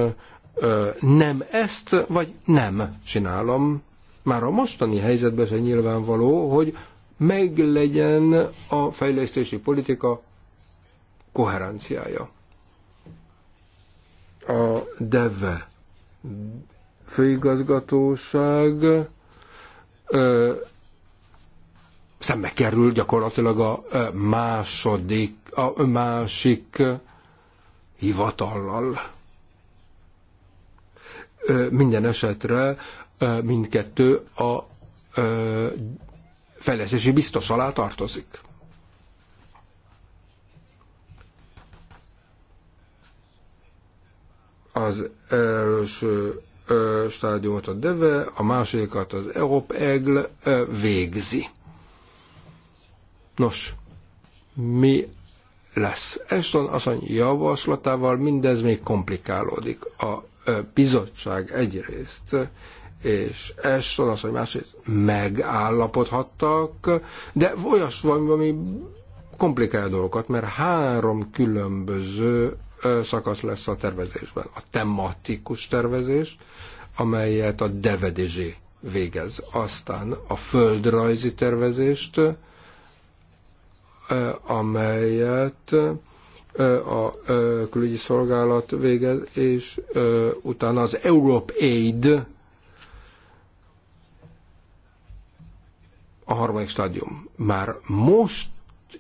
nem ezt, vagy nem csinálom. Már a mostani helyzetben se nyilvánvaló, hogy meglegyen a fejlesztési politika koherenciája. A DEVE főigazgatóság ö, szembe kerül gyakorlatilag a második, a másik hivatallal. Minden esetre mindkettő a fejlesztési biztos alá tartozik. Az első stádiumot a DEVE, a másodikat az Europe ö, végzi. Nos, mi lesz? Eston asszony javaslatával mindez még komplikálódik. A bizottság egyrészt és Ashton az, hogy másrészt megállapodhattak, de olyas van, ami komplikálja dolgokat, mert három különböző szakasz lesz a tervezésben. A tematikus tervezés, amelyet a devedési végez. Aztán a földrajzi tervezést, amelyet a külügyi szolgálat végez, és utána az Europe Aid a harmadik stadium. Már most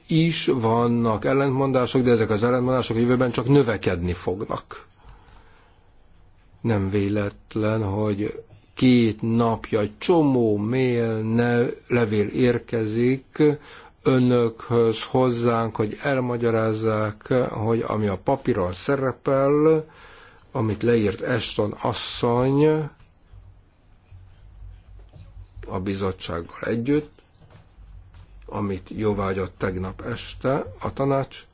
is vannak ellentmondások, de ezek az ellentmondások jövőben csak növekedni fognak. Nem véletlen, hogy két napja csomó mail, ne, levél érkezik önökhöz, hozzánk, hogy elmagyarázzák, hogy ami a papíron szerepel, amit leírt Eston asszony a bizottsággal együtt, amit jóvágyott tegnap este a tanács,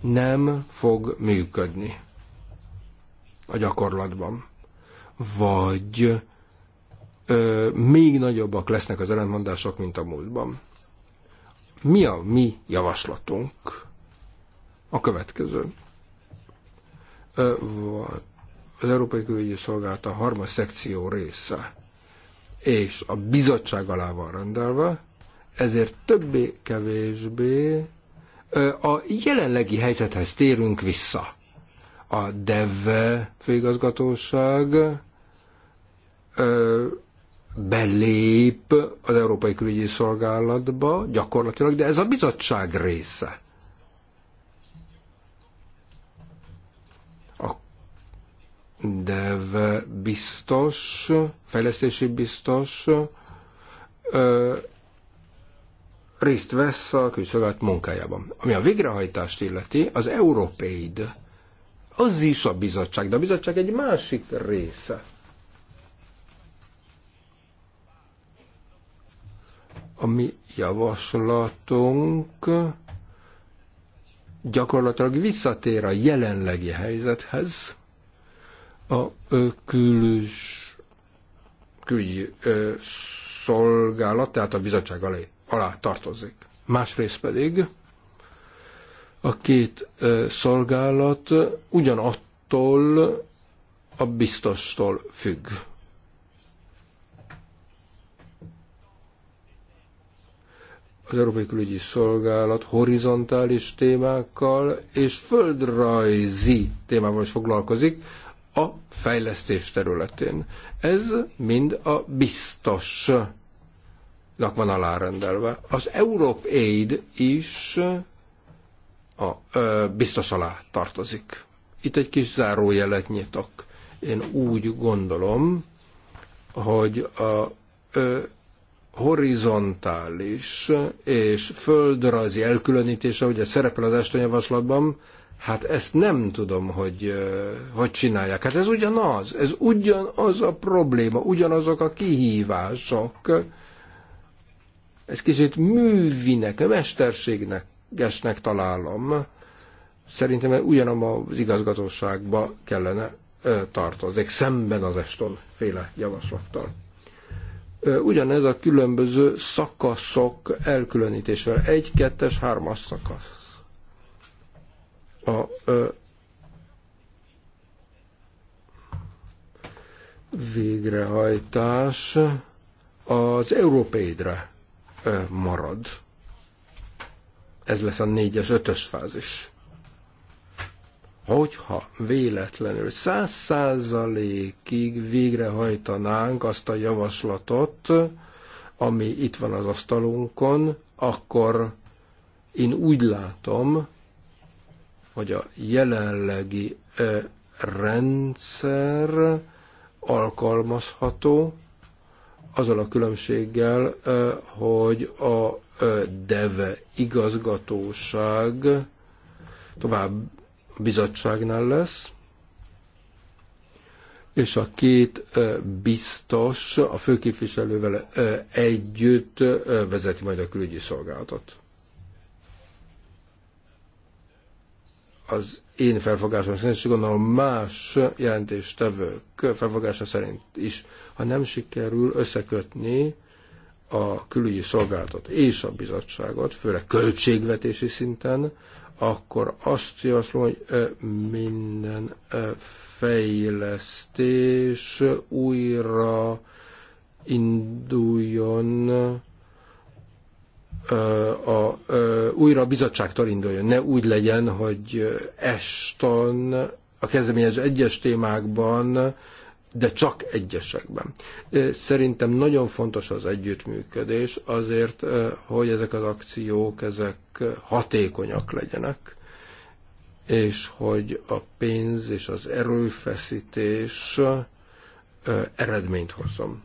nem fog működni a gyakorlatban. Vagy ö, még nagyobbak lesznek az ellentmondások, mint a múltban. Mi a mi javaslatunk? A következő. Ö, az Európai Külügyi Szolgálat a harmas szekció része, és a bizottság alá van rendelve, ezért többé-kevésbé a jelenlegi helyzethez térünk vissza. A DEV főigazgatóság belép az Európai Külügyi Szolgálatba gyakorlatilag, de ez a bizottság része. A DEV biztos, fejlesztési biztos, részt vesz a külszolgált munkájában. Ami a végrehajtást illeti, az Európaid, az is a bizottság, de a bizottság egy másik része. A mi javaslatunk gyakorlatilag visszatér a jelenlegi helyzethez, a külügy szolgálat, tehát a bizottság alé alá tartozik. Másrészt pedig a két szolgálat ugyanattól a biztostól függ. az Európai Külügyi Szolgálat horizontális témákkal és földrajzi témával is foglalkozik a fejlesztés területén. Ez mind a biztos Nak van alárendelve. Az Europe Aid is a ö, biztos alá tartozik. Itt egy kis zárójelet nyitok. Én úgy gondolom, hogy a ö, horizontális és földrajzi elkülönítése, ugye szerepel az este javaslatban, hát ezt nem tudom, hogy hogy csinálják. Hát ez ugyanaz, ez ugyanaz a probléma, ugyanazok a kihívások, ez kicsit művinek, mesterségnek találom. Szerintem ugyanabban az igazgatóságba kellene tartozik, szemben az Eston féle javaslattal. Ugyanez a különböző szakaszok elkülönítésével. Egy, kettes, hármas szakasz. A ö, végrehajtás az európédre marad. Ez lesz a négyes, ötös fázis. Hogyha véletlenül száz százalékig végrehajtanánk azt a javaslatot, ami itt van az asztalunkon, akkor én úgy látom, hogy a jelenlegi rendszer alkalmazható, azzal a különbséggel, hogy a DEVE igazgatóság tovább a bizottságnál lesz, és a két biztos a főképviselővel együtt vezeti majd a külügyi szolgálatot. az én felfogásom szerint, és gondolom más jelentéstevők felfogása szerint is, ha nem sikerül összekötni a külügyi szolgálatot és a bizottságot, főleg költségvetési szinten, akkor azt javaslom, hogy minden fejlesztés újra induljon a, újra a bizottságtól induljon. Ne úgy legyen, hogy Eston a kezdeményező egyes témákban, de csak egyesekben. Szerintem nagyon fontos az együttműködés azért, hogy ezek az akciók, ezek hatékonyak legyenek, és hogy a pénz és az erőfeszítés eredményt hozom.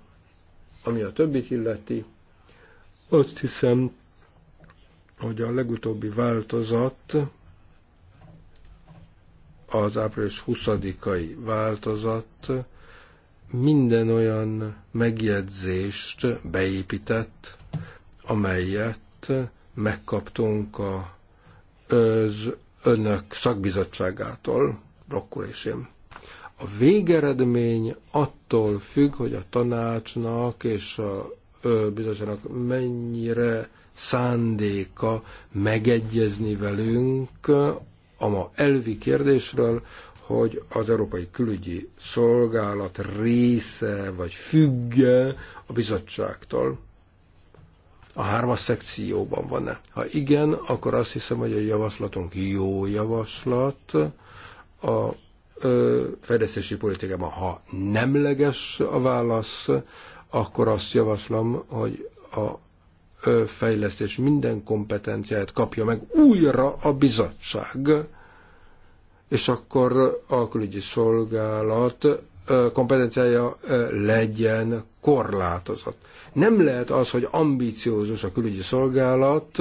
Ami a többit illeti, azt hiszem hogy a legutóbbi változat, az április 20-ai változat minden olyan megjegyzést beépített, amelyet megkaptunk a, az önök szakbizottságától, akkor és én. A végeredmény attól függ, hogy a tanácsnak és a bizottságnak mennyire szándéka megegyezni velünk a ma elvi kérdésről, hogy az Európai Külügyi Szolgálat része vagy függe a bizottságtól. A hármas szekcióban van-e? Ha igen, akkor azt hiszem, hogy a javaslatunk jó javaslat. A ö, fejlesztési politikában, ha nemleges a válasz, akkor azt javaslom, hogy a fejlesztés minden kompetenciáját kapja meg újra a bizottság, és akkor a külügyi szolgálat kompetenciája legyen korlátozott. Nem lehet az, hogy ambíciózus a külügyi szolgálat,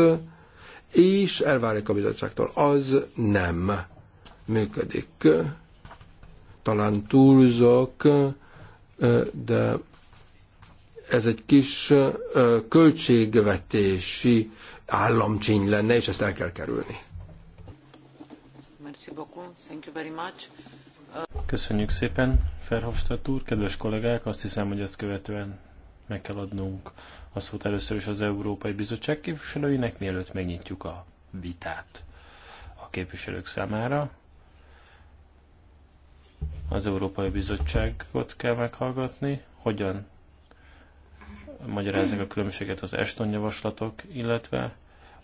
és elválik a bizottságtól. Az nem működik. Talán túlzok, de ez egy kis költségvetési államcsíny lenne, és ezt el kell kerülni. Köszönjük szépen, Ferhofstadt úr, kedves kollégák, azt hiszem, hogy ezt követően meg kell adnunk a szót először is az Európai Bizottság képviselőinek, mielőtt megnyitjuk a vitát a képviselők számára. Az Európai Bizottságot kell meghallgatni, hogyan magyarázzák a különbséget az Eston javaslatok, illetve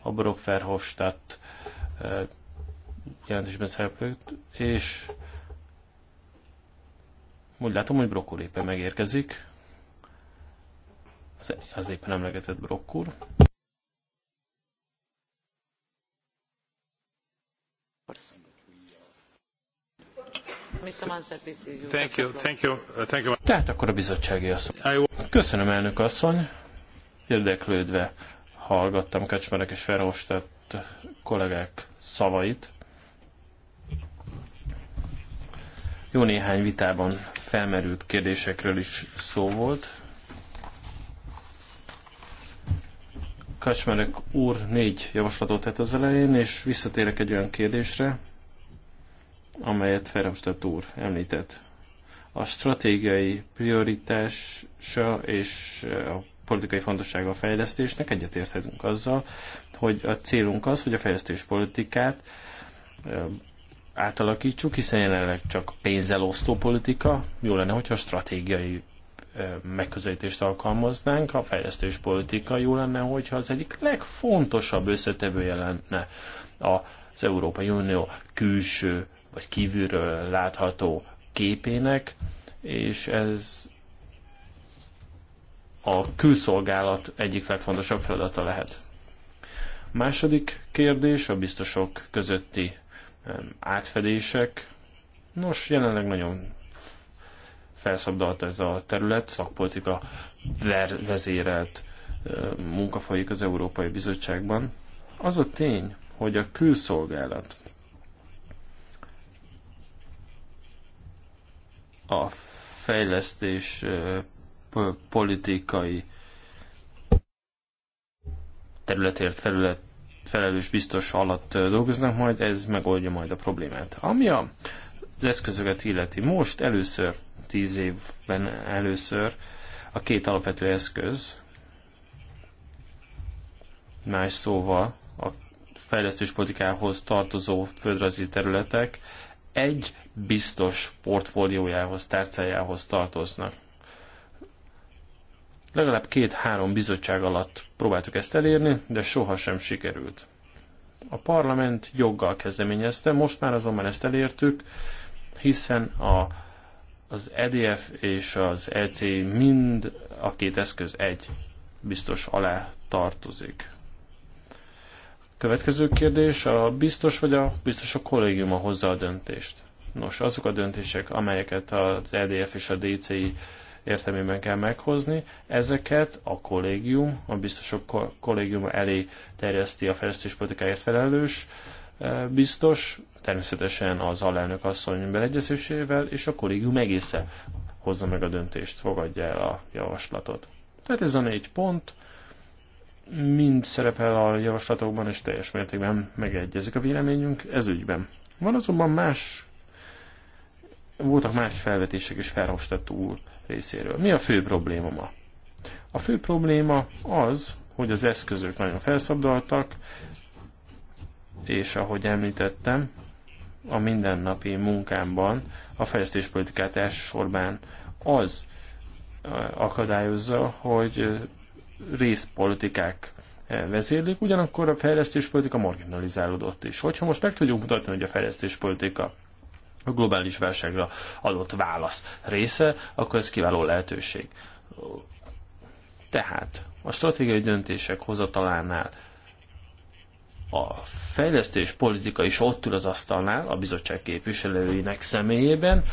a Brock Verhofstadt e, jelentésben szereplőt, és úgy látom, hogy Brokkor éppen megérkezik. Az, éppen emlegetett Brokkor. Köszönöm. Thank you, thank uh, you, thank you. Tehát akkor a bizottsági asszony. Köszönöm, elnök asszony. Érdeklődve hallgattam Kecsmerek és Verhofstadt kollégák szavait. Jó néhány vitában felmerült kérdésekről is szó volt. Kacsmerek úr négy javaslatot tett az elején, és visszatérek egy olyan kérdésre, amelyet Ferhofstadt úr említett. A stratégiai prioritása és eh, a politikai fontossága a fejlesztésnek egyetérthetünk azzal, hogy a célunk az, hogy a fejlesztés politikát eh, átalakítsuk, hiszen jelenleg csak pénzzel osztó politika. Jó lenne, hogyha stratégiai eh, megközelítést alkalmaznánk, a fejlesztés politika jó lenne, hogyha az egyik legfontosabb összetevője lenne az Európai Unió külső vagy kívülről látható képének, és ez a külszolgálat egyik legfontosabb feladata lehet. második kérdés a biztosok közötti átfedések. Nos, jelenleg nagyon felszabdalt ez a terület, szakpolitika vezérelt munka folyik az Európai Bizottságban. Az a tény, hogy a külszolgálat a fejlesztés politikai területért felület, felelős biztos alatt dolgoznak majd, ez megoldja majd a problémát. Ami a, az eszközöket illeti, most először, tíz évben először a két alapvető eszköz, más szóval a fejlesztéspolitikához tartozó földrajzi területek egy biztos portfóliójához, tárcájához tartoznak. Legalább két-három bizottság alatt próbáltuk ezt elérni, de sohasem sikerült. A parlament joggal kezdeményezte, most már azonban ezt elértük, hiszen a, az EDF és az EC mind a két eszköz egy biztos alá tartozik. Következő kérdés, a biztos vagy a biztos a kollégiuma hozza a döntést? Nos, azok a döntések, amelyeket az EDF és a DCI értelmében kell meghozni, ezeket a kollégium, a biztosok kollégium elé terjeszti a fejlesztéspolitikáért felelős e, biztos, természetesen az alelnök asszony beleegyezésével, és a kollégium egészen hozza meg a döntést, fogadja el a javaslatot. Tehát ez a négy pont, mind szerepel a javaslatokban, és teljes mértékben megegyezik a véleményünk ez ügyben. Van azonban más voltak más felvetések is Ferhofstadt úr részéről. Mi a fő probléma ma? A fő probléma az, hogy az eszközök nagyon felszabdaltak, és ahogy említettem, a mindennapi munkámban a fejlesztéspolitikát elsősorban az akadályozza, hogy részpolitikák vezérlik, ugyanakkor a fejlesztéspolitika marginalizálódott is. Hogyha most meg tudjuk mutatni, hogy a fejlesztéspolitika a globális válságra adott válasz része, akkor ez kiváló lehetőség. Tehát a stratégiai döntések hozatalánál a fejlesztés politika is ott ül az asztalnál, a bizottság képviselőinek személyében,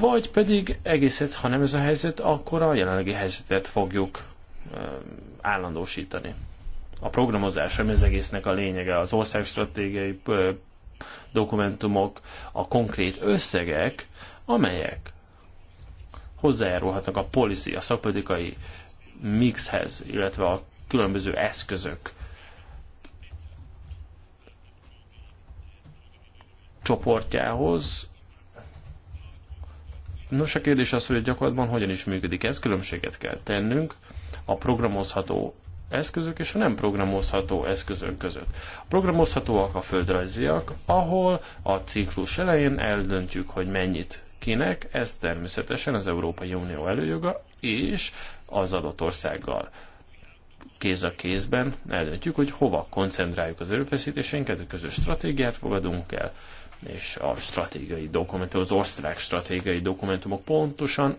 vagy pedig egészet, ha nem ez a helyzet, akkor a jelenlegi helyzetet fogjuk eh, állandósítani. A programozás, ami az egésznek a lényege, az ország stratégiai eh, dokumentumok, a konkrét összegek, amelyek hozzájárulhatnak a policy, a szakpolitikai mixhez, illetve a különböző eszközök csoportjához. Nos, a kérdés az, hogy gyakorlatban hogyan is működik ez, különbséget kell tennünk a programozható eszközök és a nem programozható eszközök között. A programozhatóak a földrajziak, ahol a ciklus elején eldöntjük, hogy mennyit kinek, ez természetesen az Európai Unió előjoga és az adott országgal kéz a kézben eldöntjük, hogy hova koncentráljuk az erőfeszítéseinket, a közös stratégiát fogadunk el, és a stratégiai dokumentum, az osztrák stratégiai dokumentumok pontosan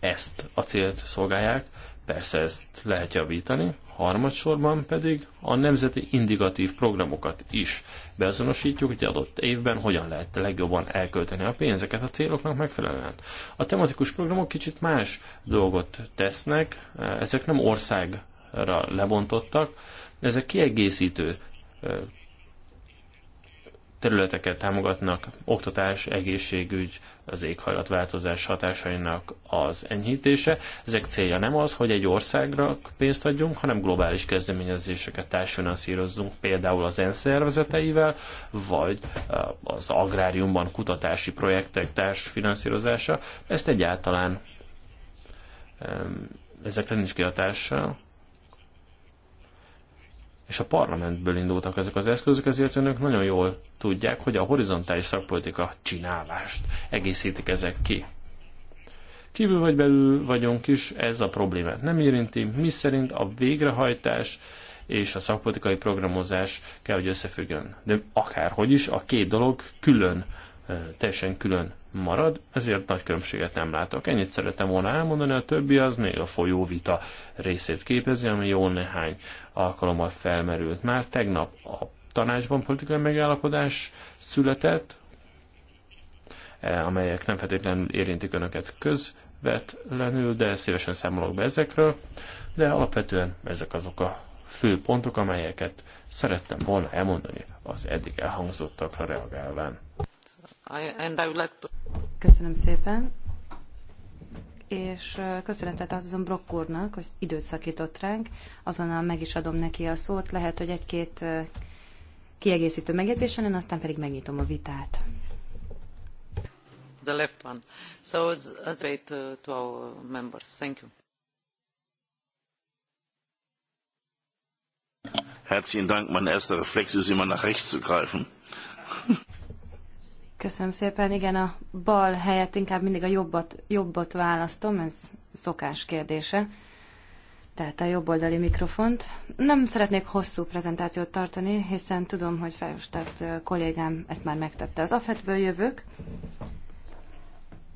ezt a célt szolgálják, Persze ezt lehet javítani, harmadsorban pedig a nemzeti indikatív programokat is beazonosítjuk, hogy adott évben hogyan lehet legjobban elkölteni a pénzeket a céloknak megfelelően. A tematikus programok kicsit más dolgot tesznek, ezek nem országra lebontottak, ezek kiegészítő területeket támogatnak, oktatás, egészségügy, az éghajlatváltozás hatásainak az enyhítése. Ezek célja nem az, hogy egy országra pénzt adjunk, hanem globális kezdeményezéseket társfinanszírozzunk, például az ENSZ szervezeteivel, vagy eh, az agráriumban kutatási projektek társfinanszírozása. Ezt egyáltalán ezekre nincs kihatással és a parlamentből indultak ezek az eszközök, ezért önök nagyon jól tudják, hogy a horizontális szakpolitika csinálást egészítik ezek ki. Kívül vagy belül vagyunk is, ez a problémát nem érinti, mi szerint a végrehajtás és a szakpolitikai programozás kell, hogy összefüggjön. De akárhogy is, a két dolog külön, eh, teljesen külön marad, ezért nagy különbséget nem látok. Ennyit szeretem volna elmondani, a többi az még a folyóvita részét képezi, ami jó néhány alkalommal felmerült. Már tegnap a tanácsban politikai megállapodás született, eh, amelyek nem feltétlenül érintik önöket közvetlenül, de szívesen számolok be ezekről, de alapvetően ezek azok a fő pontok, amelyeket szerettem volna elmondani az eddig elhangzottakra reagálván. Köszönöm szépen. És köszönettel tartozom Brock úrnak, hogy időt szakított ránk. Azonnal meg is adom neki a szót. Lehet, hogy egy-két kiegészítő megjegyzésen, én aztán pedig megnyitom a vitát. The left one. So it's a trade to, to our members. Thank you. Herzlichen Dank. Mein erster Reflex ist immer nach rechts zu greifen. Köszönöm szépen. Igen, a bal helyett inkább mindig a jobbat, jobbat választom, ez szokás kérdése. Tehát a jobboldali mikrofont. Nem szeretnék hosszú prezentációt tartani, hiszen tudom, hogy felhúztat kollégám ezt már megtette. Az AFET-ből jövök,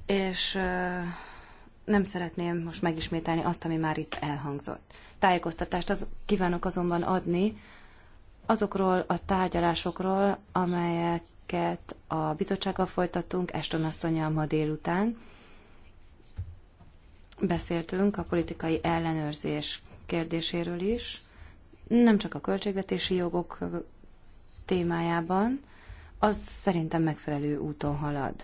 és nem szeretném most megismételni azt, ami már itt elhangzott. Tájékoztatást az, kívánok azonban adni azokról a tárgyalásokról, amelyek amelyeket a bizottsággal folytattunk, Eston asszonyjal ma délután. Beszéltünk a politikai ellenőrzés kérdéséről is, nem csak a költségvetési jogok témájában, az szerintem megfelelő úton halad.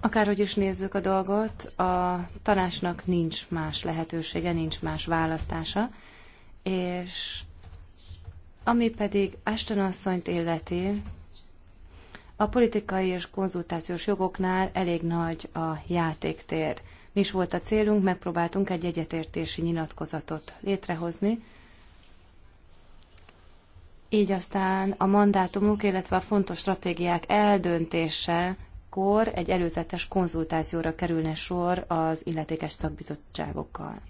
Akárhogy is nézzük a dolgot, a tanácsnak nincs más lehetősége, nincs más választása, és ami pedig Ashton asszonyt illeti, a politikai és konzultációs jogoknál elég nagy a játéktér. Mi is volt a célunk, megpróbáltunk egy egyetértési nyilatkozatot létrehozni, így aztán a mandátumok, illetve a fontos stratégiák eldöntése kor egy előzetes konzultációra kerülne sor az illetékes szakbizottságokkal.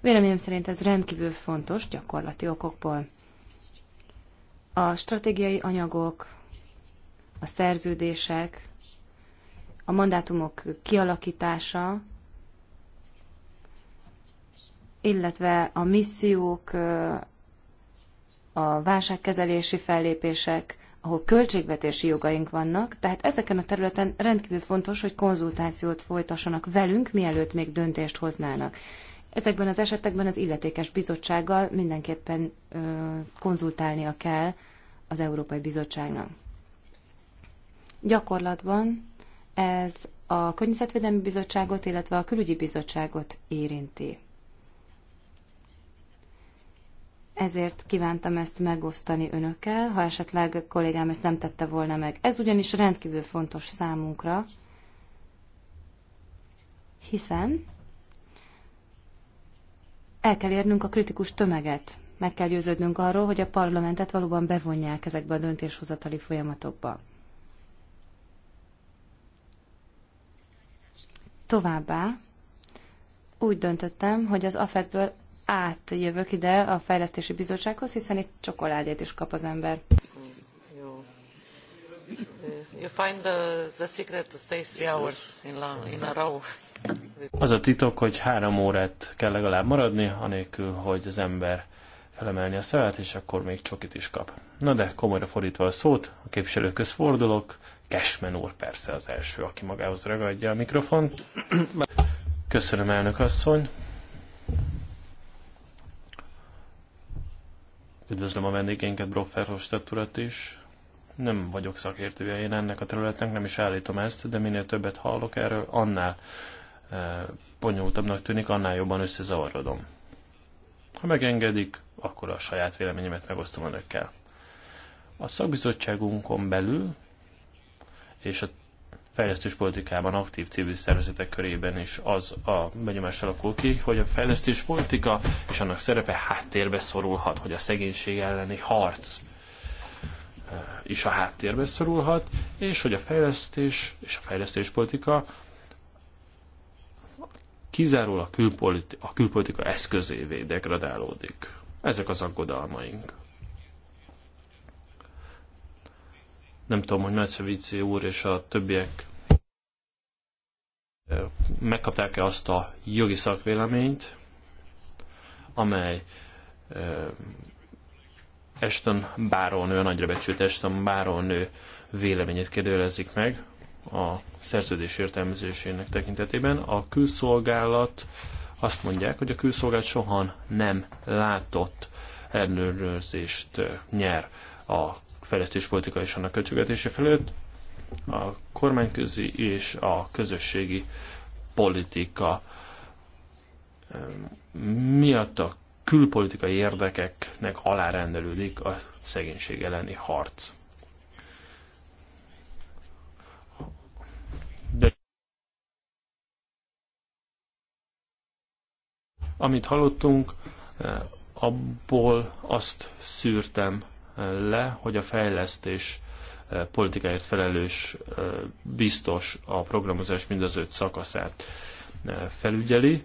Véleményem szerint ez rendkívül fontos gyakorlati okokból. A stratégiai anyagok, a szerződések, a mandátumok kialakítása, illetve a missziók, a válságkezelési fellépések, ahol költségvetési jogaink vannak, tehát ezeken a területen rendkívül fontos, hogy konzultációt folytassanak velünk, mielőtt még döntést hoznának. Ezekben az esetekben az illetékes bizottsággal mindenképpen ö, konzultálnia kell az Európai Bizottságnak. Gyakorlatban ez a Környezetvédelmi Bizottságot, illetve a Külügyi Bizottságot érinti. Ezért kívántam ezt megosztani önökkel, ha esetleg a kollégám ezt nem tette volna meg. Ez ugyanis rendkívül fontos számunkra, hiszen el kell érnünk a kritikus tömeget meg kell győződnünk arról, hogy a parlamentet valóban bevonják ezekbe a döntéshozatali folyamatokba. Továbbá úgy döntöttem, hogy az AFED-ből átjövök ide a Fejlesztési Bizottsághoz, hiszen itt csokoládét is kap az ember. Az a titok, hogy három órát kell legalább maradni, anélkül, hogy az ember felemelni a szavát, és akkor még csokit is kap. Na de komolyra fordítva a szót, a képviselőköz fordulok, Cashman úr persze az első, aki magához ragadja a mikrofont. Köszönöm, elnök asszony. Üdvözlöm a vendégeinket, Brock Ferhofstadt urat is. Nem vagyok szakértője én ennek a területnek, nem is állítom ezt, de minél többet hallok erről, annál ponyoltabbnak eh, tűnik, annál jobban összezavarodom. Ha megengedik, akkor a saját véleményemet megosztom önökkel. A szakbizottságunkon belül és a fejlesztéspolitikában, aktív civil szervezetek körében is az a benyomás alakul ki, hogy a fejlesztéspolitika és annak szerepe háttérbe szorulhat, hogy a szegénység elleni harc eh, is a háttérbe szorulhat, és hogy a fejlesztés és a fejlesztéspolitika kizárólag a, külpoliti- a külpolitika eszközévé degradálódik. Ezek az aggodalmaink. Nem tudom, hogy Metszevici úr és a többiek eh, megkapták-e azt a jogi szakvéleményt, amely Eston eh, Báronő, a nagyra becsült Eston Báronő véleményét kérdőlezik meg a szerződés értelmezésének tekintetében. A külszolgálat azt mondják, hogy a külszolgált soha nem látott ellenőrzést nyer a fejlesztéspolitika és annak költségvetése felőtt, a kormányközi és a közösségi politika miatt a külpolitikai érdekeknek alárendelődik a szegénység elleni harc. Amit hallottunk, eh, abból azt szűrtem eh, le, hogy a fejlesztés eh, politikáért felelős biztos a programozás mind az öt szakaszát felügyeli,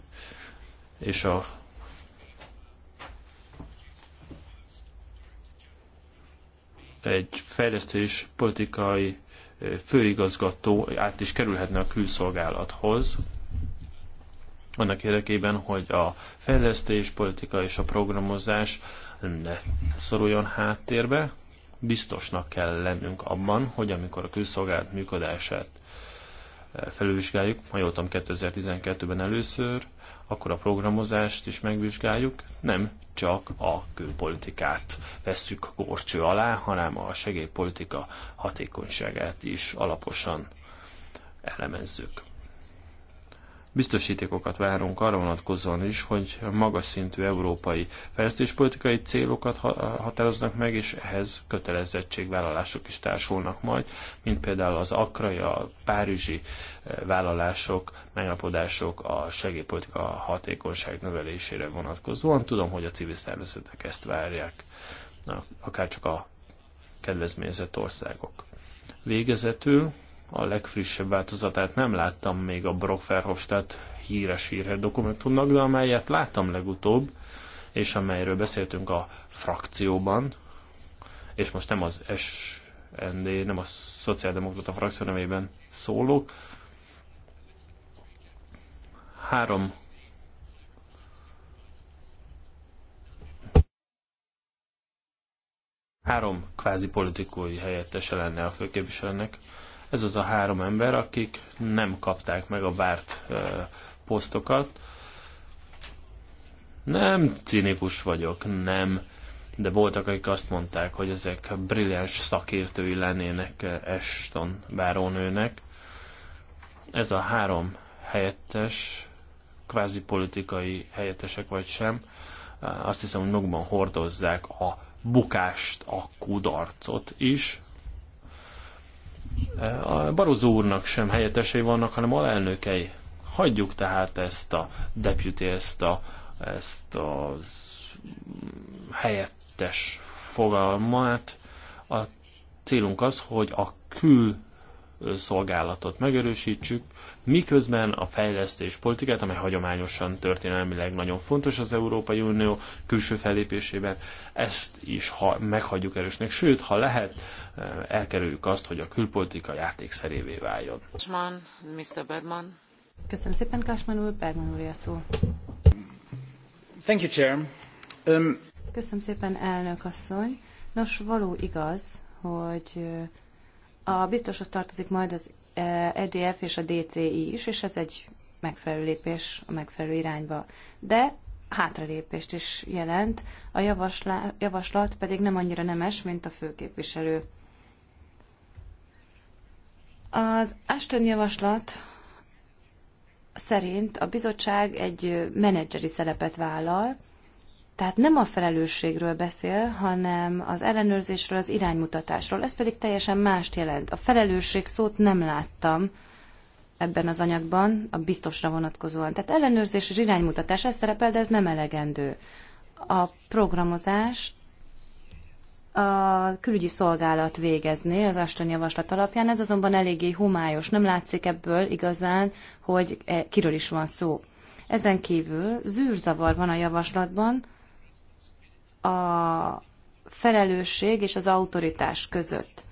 és a egy fejlesztés politikai főigazgató át is kerülhetne a külszolgálathoz, annak érdekében, hogy a fejlesztés, politika és a programozás ne szoruljon háttérbe. Biztosnak kell lennünk abban, hogy amikor a külszolgálat működását e, felülvizsgáljuk, ha jól 2012-ben először, akkor a programozást is megvizsgáljuk, nem csak a külpolitikát vesszük korcső alá, hanem a segélypolitika hatékonyságát is alaposan elemezzük. Biztosítékokat várunk arra vonatkozóan is, hogy magas szintű európai fejlesztéspolitikai célokat határoznak meg, és ehhez kötelezettségvállalások is társulnak majd, mint például az akrai, a párizsi eh, vállalások, megállapodások a segélypolitika hatékonyság növelésére vonatkozóan. Tudom, hogy a civil szervezetek ezt várják, akárcsak a kedvezményezett országok. Végezetül a legfrissebb változatát nem láttam még a Brock Verhofstadt híres hírhet dokumentumnak, de amelyet láttam legutóbb, és amelyről beszéltünk a frakcióban, és most nem az SND, nem a Szociáldemokrata frakció nevében szólok, három három kvázi politikai helyettese lenne a főképviselőnek, ez az a három ember, akik nem kapták meg a várt posztokat. Nem cinikus vagyok, nem, de voltak, akik azt mondták, hogy ezek brilliáns szakértői lennének Eston bárónőnek. Ez a három helyettes, kvázi politikai helyettesek vagy sem, azt hiszem, hogy magukban hordozzák a bukást, a kudarcot is, a Barozó úrnak sem helyettesei vannak, hanem alelnökei. Hagyjuk tehát ezt a deputy, ezt a, ezt a helyettes fogalmát. A célunk az, hogy a kül szolgálatot megerősítsük, miközben a fejlesztés politikát, amely hagyományosan történelmileg nagyon fontos az Európai Unió külső fellépésében, ezt is ha meghagyjuk erősnek. Sőt, ha lehet, elkerüljük azt, hogy a külpolitika játékszerévé váljon. Kasman, Mr. Bergman. Köszönöm szépen, Kasman úr, Bergman úr a szó. Thank you, Chair. Um... Köszönöm szépen, elnök asszony. Nos, való igaz, hogy a biztoshoz tartozik majd az EDF e és a DCI is, és ez egy megfelelő lépés a megfelelő irányba. De hátralépést is jelent, a javaslat pedig nem annyira nemes, mint a főképviselő az Ashton javaslat szerint a bizottság egy menedzseri szerepet vállal, tehát nem a felelősségről beszél, hanem az ellenőrzésről, az iránymutatásról. Ez pedig teljesen mást jelent. A felelősség szót nem láttam ebben az anyagban, a biztosra vonatkozóan. Tehát ellenőrzés és iránymutatás, ez szerepel, de ez nem elegendő. A programozást a külügyi szolgálat végezné az Aston javaslat alapján. Ez azonban eléggé humályos, nem látszik ebből igazán, hogy eh, kiről is van szó. Ezen kívül zűrzavar van a javaslatban a felelősség és az autoritás között.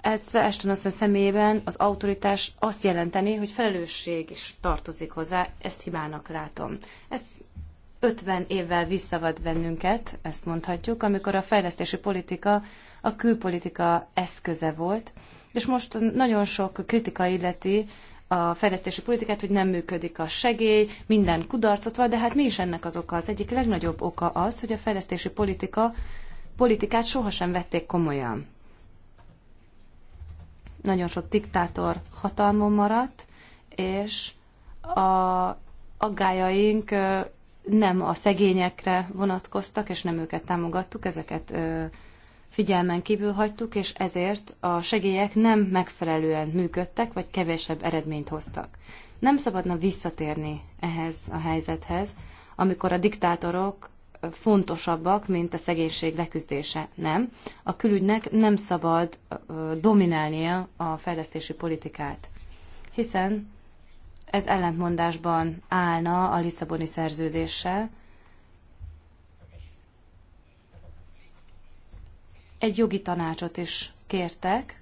Ez Ashton asszony személyében az autoritás azt jelenteni, hogy felelősség is tartozik hozzá, ezt hibának látom. Ezt 50 évvel visszavad bennünket, ezt mondhatjuk, amikor a fejlesztési politika a külpolitika eszköze volt, és most nagyon sok kritika illeti a fejlesztési politikát, hogy nem működik a segély, minden kudarcot van, de hát mi is ennek az oka? Az egyik legnagyobb oka az, hogy a fejlesztési politika, politikát sohasem vették komolyan. Nagyon sok diktátor hatalmon maradt, és a aggájaink nem a szegényekre vonatkoztak, és nem őket támogattuk, ezeket ö, figyelmen kívül hagytuk, és ezért a segélyek nem megfelelően működtek, vagy kevesebb eredményt hoztak. Nem szabadna visszatérni ehhez a helyzethez, amikor a diktátorok fontosabbak, mint a szegénység leküzdése. Nem. A külügynek nem szabad dominálnia a fejlesztési politikát, hiszen ez ellentmondásban állna a Lisszaboni szerződéssel. Egy jogi tanácsot is kértek,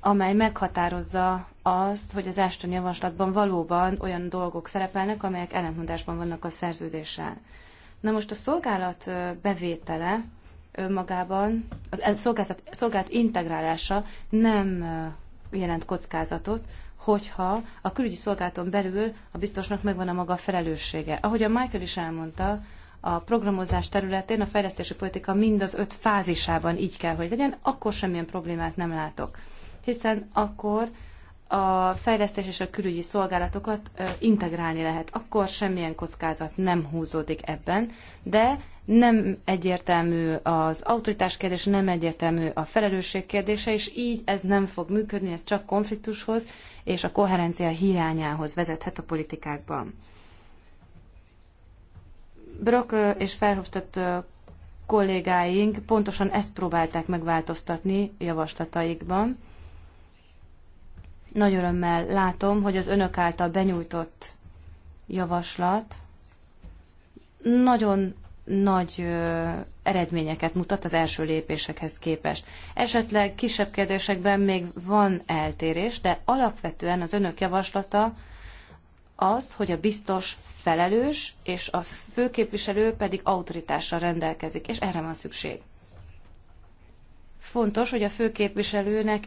amely meghatározza azt, hogy az Ashton javaslatban valóban olyan dolgok szerepelnek, amelyek ellentmondásban vannak a szerződéssel. Na most a szolgálat bevétele önmagában, a e, szolgálat integrálása nem jelent kockázatot, hogyha a külügyi szolgálaton belül a biztosnak megvan a maga felelőssége. Ahogy a Michael is elmondta, a programozás területén a fejlesztési politika mind az öt fázisában így kell, hogy legyen, akkor semmilyen problémát nem látok. Hiszen akkor a fejlesztés és a külügyi szolgálatokat integrálni lehet. Akkor semmilyen kockázat nem húzódik ebben, de nem egyértelmű az autoritás kérdése, nem egyértelmű a felelősség kérdése, és így ez nem fog működni, ez csak konfliktushoz és a koherencia hiányához vezethet a politikákban. Brock és Verhofstadt kollégáink pontosan ezt próbálták megváltoztatni javaslataikban. Nagy örömmel látom, hogy az önök által benyújtott javaslat nagyon nagy eredményeket mutat az első lépésekhez képest. Esetleg kisebb kérdésekben még van eltérés, de alapvetően az önök javaslata az, hogy a biztos felelős, és a főképviselő pedig autoritással rendelkezik, és erre van szükség. Fontos, hogy a főképviselőnek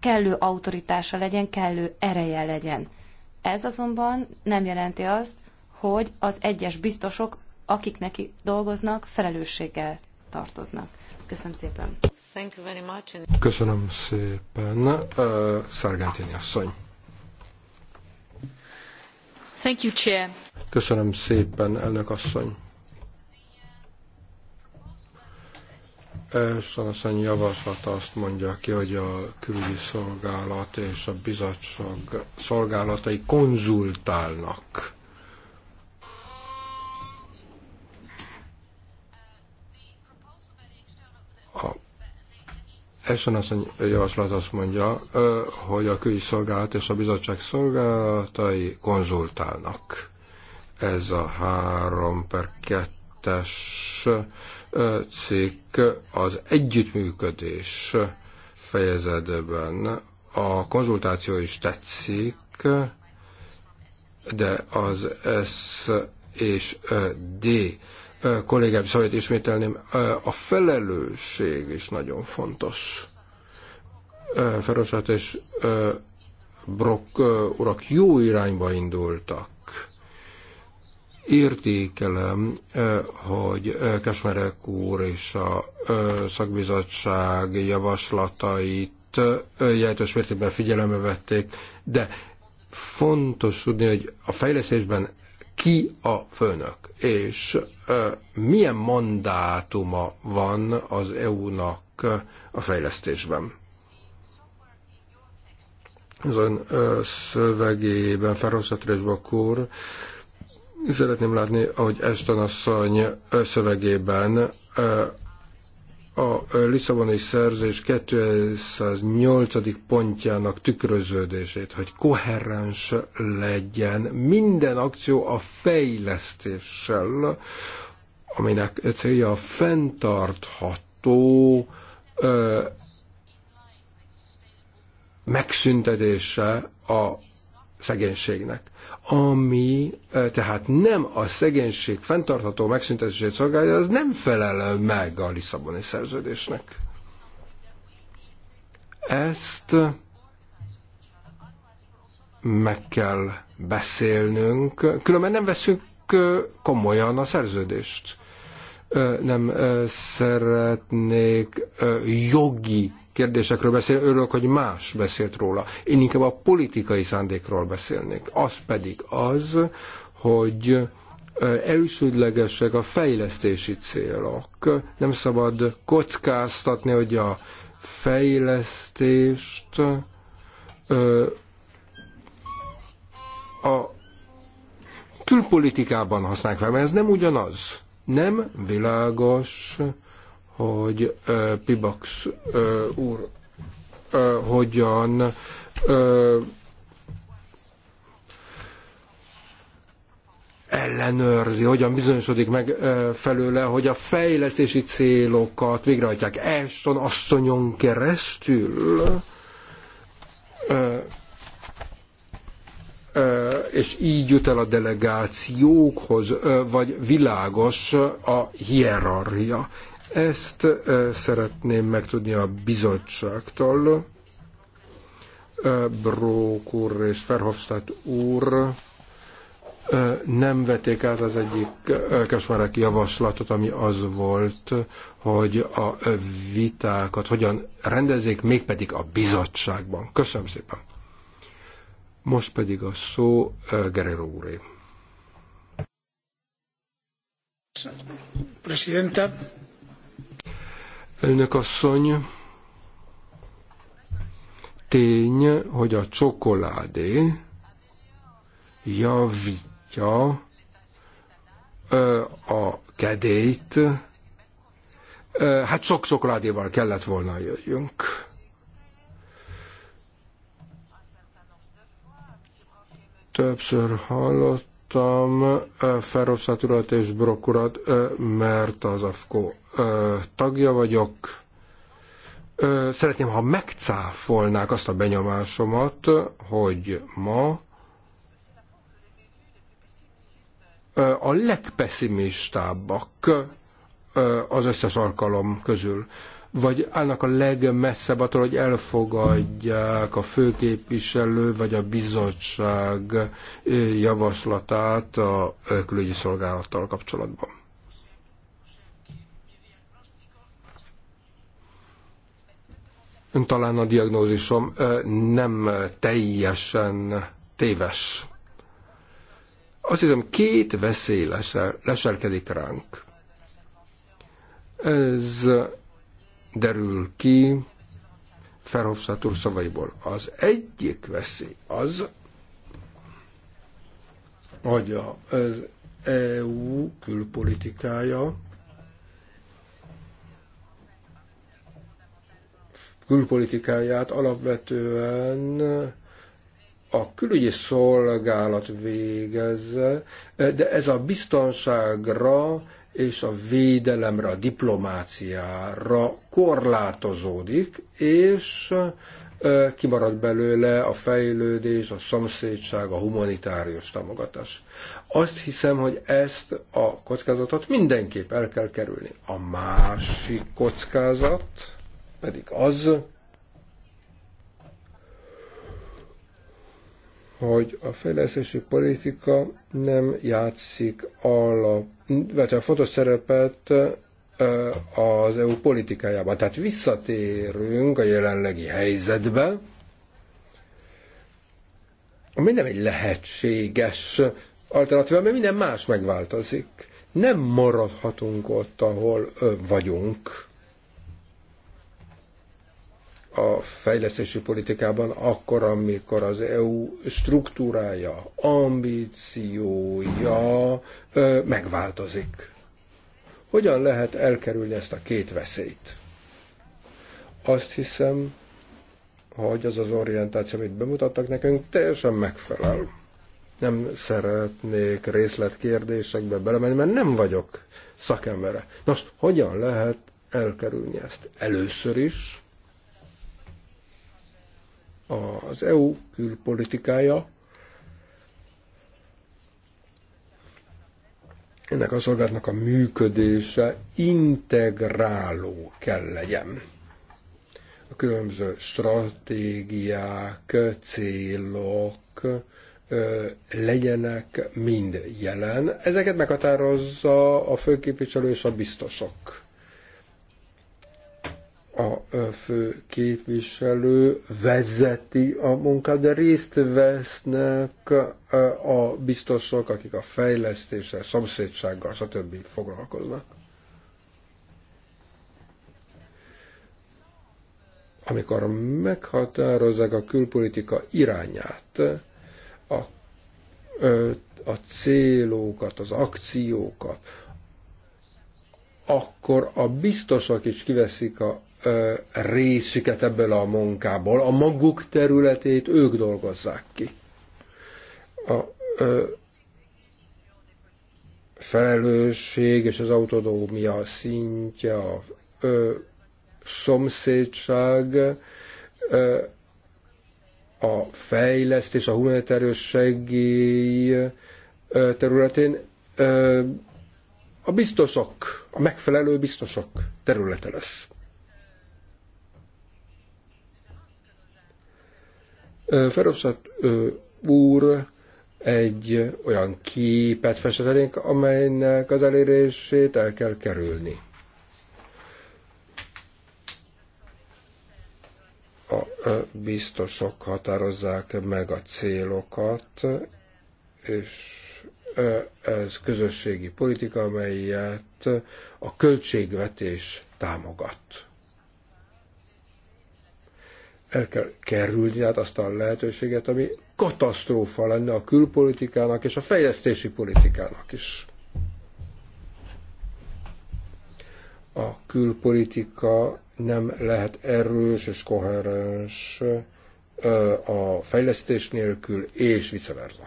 kellő autoritása legyen, kellő ereje legyen. Ez azonban nem jelenti azt, hogy az egyes biztosok akik neki dolgoznak, felelősséggel tartoznak. Köszönöm szépen. Thank you very much. Köszönöm szépen. Uh, Szargentini asszony. Thank you, Chair. Köszönöm szépen, elnök asszony. Elsősorban javaslata azt mondja ki, hogy a külügyi szolgálat és a bizottság szolgálatai konzultálnak Eson asszony javaslat azt mondja, hogy a külügyi szolgálat és a bizottság szolgálatai konzultálnak. Ez a 3 per 2-es cikk az együttműködés fejezetben. A konzultáció is tetszik, de az S és D kollégám szavait ismételném, a felelősség is nagyon fontos. Ferosat és Brock urak jó irányba indultak. Értékelem, hogy Kesmerek úr és a szakbizottság javaslatait jelentős mértékben figyelembe vették, de fontos tudni, hogy a fejlesztésben ki a főnök, és milyen mandátuma van az EU-nak a fejlesztésben? Az ön szövegében felhozhatrésbak úr, szeretném látni, ahogy Eston asszony szövegében a Lisszaboni szerzés 208. pontjának tükröződését, hogy koherens legyen minden akció a fejlesztéssel, aminek célja a fenntartható ö, megszüntetése a szegénységnek ami tehát nem a szegénység fenntartható megszüntetését szolgálja, az nem felel meg a Lisszaboni szerződésnek. Ezt meg kell beszélnünk, különben nem veszünk komolyan a szerződést. Nem szeretnék jogi kérdésekről beszél, örülök, hogy más beszélt róla. Én inkább a politikai szándékról beszélnék. Az pedig az, hogy elsődlegesek a fejlesztési célok. Nem szabad kockáztatni, hogy a fejlesztést a külpolitikában használják fel, mert ez nem ugyanaz. Nem világos hogy Pibax úr hogyan ellenőrzi, hogyan bizonyosodik meg felőle, hogy a fejlesztési célokat végrehajtják Eston asszonyon keresztül, és így jut el a delegációkhoz, vagy világos a hierarchia. Ezt szeretném megtudni a bizottságtól. Brók úr és Verhofstadt úr nem vették át az egyik kesmerek javaslatot, ami az volt, hogy a vitákat hogyan rendezzék, mégpedig a bizottságban. Köszönöm szépen. Most pedig a szó Gerero úré. Presidenta, Elnök asszony, tény, hogy a csokoládé javítja a kedélyt. Hát sok csokoládéval kellett volna jöjjünk. Többször hallott hívtam Ferhofszát urat és Brok urat, mert az AFKO tagja vagyok. Szeretném, ha megcáfolnák azt a benyomásomat, hogy ma a legpesszimistábbak az összes alkalom közül vagy állnak a legmesszebb attól, hogy elfogadják a főképviselő vagy a bizottság javaslatát a külügyi szolgálattal kapcsolatban. Talán a diagnózisom nem teljesen téves. Azt hiszem, két veszély leser, leserkedik ránk. Ez derül ki Ferhofstadt úr szavaiból. Az egyik veszély az, hogy az EU külpolitikája külpolitikáját alapvetően a külügyi szolgálat végezze, de ez a biztonságra és a védelemre, a diplomáciára korlátozódik, és kimarad belőle a fejlődés, a szomszédság, a humanitárius támogatás. Azt hiszem, hogy ezt a kockázatot mindenképp el kell kerülni. A másik kockázat pedig az, hogy a fejlesztési politika nem játszik alap, a fontos szerepet az EU politikájában. Tehát visszatérünk a jelenlegi helyzetbe, ami nem egy lehetséges alternatíva, mert minden más megváltozik. Nem maradhatunk ott, ahol vagyunk a fejlesztési politikában, akkor, amikor az EU struktúrája, ambíciója megváltozik. Hogyan lehet elkerülni ezt a két veszélyt? Azt hiszem, hogy az az orientáció, amit bemutattak nekünk, teljesen megfelel. Nem szeretnék részletkérdésekbe belemenni, mert nem vagyok szakembere. Nos, hogyan lehet elkerülni ezt? Először is az EU külpolitikája ennek a szolgálatnak a működése integráló kell legyen. A különböző stratégiák, célok legyenek mind jelen. Ezeket meghatározza a főképviselő és a biztosok a fő képviselő vezeti a munkát, de részt vesznek a biztosok, akik a fejlesztéssel, szomszédsággal, stb. foglalkoznak. Amikor meghatározzák a külpolitika irányát, a, a célokat, az akciókat, akkor a biztosak is kiveszik a részüket ebből a munkából, a maguk területét ők dolgozzák ki. A ö, felelősség és az autonómia szintje, a ö, szomszédság, ö, a fejlesztés, a humanitárius segély ö, területén ö, a biztosok, a megfelelő biztosok területe lesz Feroszat úr egy olyan képet festetenénk, amelynek az elérését el kell kerülni. A biztosok határozzák meg a célokat, és ez közösségi politika, amelyet a költségvetés támogat el kell kerülni hát azt a lehetőséget, ami katasztrófa lenne a külpolitikának és a fejlesztési politikának is. A külpolitika nem lehet erős és koherens a fejlesztés nélkül, és vice versa.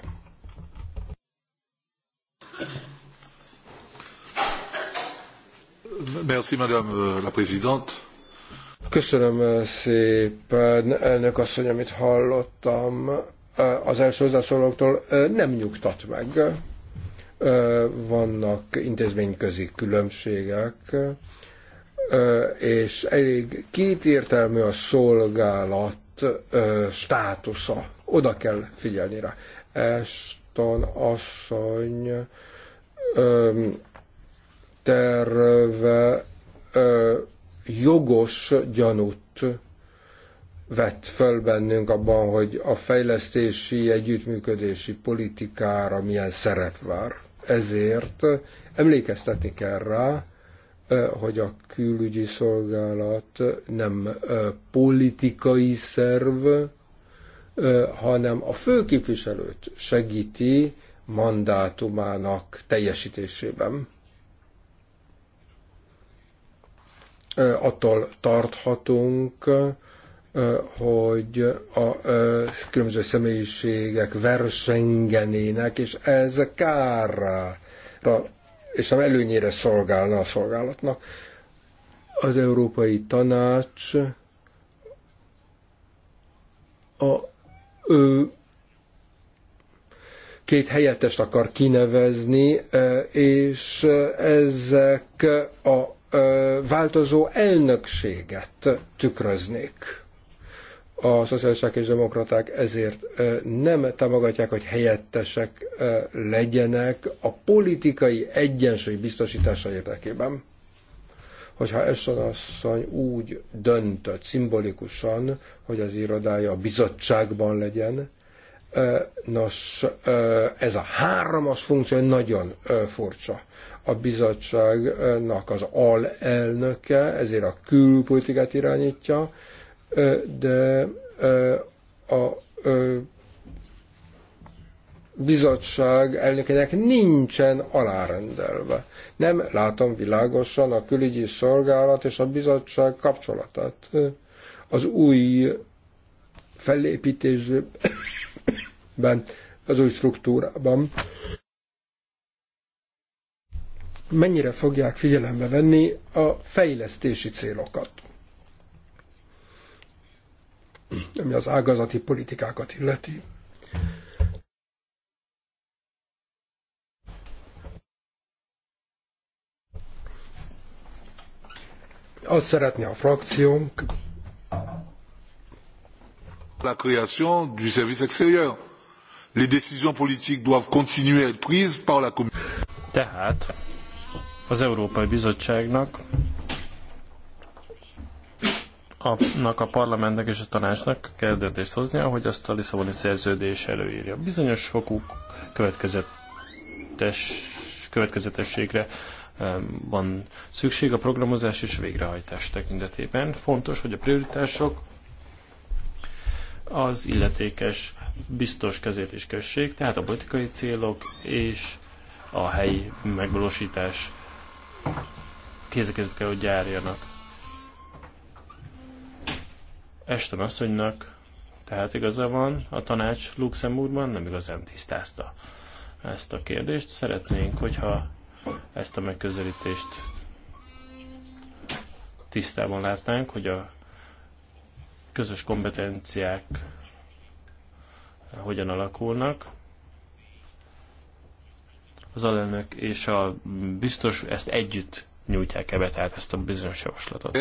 Merci, Madame la Présidente. Köszönöm eh, szépen, elnök asszony, amit hallottam eh, az első hozzászólóktól, eh, nem nyugtat meg. Vannak intézményközi különbségek, és elég kétértelmű a szolgálat státusza. Oda kell figyelni rá. Eston asszony terve jogos gyanút vett föl bennünk abban, hogy a fejlesztési, együttműködési politikára milyen szerep vár. Ezért emlékeztetni kell rá, hogy a külügyi szolgálat nem politikai szerv, hanem a főképviselőt segíti mandátumának teljesítésében. attól tarthatunk, hogy a különböző személyiségek versengenének, és ez kárra, és nem előnyére szolgálna a szolgálatnak. Az Európai Tanács a ő két helyettest akar kinevezni, és ezek a változó elnökséget tükröznék. A szociálisták és demokraták ezért nem támogatják, hogy helyettesek legyenek a politikai egyensúly biztosítása érdekében. Hogyha Eston asszony úgy döntött szimbolikusan, hogy az irodája a bizottságban legyen, Nos, ez a háromas funkció nagyon furcsa a bizottságnak az alelnöke, ezért a külpolitikát irányítja, de a bizottság elnökének nincsen alárendelve. Nem látom világosan a külügyi szolgálat és a bizottság kapcsolatát. Az új felépítésben, az új struktúrában mennyire fogják figyelembe venni a fejlesztési célokat, ami az ágazati politikákat illeti. Azt szeretné a frakciónk, la création du service extérieur. Les décisions politiques doivent continuer à être prises par la Commission. Tehát az Európai Bizottságnak, annak a parlamentnek és a tanácsnak kell döntést hoznia, hogy azt a Lisszaboni szerződés előírja. Bizonyos fokú következetes, következetességre van szükség a programozás és a végrehajtás tekintetében. Fontos, hogy a prioritások az illetékes biztos kezét is kössék, tehát a politikai célok és a helyi megvalósítás kézekezbe kell, hogy járjanak. Eston asszonynak tehát igaza van, a tanács Luxemburgban nem igazán tisztázta ezt a kérdést. Szeretnénk, hogyha ezt a megközelítést tisztában látnánk, hogy a közös kompetenciák hogyan alakulnak, az alelnök és a biztos ezt együtt nyújtják ebbe, tehát ezt a bizonyos javaslatot.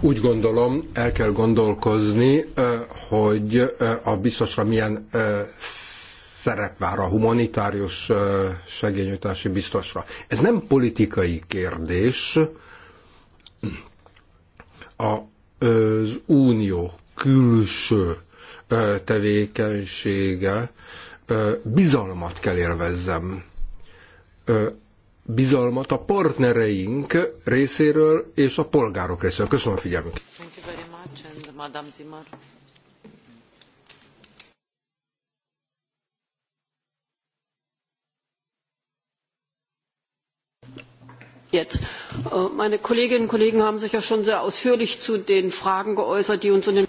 Úgy gondolom, el kell gondolkozni, hogy a biztosra milyen szerep vár a humanitárius segényújtási biztosra. Ez nem politikai kérdés. az unió külső tevékenysége bizalmat kell élvezzem bizalmat a partnereink részéről és a polgárok részéről. Köszönöm a figyelmüket. Jetzt. Äh, meine Kolleginnen und Kollegen haben sich ja schon sehr ausführlich zu den Fragen geäußert, die uns in den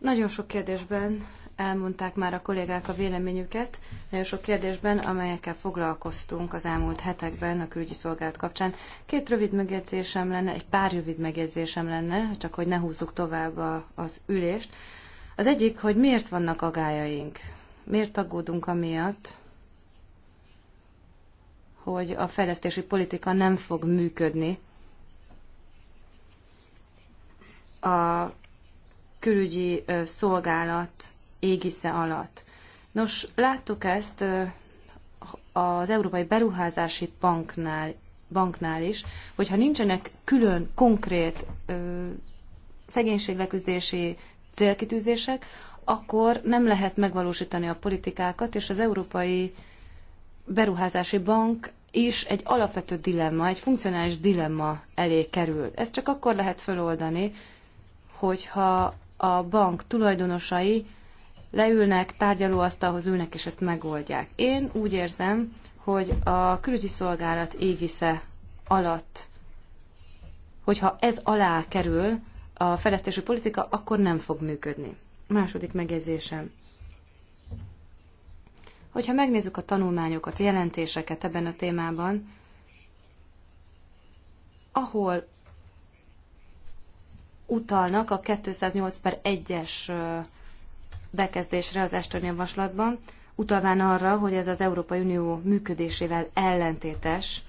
Nagyon sok kérdésben elmondták már a kollégák a véleményüket nagyon sok kérdésben, amelyekkel foglalkoztunk az elmúlt hetekben a külügyi szolgálat kapcsán. Két rövid megjegyzésem lenne, egy pár rövid megjegyzésem lenne, csak hogy ne húzzuk tovább a, az ülést. Az egyik, hogy miért vannak agályaink? Miért aggódunk amiatt, hogy a fejlesztési politika nem fog működni a külügyi szolgálat égisze alatt. Nos, láttuk ezt az Európai Beruházási Banknál, banknál is, hogyha nincsenek külön, konkrét szegénységleküzdési célkitűzések, akkor nem lehet megvalósítani a politikákat, és az Európai Beruházási Bank is egy alapvető dilemma, egy funkcionális dilemma elé kerül. Ezt csak akkor lehet föloldani, hogyha a bank tulajdonosai leülnek, tárgyalóasztalhoz ülnek, és ezt megoldják. Én úgy érzem, hogy a külügyi szolgálat égisze alatt, hogyha ez alá kerül a fejlesztési politika, akkor nem fog működni. Második megjegyzésem. Hogyha megnézzük a tanulmányokat, a jelentéseket ebben a témában, ahol utalnak a 208 per 1-es bekezdésre az Eston javaslatban, utalván arra, hogy ez az Európai Unió működésével ellentétes,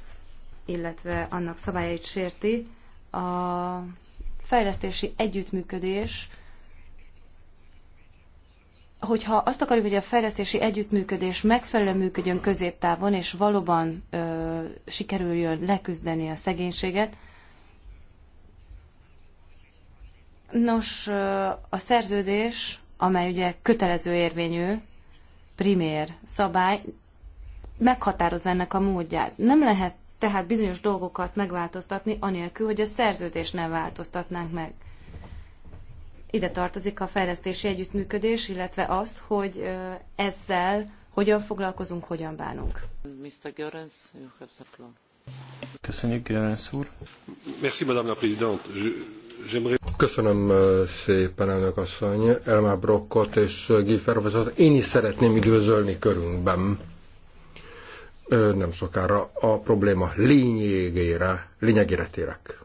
illetve annak szabályait sérti. A fejlesztési együttműködés, hogyha azt akarjuk, hogy a fejlesztési együttműködés megfelelően működjön középtávon, és valóban ö, sikerüljön leküzdeni a szegénységet, nos, ö, a szerződés amely ugye kötelező érvényű, primér szabály, meghatározza ennek a módját. Nem lehet tehát bizonyos dolgokat megváltoztatni, anélkül, hogy a szerződés nem változtatnánk meg. Ide tartozik a fejlesztési együttműködés, illetve azt, hogy ezzel hogyan foglalkozunk, hogyan bánunk. Mr. Görens, you have the floor. Köszönjük, Görens úr. Merci, Madame la Présidente. Köszönöm szépen, elnök asszony, Elmar Brokkot és Guy Fervazot. Én is szeretném időzölni körünkben. Nem sokára a probléma lényegére, lényegére térek.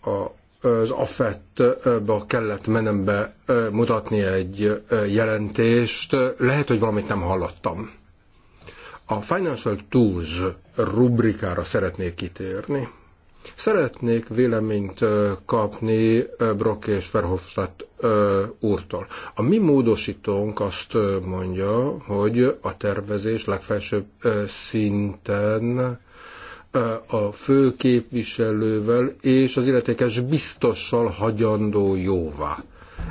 az AFET-be kellett menembe mutatni egy jelentést. Lehet, hogy valamit nem hallottam. A Financial Tools rubrikára szeretnék kitérni. Szeretnék véleményt kapni Brock és Verhofstadt úrtól. A mi módosítónk azt mondja, hogy a tervezés legfelsőbb szinten a főképviselővel és az illetékes biztossal hagyandó jóvá.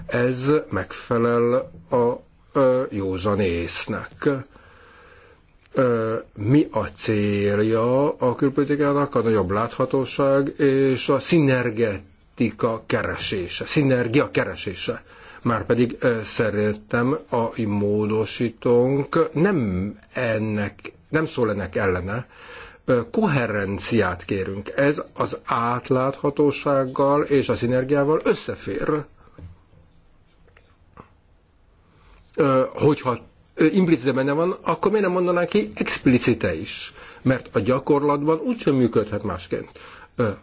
Ez megfelel a józan észnek mi a célja a külpolitikának, a nagyobb láthatóság és a szinergetika keresése, szinergia keresése. Márpedig szerintem a módosítónk nem ennek, nem szól ennek ellene, koherenciát kérünk. Ez az átláthatósággal és a szinergiával összefér. Hogyha implicite benne van, akkor miért nem mondanánk ki explicite is? Mert a gyakorlatban úgysem működhet másként.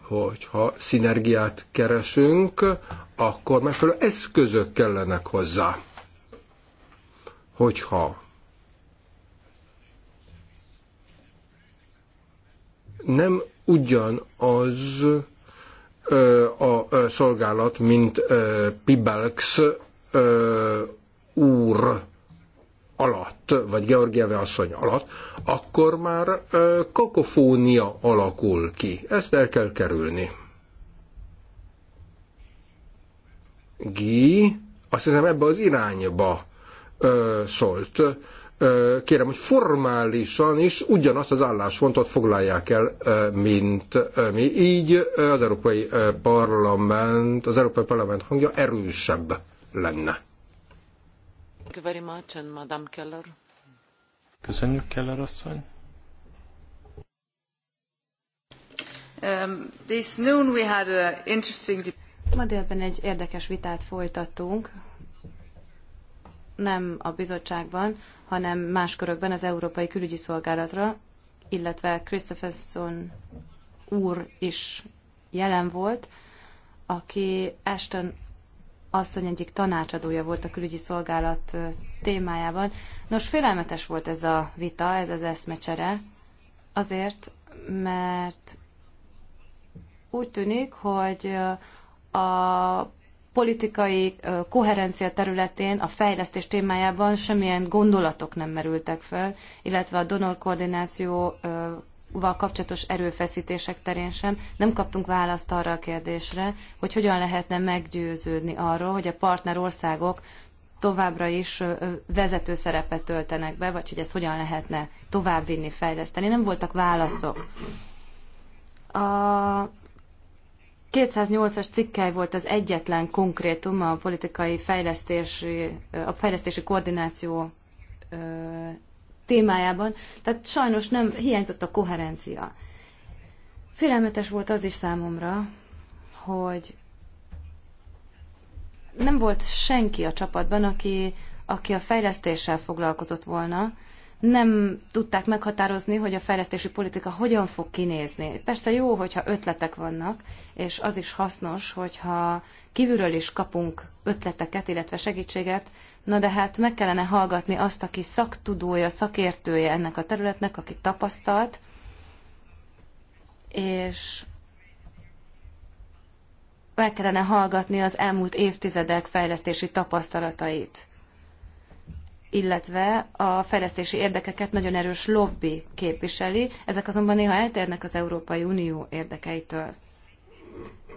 Hogyha szinergiát keresünk, akkor megfelelő eszközök kellenek hozzá. Hogyha nem ugyanaz a szolgálat, mint Pibelx úr alatt, vagy Georgieve asszony alatt, akkor már kakofónia alakul ki. Ezt el kell kerülni. Gi, azt hiszem ebbe az irányba ö, szólt. Ö, kérem, hogy formálisan is ugyanazt az álláspontot foglalják el, ö, mint ö, mi. Így az Európai Parlament, az Európai Parlament hangja erősebb lenne. Köszönjük, Keller asszony. Um, this noon we had an interesting Ma délben egy érdekes vitát folytattunk, nem a bizottságban, hanem más körökben az Európai Külügyi Szolgálatra, illetve Christopherson úr is jelen volt, aki Ashton asszony egyik tanácsadója volt a külügyi szolgálat témájában. Nos, félelmetes volt ez a vita, ez az eszmecsere, azért, mert úgy tűnik, hogy a politikai koherencia területén, a fejlesztés témájában semmilyen gondolatok nem merültek fel, illetve a donor koordináció val kapcsolatos erőfeszítések terén sem nem kaptunk választ arra a kérdésre, hogy hogyan lehetne meggyőződni arról, hogy a partner országok továbbra is vezető szerepet töltenek be, vagy hogy ezt hogyan lehetne továbbvinni, fejleszteni. Nem voltak válaszok. A 208-as cikkely volt az egyetlen konkrétum a politikai fejlesztési, a fejlesztési koordináció témájában, tehát sajnos nem hiányzott a koherencia. Félelmetes volt az is számomra, hogy nem volt senki a csapatban, aki, aki a fejlesztéssel foglalkozott volna, nem tudták meghatározni, hogy a fejlesztési politika hogyan fog kinézni. Persze jó, hogyha ötletek vannak, és az is hasznos, hogyha kívülről is kapunk ötleteket, illetve segítséget, Na de hát meg kellene hallgatni azt, aki szaktudója, szakértője ennek a területnek, aki tapasztalt, és meg kellene hallgatni az elmúlt évtizedek fejlesztési tapasztalatait, illetve a fejlesztési érdekeket nagyon erős lobby képviseli, ezek azonban néha eltérnek az Európai Unió érdekeitől.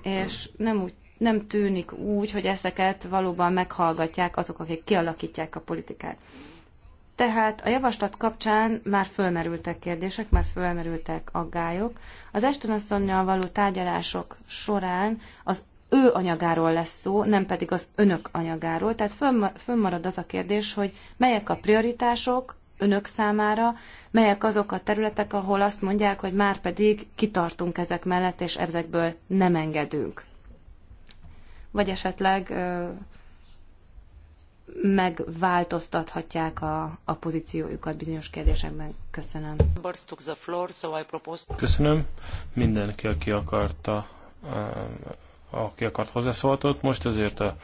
És nem úgy nem tűnik úgy, hogy ezeket valóban meghallgatják azok, akik kialakítják a politikát. Tehát a javaslat kapcsán már fölmerültek kérdések, már fölmerültek aggályok. Az Estonasszonynal való tárgyalások során az ő anyagáról lesz szó, nem pedig az önök anyagáról. Tehát fönnmarad az a kérdés, hogy melyek a prioritások önök számára, melyek azok a területek, ahol azt mondják, hogy már pedig kitartunk ezek mellett, és ezekből nem engedünk vagy esetleg megváltoztathatják a, a pozíciójukat bizonyos kérdésekben. Köszönöm. Köszönöm. Mindenki, aki akarta, aki akart hozzászóltott, most azért a,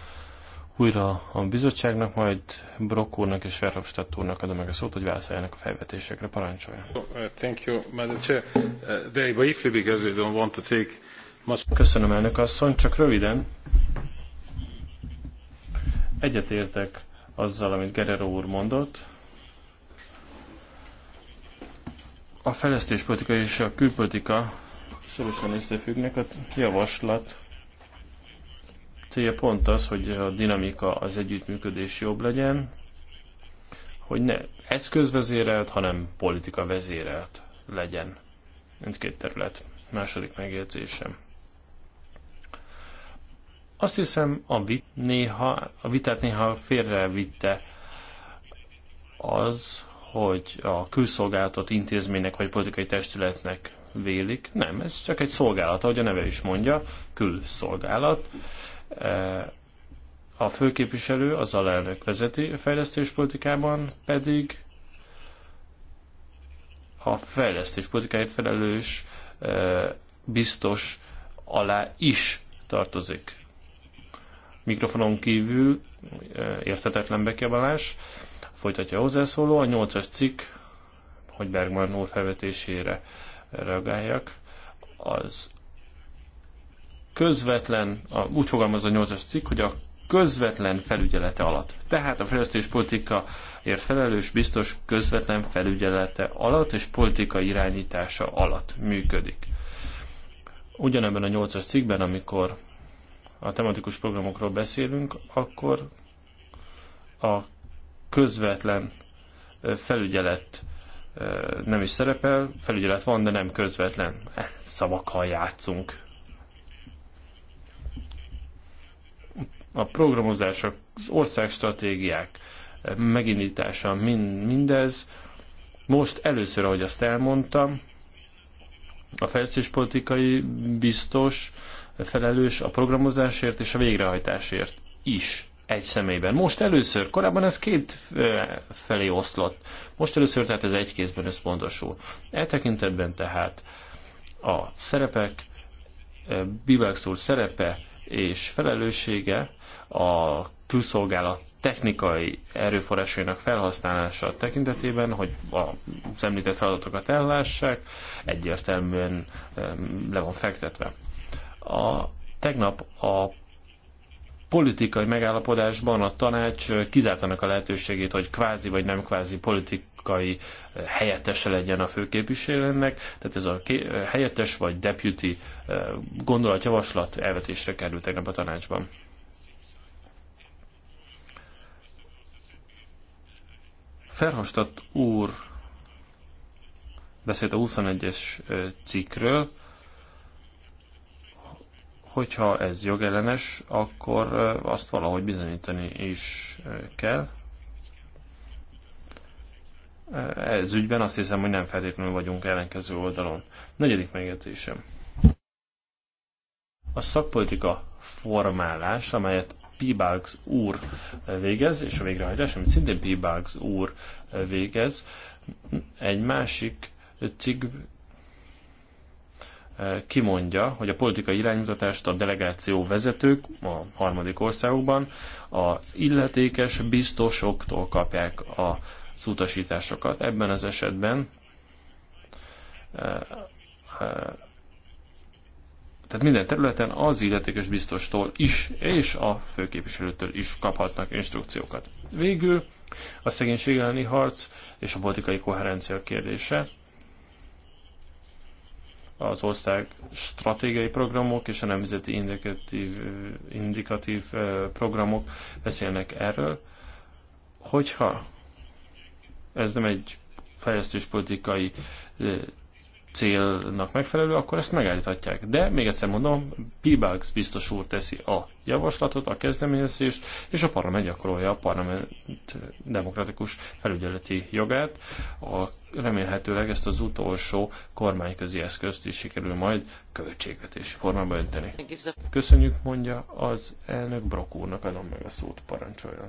újra a bizottságnak, majd Brock úrnak és Verhofstadt úrnak adom meg a szót, hogy válaszoljanak a felvetésekre. Parancsolja. Thank you, Madam Chair. Uh, very briefly, because we don't want to take Köszönöm, elnök asszony. Csak röviden. Egyetértek azzal, amit Gerero úr mondott. A fejlesztéspolitika és a külpolitika szorosan összefüggnek. A javaslat célja pont az, hogy a dinamika, az együttműködés jobb legyen, hogy ne eszközvezérelt, hanem politika vezérelt legyen mindkét terület. Második megjegyzésem. Azt hiszem, a, vit néha, a vitát néha félrevitte az, hogy a külszolgálatot intézménynek vagy politikai testületnek vélik. Nem, ez csak egy szolgálat, ahogy a neve is mondja, külszolgálat. Eh, a főképviselő, az alelnök vezeti a fejlesztéspolitikában, pedig a fejlesztéspolitikai felelős eh, biztos alá is tartozik mikrofonon kívül e, érthetetlen bekiabálás. Folytatja a hozzászóló, a 8-as cikk, hogy Bergman úr felvetésére reagáljak, az közvetlen, a úgy fogalmaz a 8-as cikk, hogy a közvetlen felügyelete alatt. Tehát a fejlesztéspolitika ért felelős biztos közvetlen felügyelete alatt és politika irányítása alatt működik. Ugyanebben a 8-as cikkben, amikor a tematikus programokról beszélünk, akkor a közvetlen felügyelet nem is szerepel, felügyelet van, de nem közvetlen. Szavakkal játszunk. A programozások, az országstratégiák megindítása, mindez. Most először, ahogy azt elmondtam, a fejlesztéspolitikai biztos felelős a programozásért és a végrehajtásért is egy személyben. Most először, korábban ez két felé oszlott. Most először tehát ez egy kézben összpontosul. E tekintetben tehát a szerepek, Bibax szerepe és felelőssége a külszolgálat technikai erőforrásainak felhasználása tekintetében, hogy az említett feladatokat ellássák, egyértelműen le van fektetve. A, tegnap a politikai megállapodásban a tanács kizártanak a lehetőségét, hogy kvázi vagy nem kvázi politikai helyettese legyen a főképviselőnek, tehát ez a helyettes vagy deputy eh, gondolatjavaslat elvetésre került tegnap a tanácsban. Ferhastat úr beszélt a 21-es eh, cikkről, Hogyha ez jogellenes, akkor azt valahogy bizonyítani is kell. Ez ügyben azt hiszem, hogy nem feltétlenül vagyunk ellenkező oldalon. Negyedik megjegyzésem. A szakpolitika formálás, amelyet Pibalgs úr végez, és a végrehajtás, amit szintén Pibalgs úr végez, egy másik cikk Eh, kimondja, hogy a politikai iránymutatást a delegáció vezetők a harmadik országokban az illetékes biztosoktól kapják a utasításokat. Ebben az esetben eh, eh, tehát minden területen az illetékes biztostól is, és a főképviselőtől is kaphatnak instrukciókat. Végül a szegénység elleni harc és a politikai koherencia kérdése az ország stratégiai programok és a nemzeti indikatív, indikatív programok beszélnek erről. Hogyha ez nem egy fejlesztéspolitikai célnak megfelelő, akkor ezt megállíthatják. De még egyszer mondom, Pibax biztos úr teszi a javaslatot, a kezdeményezést, és a parlament gyakorolja a parlament demokratikus felügyeleti jogát. A, remélhetőleg ezt az utolsó kormányközi eszközt is sikerül majd költségvetési formába önteni. Köszönjük, mondja az elnök Brok úrnak, adom meg a szót, parancsoljon.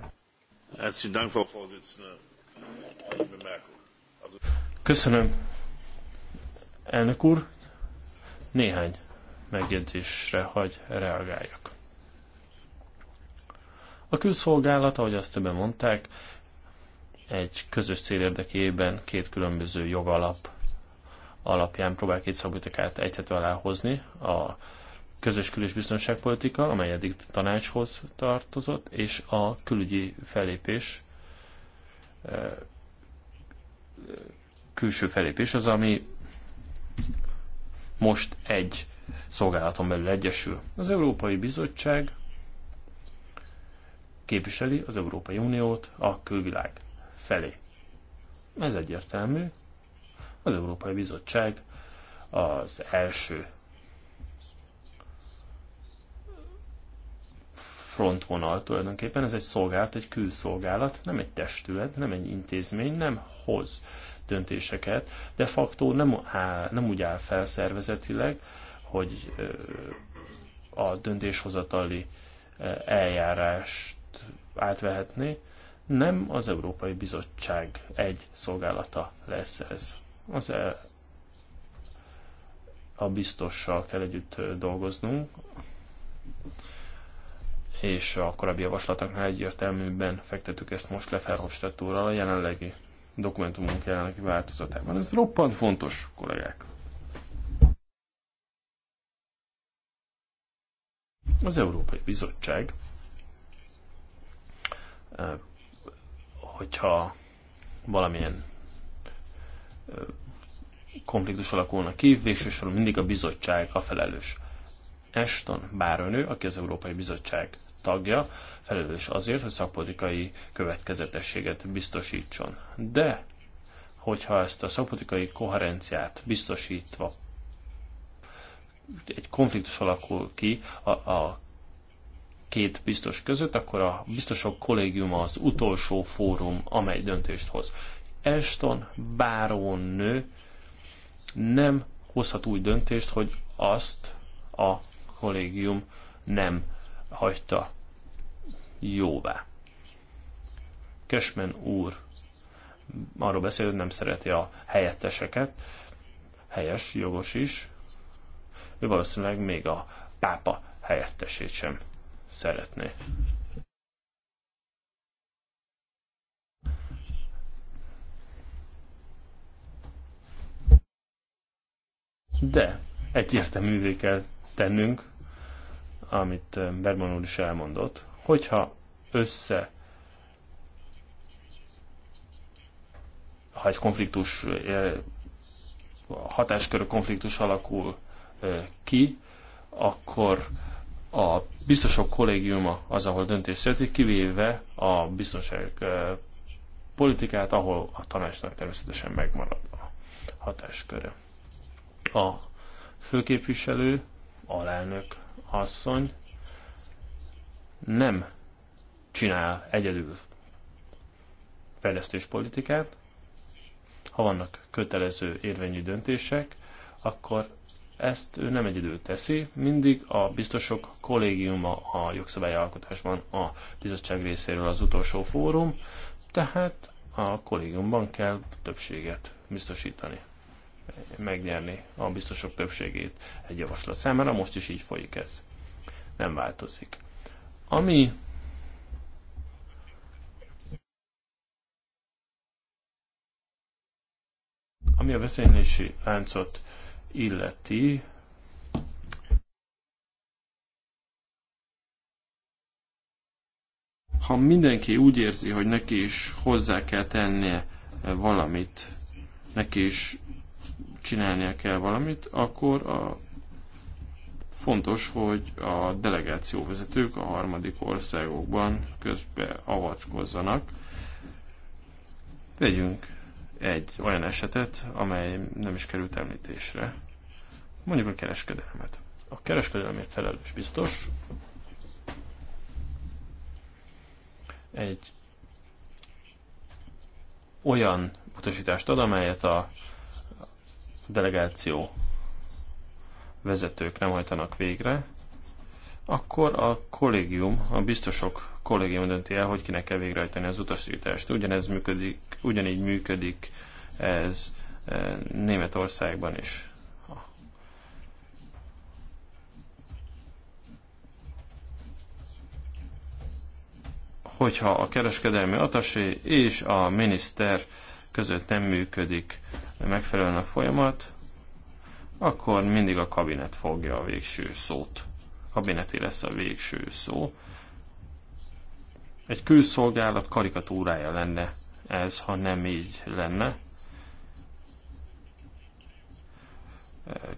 Köszönöm, Elnök úr, néhány megjegyzésre hagy reagáljak. A külszolgálat, ahogy azt többen mondták, egy közös cél érdekében két különböző jogalap alapján próbál két szabotikát egyhető alá hozni. A közös kül- és biztonságpolitika, amely eddig tanácshoz tartozott, és a külügyi felépés, külső felépés az, ami most egy szolgálaton belül egyesül. Az Európai Bizottság képviseli az Európai Uniót a külvilág felé. Ez egyértelmű. Az Európai Bizottság az első frontvonal tulajdonképpen, ez egy szolgálat, egy külszolgálat, nem egy testület, nem egy intézmény, nem hoz döntéseket, de facto nem, áll, nem úgy áll fel szervezetileg, hogy a döntéshozatali eljárást átvehetné, nem az Európai Bizottság egy szolgálata lesz ez. Az e- a biztossal kell együtt dolgoznunk, és a korábbi javaslatoknál egyértelműbben fektetük ezt most le Ferhofstadt a jelenlegi dokumentumunk jelenlegi változatában. Ez roppant fontos, kollégák. Az Európai Bizottság, eh, hogyha valamilyen eh, konfliktus alakulna ki, végsősorban mindig a bizottság a felelős. Ashton Báronő, aki az Európai Bizottság tagja, felelős azért, hogy szakpolitikai következetességet biztosítson. De, hogyha ezt a szakpolitikai koherenciát biztosítva egy konfliktus alakul ki a, a két biztos között, akkor a biztosok kollégiuma az utolsó fórum, amely döntést hoz. Eston bárónő nem hozhat úgy döntést, hogy azt a kollégium nem hagyta jóvá. Kesmen úr arról beszél, hogy nem szereti a helyetteseket, helyes, jogos is, ő valószínűleg még a pápa helyettesét sem szeretné. De egyértelművé kell tennünk, amit Berman úr is elmondott, Hogyha össze ha egy konfliktus eh, hatáskörű konfliktus alakul eh, ki, akkor a biztosok kollégiuma az, ahol döntés születik, kivéve a biztonság eh, politikát, ahol a tanácsnak természetesen megmarad a hatásköre. A főképviselő, alelnök asszony nem csinál egyedül fejlesztéspolitikát, ha vannak kötelező érvényű döntések, akkor ezt ő nem egyedül teszi, mindig a biztosok kollégiuma a alkotásban a bizottság részéről az utolsó fórum, tehát a kollégiumban kell többséget biztosítani, megnyerni a biztosok többségét egy javaslat számára, most is így folyik ez. Nem változik. Ami ami a veszélynési láncot illeti, ha mindenki úgy érzi, hogy neki is hozzá kell tennie valamit, neki is csinálnia kell valamit, akkor a Fontos, hogy a delegációvezetők a harmadik országokban közbe avatkozzanak. Vegyünk egy olyan esetet, amely nem is került említésre. Mondjuk a kereskedelmet. A kereskedelemért felelős biztos. Egy olyan utasítást ad, amelyet a delegáció vezetők nem hajtanak végre, akkor a kollégium, a biztosok kollégium dönti el, hogy kinek kell végrehajtani az utasítást. Ugyanez működik, ugyanígy működik ez eh, Németországban is. Hogyha a kereskedelmi atasé és a miniszter között nem működik megfelelően a folyamat, akkor mindig a kabinet fogja a végső szót. Kabineti lesz a végső szó. Egy külszolgálat karikatúrája lenne ez, ha nem így lenne.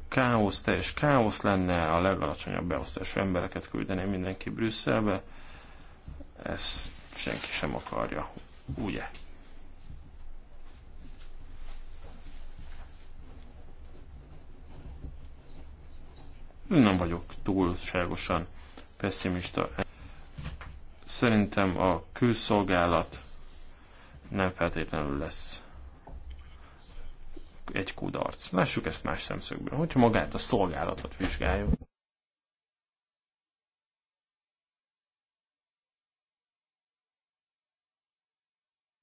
Káosz, teljes káosz lenne, a legalacsonyabb beosztású embereket küldené mindenki Brüsszelbe. Ezt senki sem akarja, ugye? nem vagyok túlságosan pessimista. Szerintem a külszolgálat nem feltétlenül lesz egy kudarc. Lássuk ezt más szemszögből. Hogyha magát a szolgálatot vizsgáljuk.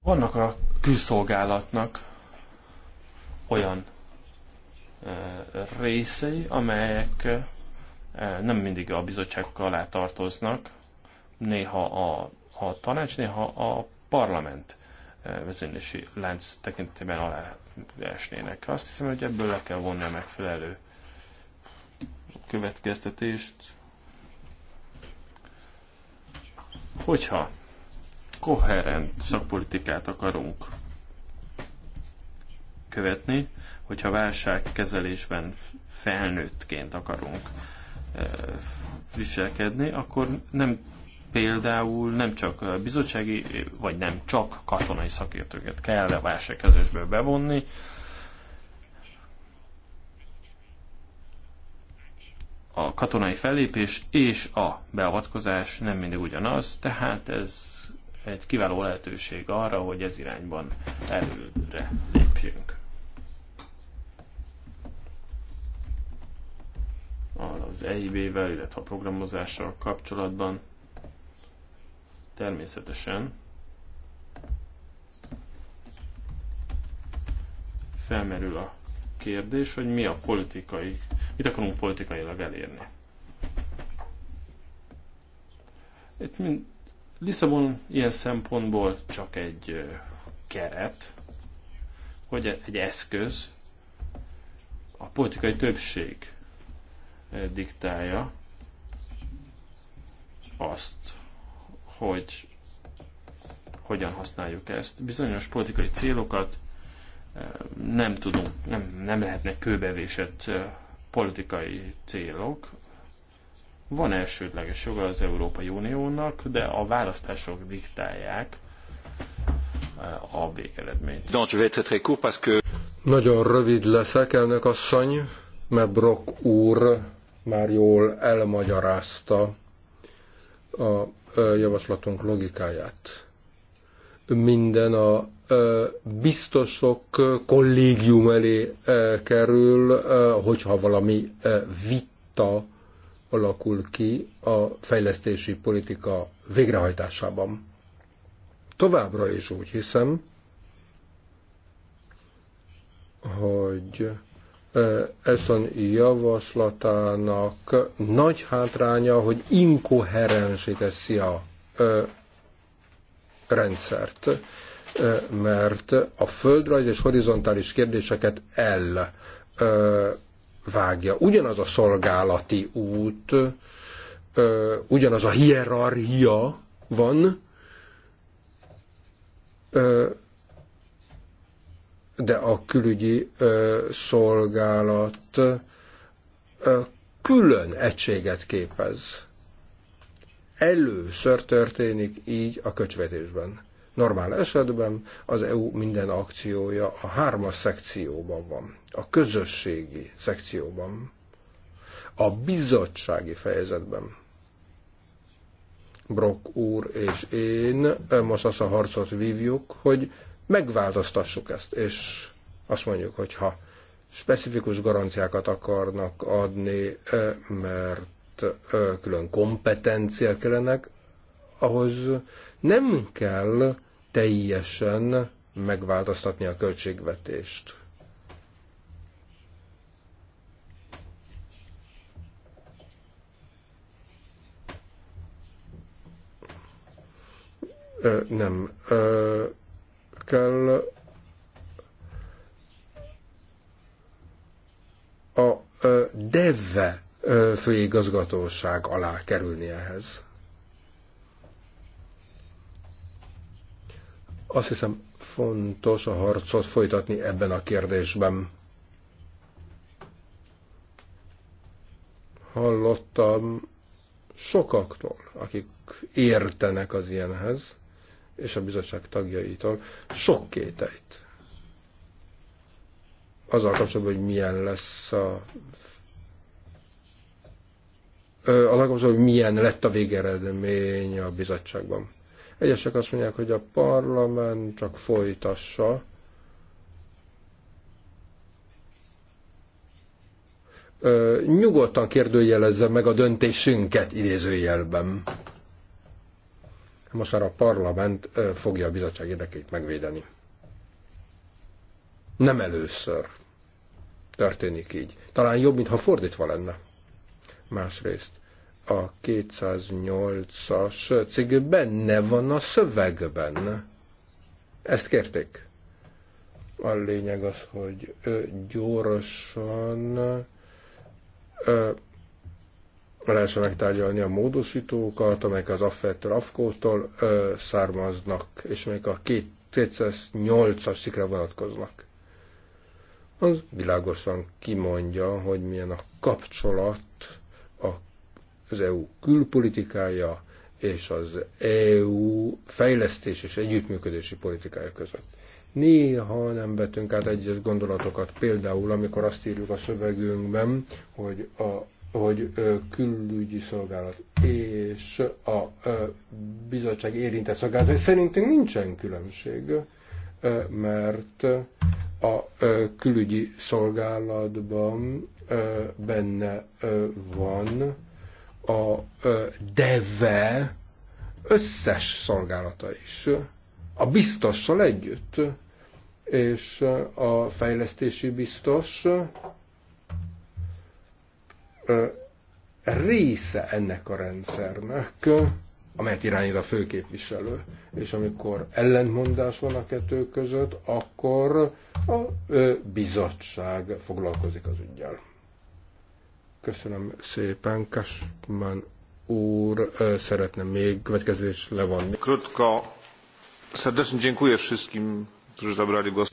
Vannak a külszolgálatnak olyan eh, részei, amelyek eh, Eh, nem mindig a bizottság alá tartoznak, néha a, a tanács, néha a parlament eh, vezetési lánc tekintetében alá esnének. Azt hiszem, hogy ebből le kell vonni a megfelelő következtetést. Hogyha koherent szakpolitikát akarunk követni, hogyha válságkezelésben felnőttként akarunk viselkedni, akkor nem például nem csak bizottsági, vagy nem csak katonai szakértőket kell a válságkezésből bevonni, a katonai fellépés és a beavatkozás nem mindig ugyanaz, tehát ez egy kiváló lehetőség arra, hogy ez irányban előre lépjünk. az EIB-vel, illetve a programozással kapcsolatban. Természetesen felmerül a kérdés, hogy mi a politikai, mit akarunk politikailag elérni. Itt mind, Lisszabon ilyen szempontból csak egy keret, hogy egy eszköz, a politikai többség diktálja azt, hogy hogyan használjuk ezt. Bizonyos politikai célokat eh, nem tudunk, nem, nem lehetnek kőbevésett eh, politikai célok. Van elsődleges joga az Európai Uniónak, de a választások diktálják eh, a végeredményt. Nagyon rövid leszek, elnök asszony, mert Brock úr már jól elmagyarázta a javaslatunk logikáját. Minden a biztosok kollégium elé kerül, hogyha valami vita alakul ki a fejlesztési politika végrehajtásában. Továbbra is úgy hiszem, hogy Eszon javaslatának nagy hátránya, hogy inkoherensé teszi a rendszert, mert a földrajz és horizontális kérdéseket elvágja. Ugyanaz a szolgálati út, ugyanaz a hierarchia van, de a külügyi szolgálat külön egységet képez. Először történik így a köcsvetésben. Normál esetben az EU minden akciója a hármas szekcióban van, a közösségi szekcióban, a bizottsági fejezetben. Brock úr és én most azt a harcot vívjuk, hogy megváltoztassuk ezt, és azt mondjuk, hogy ha specifikus garanciákat akarnak adni, mert külön kompetenciák kellenek, ahhoz nem kell teljesen megváltoztatni a költségvetést. nem kell a DEVE főigazgatóság alá kerülni ehhez. Azt hiszem fontos a harcot folytatni ebben a kérdésben. Hallottam sokaktól, akik értenek az ilyenhez, és a bizottság tagjaitól sok kételyt. Azzal kapcsolatban, hogy milyen lesz a azzal kapcsolatban, hogy milyen lett a végeredmény a bizottságban. Egyesek azt mondják, hogy a parlament csak folytassa, nyugodtan kérdőjelezze meg a döntésünket idézőjelben. Most már a parlament fogja a bizottság érdekeit megvédeni. Nem először történik így. Talán jobb, mintha fordítva lenne. Másrészt a 208-as cég benne van a szövegben. Ezt kérték. A lényeg az, hogy gyorsan lehessen megtárgyalni a módosítókat, amelyek az Affettől, Afkótól származnak, és amelyek a 208-as szikre vonatkoznak. Az világosan kimondja, hogy milyen a kapcsolat az EU külpolitikája és az EU fejlesztés és együttműködési politikája között. Néha nem vetünk át egyes gondolatokat, például amikor azt írjuk a szövegünkben, hogy a hogy külügyi szolgálat és a bizottság érintett szolgálat. Szerintünk nincsen különbség, mert a külügyi szolgálatban benne van a deve összes szolgálata is, a biztossal együtt, és a fejlesztési biztos része ennek a rendszernek, amelyet irányít a főképviselő. És amikor ellentmondás van a kettő között, akkor a bizottság foglalkozik az ügyjel. Köszönöm szépen, Kasman úr szeretne még következés levonni. Krótko, serdecznie dziękuję wszystkim, którzy zabrali głos.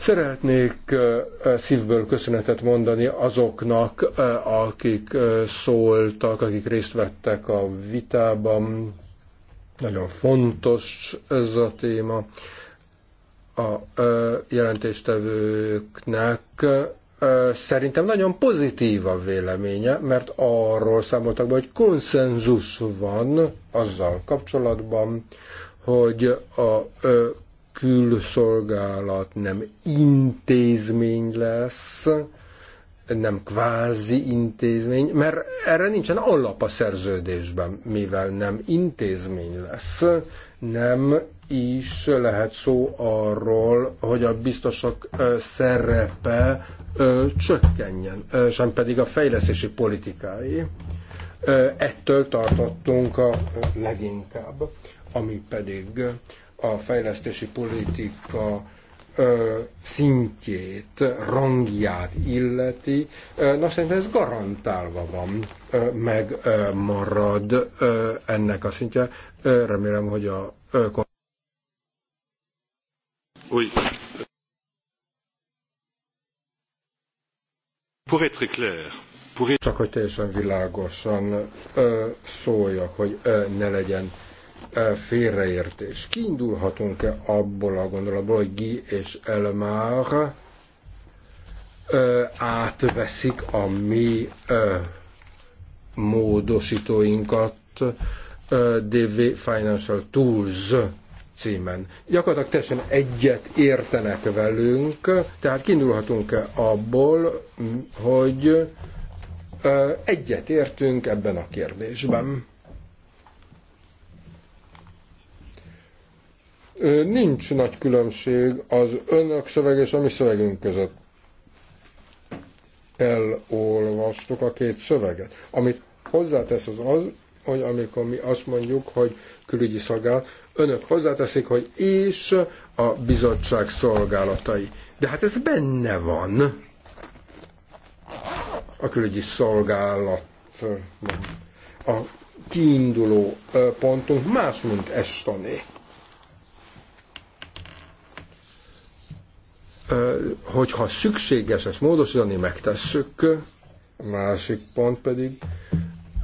Szeretnék szívből köszönetet mondani azoknak, akik szóltak, akik részt vettek a vitában. Nagyon fontos ez a téma. A jelentéstevőknek szerintem nagyon pozitív a véleménye, mert arról számoltak be, hogy konszenzus van azzal kapcsolatban, hogy a külszolgálat nem intézmény lesz, nem kvázi intézmény, mert erre nincsen alap a szerződésben, mivel nem intézmény lesz, nem is lehet szó arról, hogy a biztosok szerepe csökkenjen, sem pedig a fejlesztési politikái. Ettől tartottunk a leginkább, ami pedig a fejlesztési politika szintjét, rangját illeti, na szerintem ez garantálva van, megmarad ennek a szintje. Remélem, hogy a Oui. Pour être clair, pour... Csak hogy teljesen világosan szóljak, hogy ne legyen E, félreértés. Kiindulhatunk-e abból a gondolatból, hogy Guy és Elmar e, átveszik a mi ö, e, módosítóinkat ö, DV Financial Tools címen. Gyakorlatilag teljesen egyet értenek velünk, tehát kiindulhatunk-e abból, hogy egyet értünk ebben a kérdésben. Nincs nagy különbség az önök szöveg és a mi szövegünk között. Elolvastuk a két szöveget. Amit hozzátesz az az, hogy amikor mi azt mondjuk, hogy külügyi szolgálat, önök hozzáteszik, hogy és a bizottság szolgálatai. De hát ez benne van a külügyi szolgálat. A kiinduló pontunk más, mint estané. hogyha szükséges ezt módosítani, megtesszük. Másik pont pedig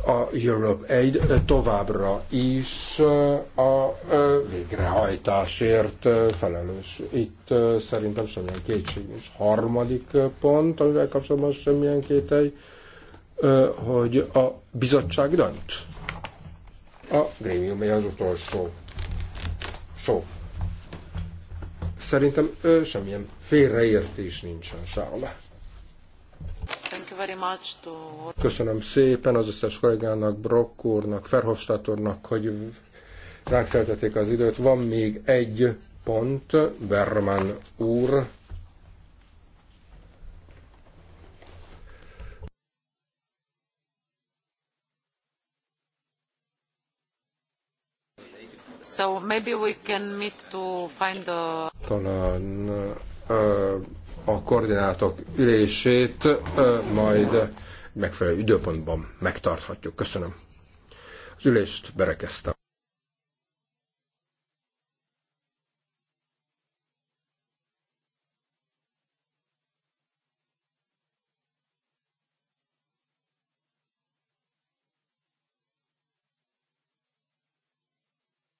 a Europe Aid továbbra is a végrehajtásért felelős. Itt szerintem semmilyen kétség nincs. Harmadik pont, amivel kapcsolatban semmilyen kételj, hogy a bizottság dönt. A grémiumé az utolsó szó. Szerintem ő semmilyen félreértés nincsen, Sárla. Köszönöm szépen az összes kollégának, Brock úrnak, Ferhofstadt úrnak, hogy ránk az időt. Van még egy pont, Berman úr So maybe we can meet to find a... Talán a koordinátok ülését majd megfelelő időpontban megtarthatjuk. Köszönöm. Az ülést berekeztem.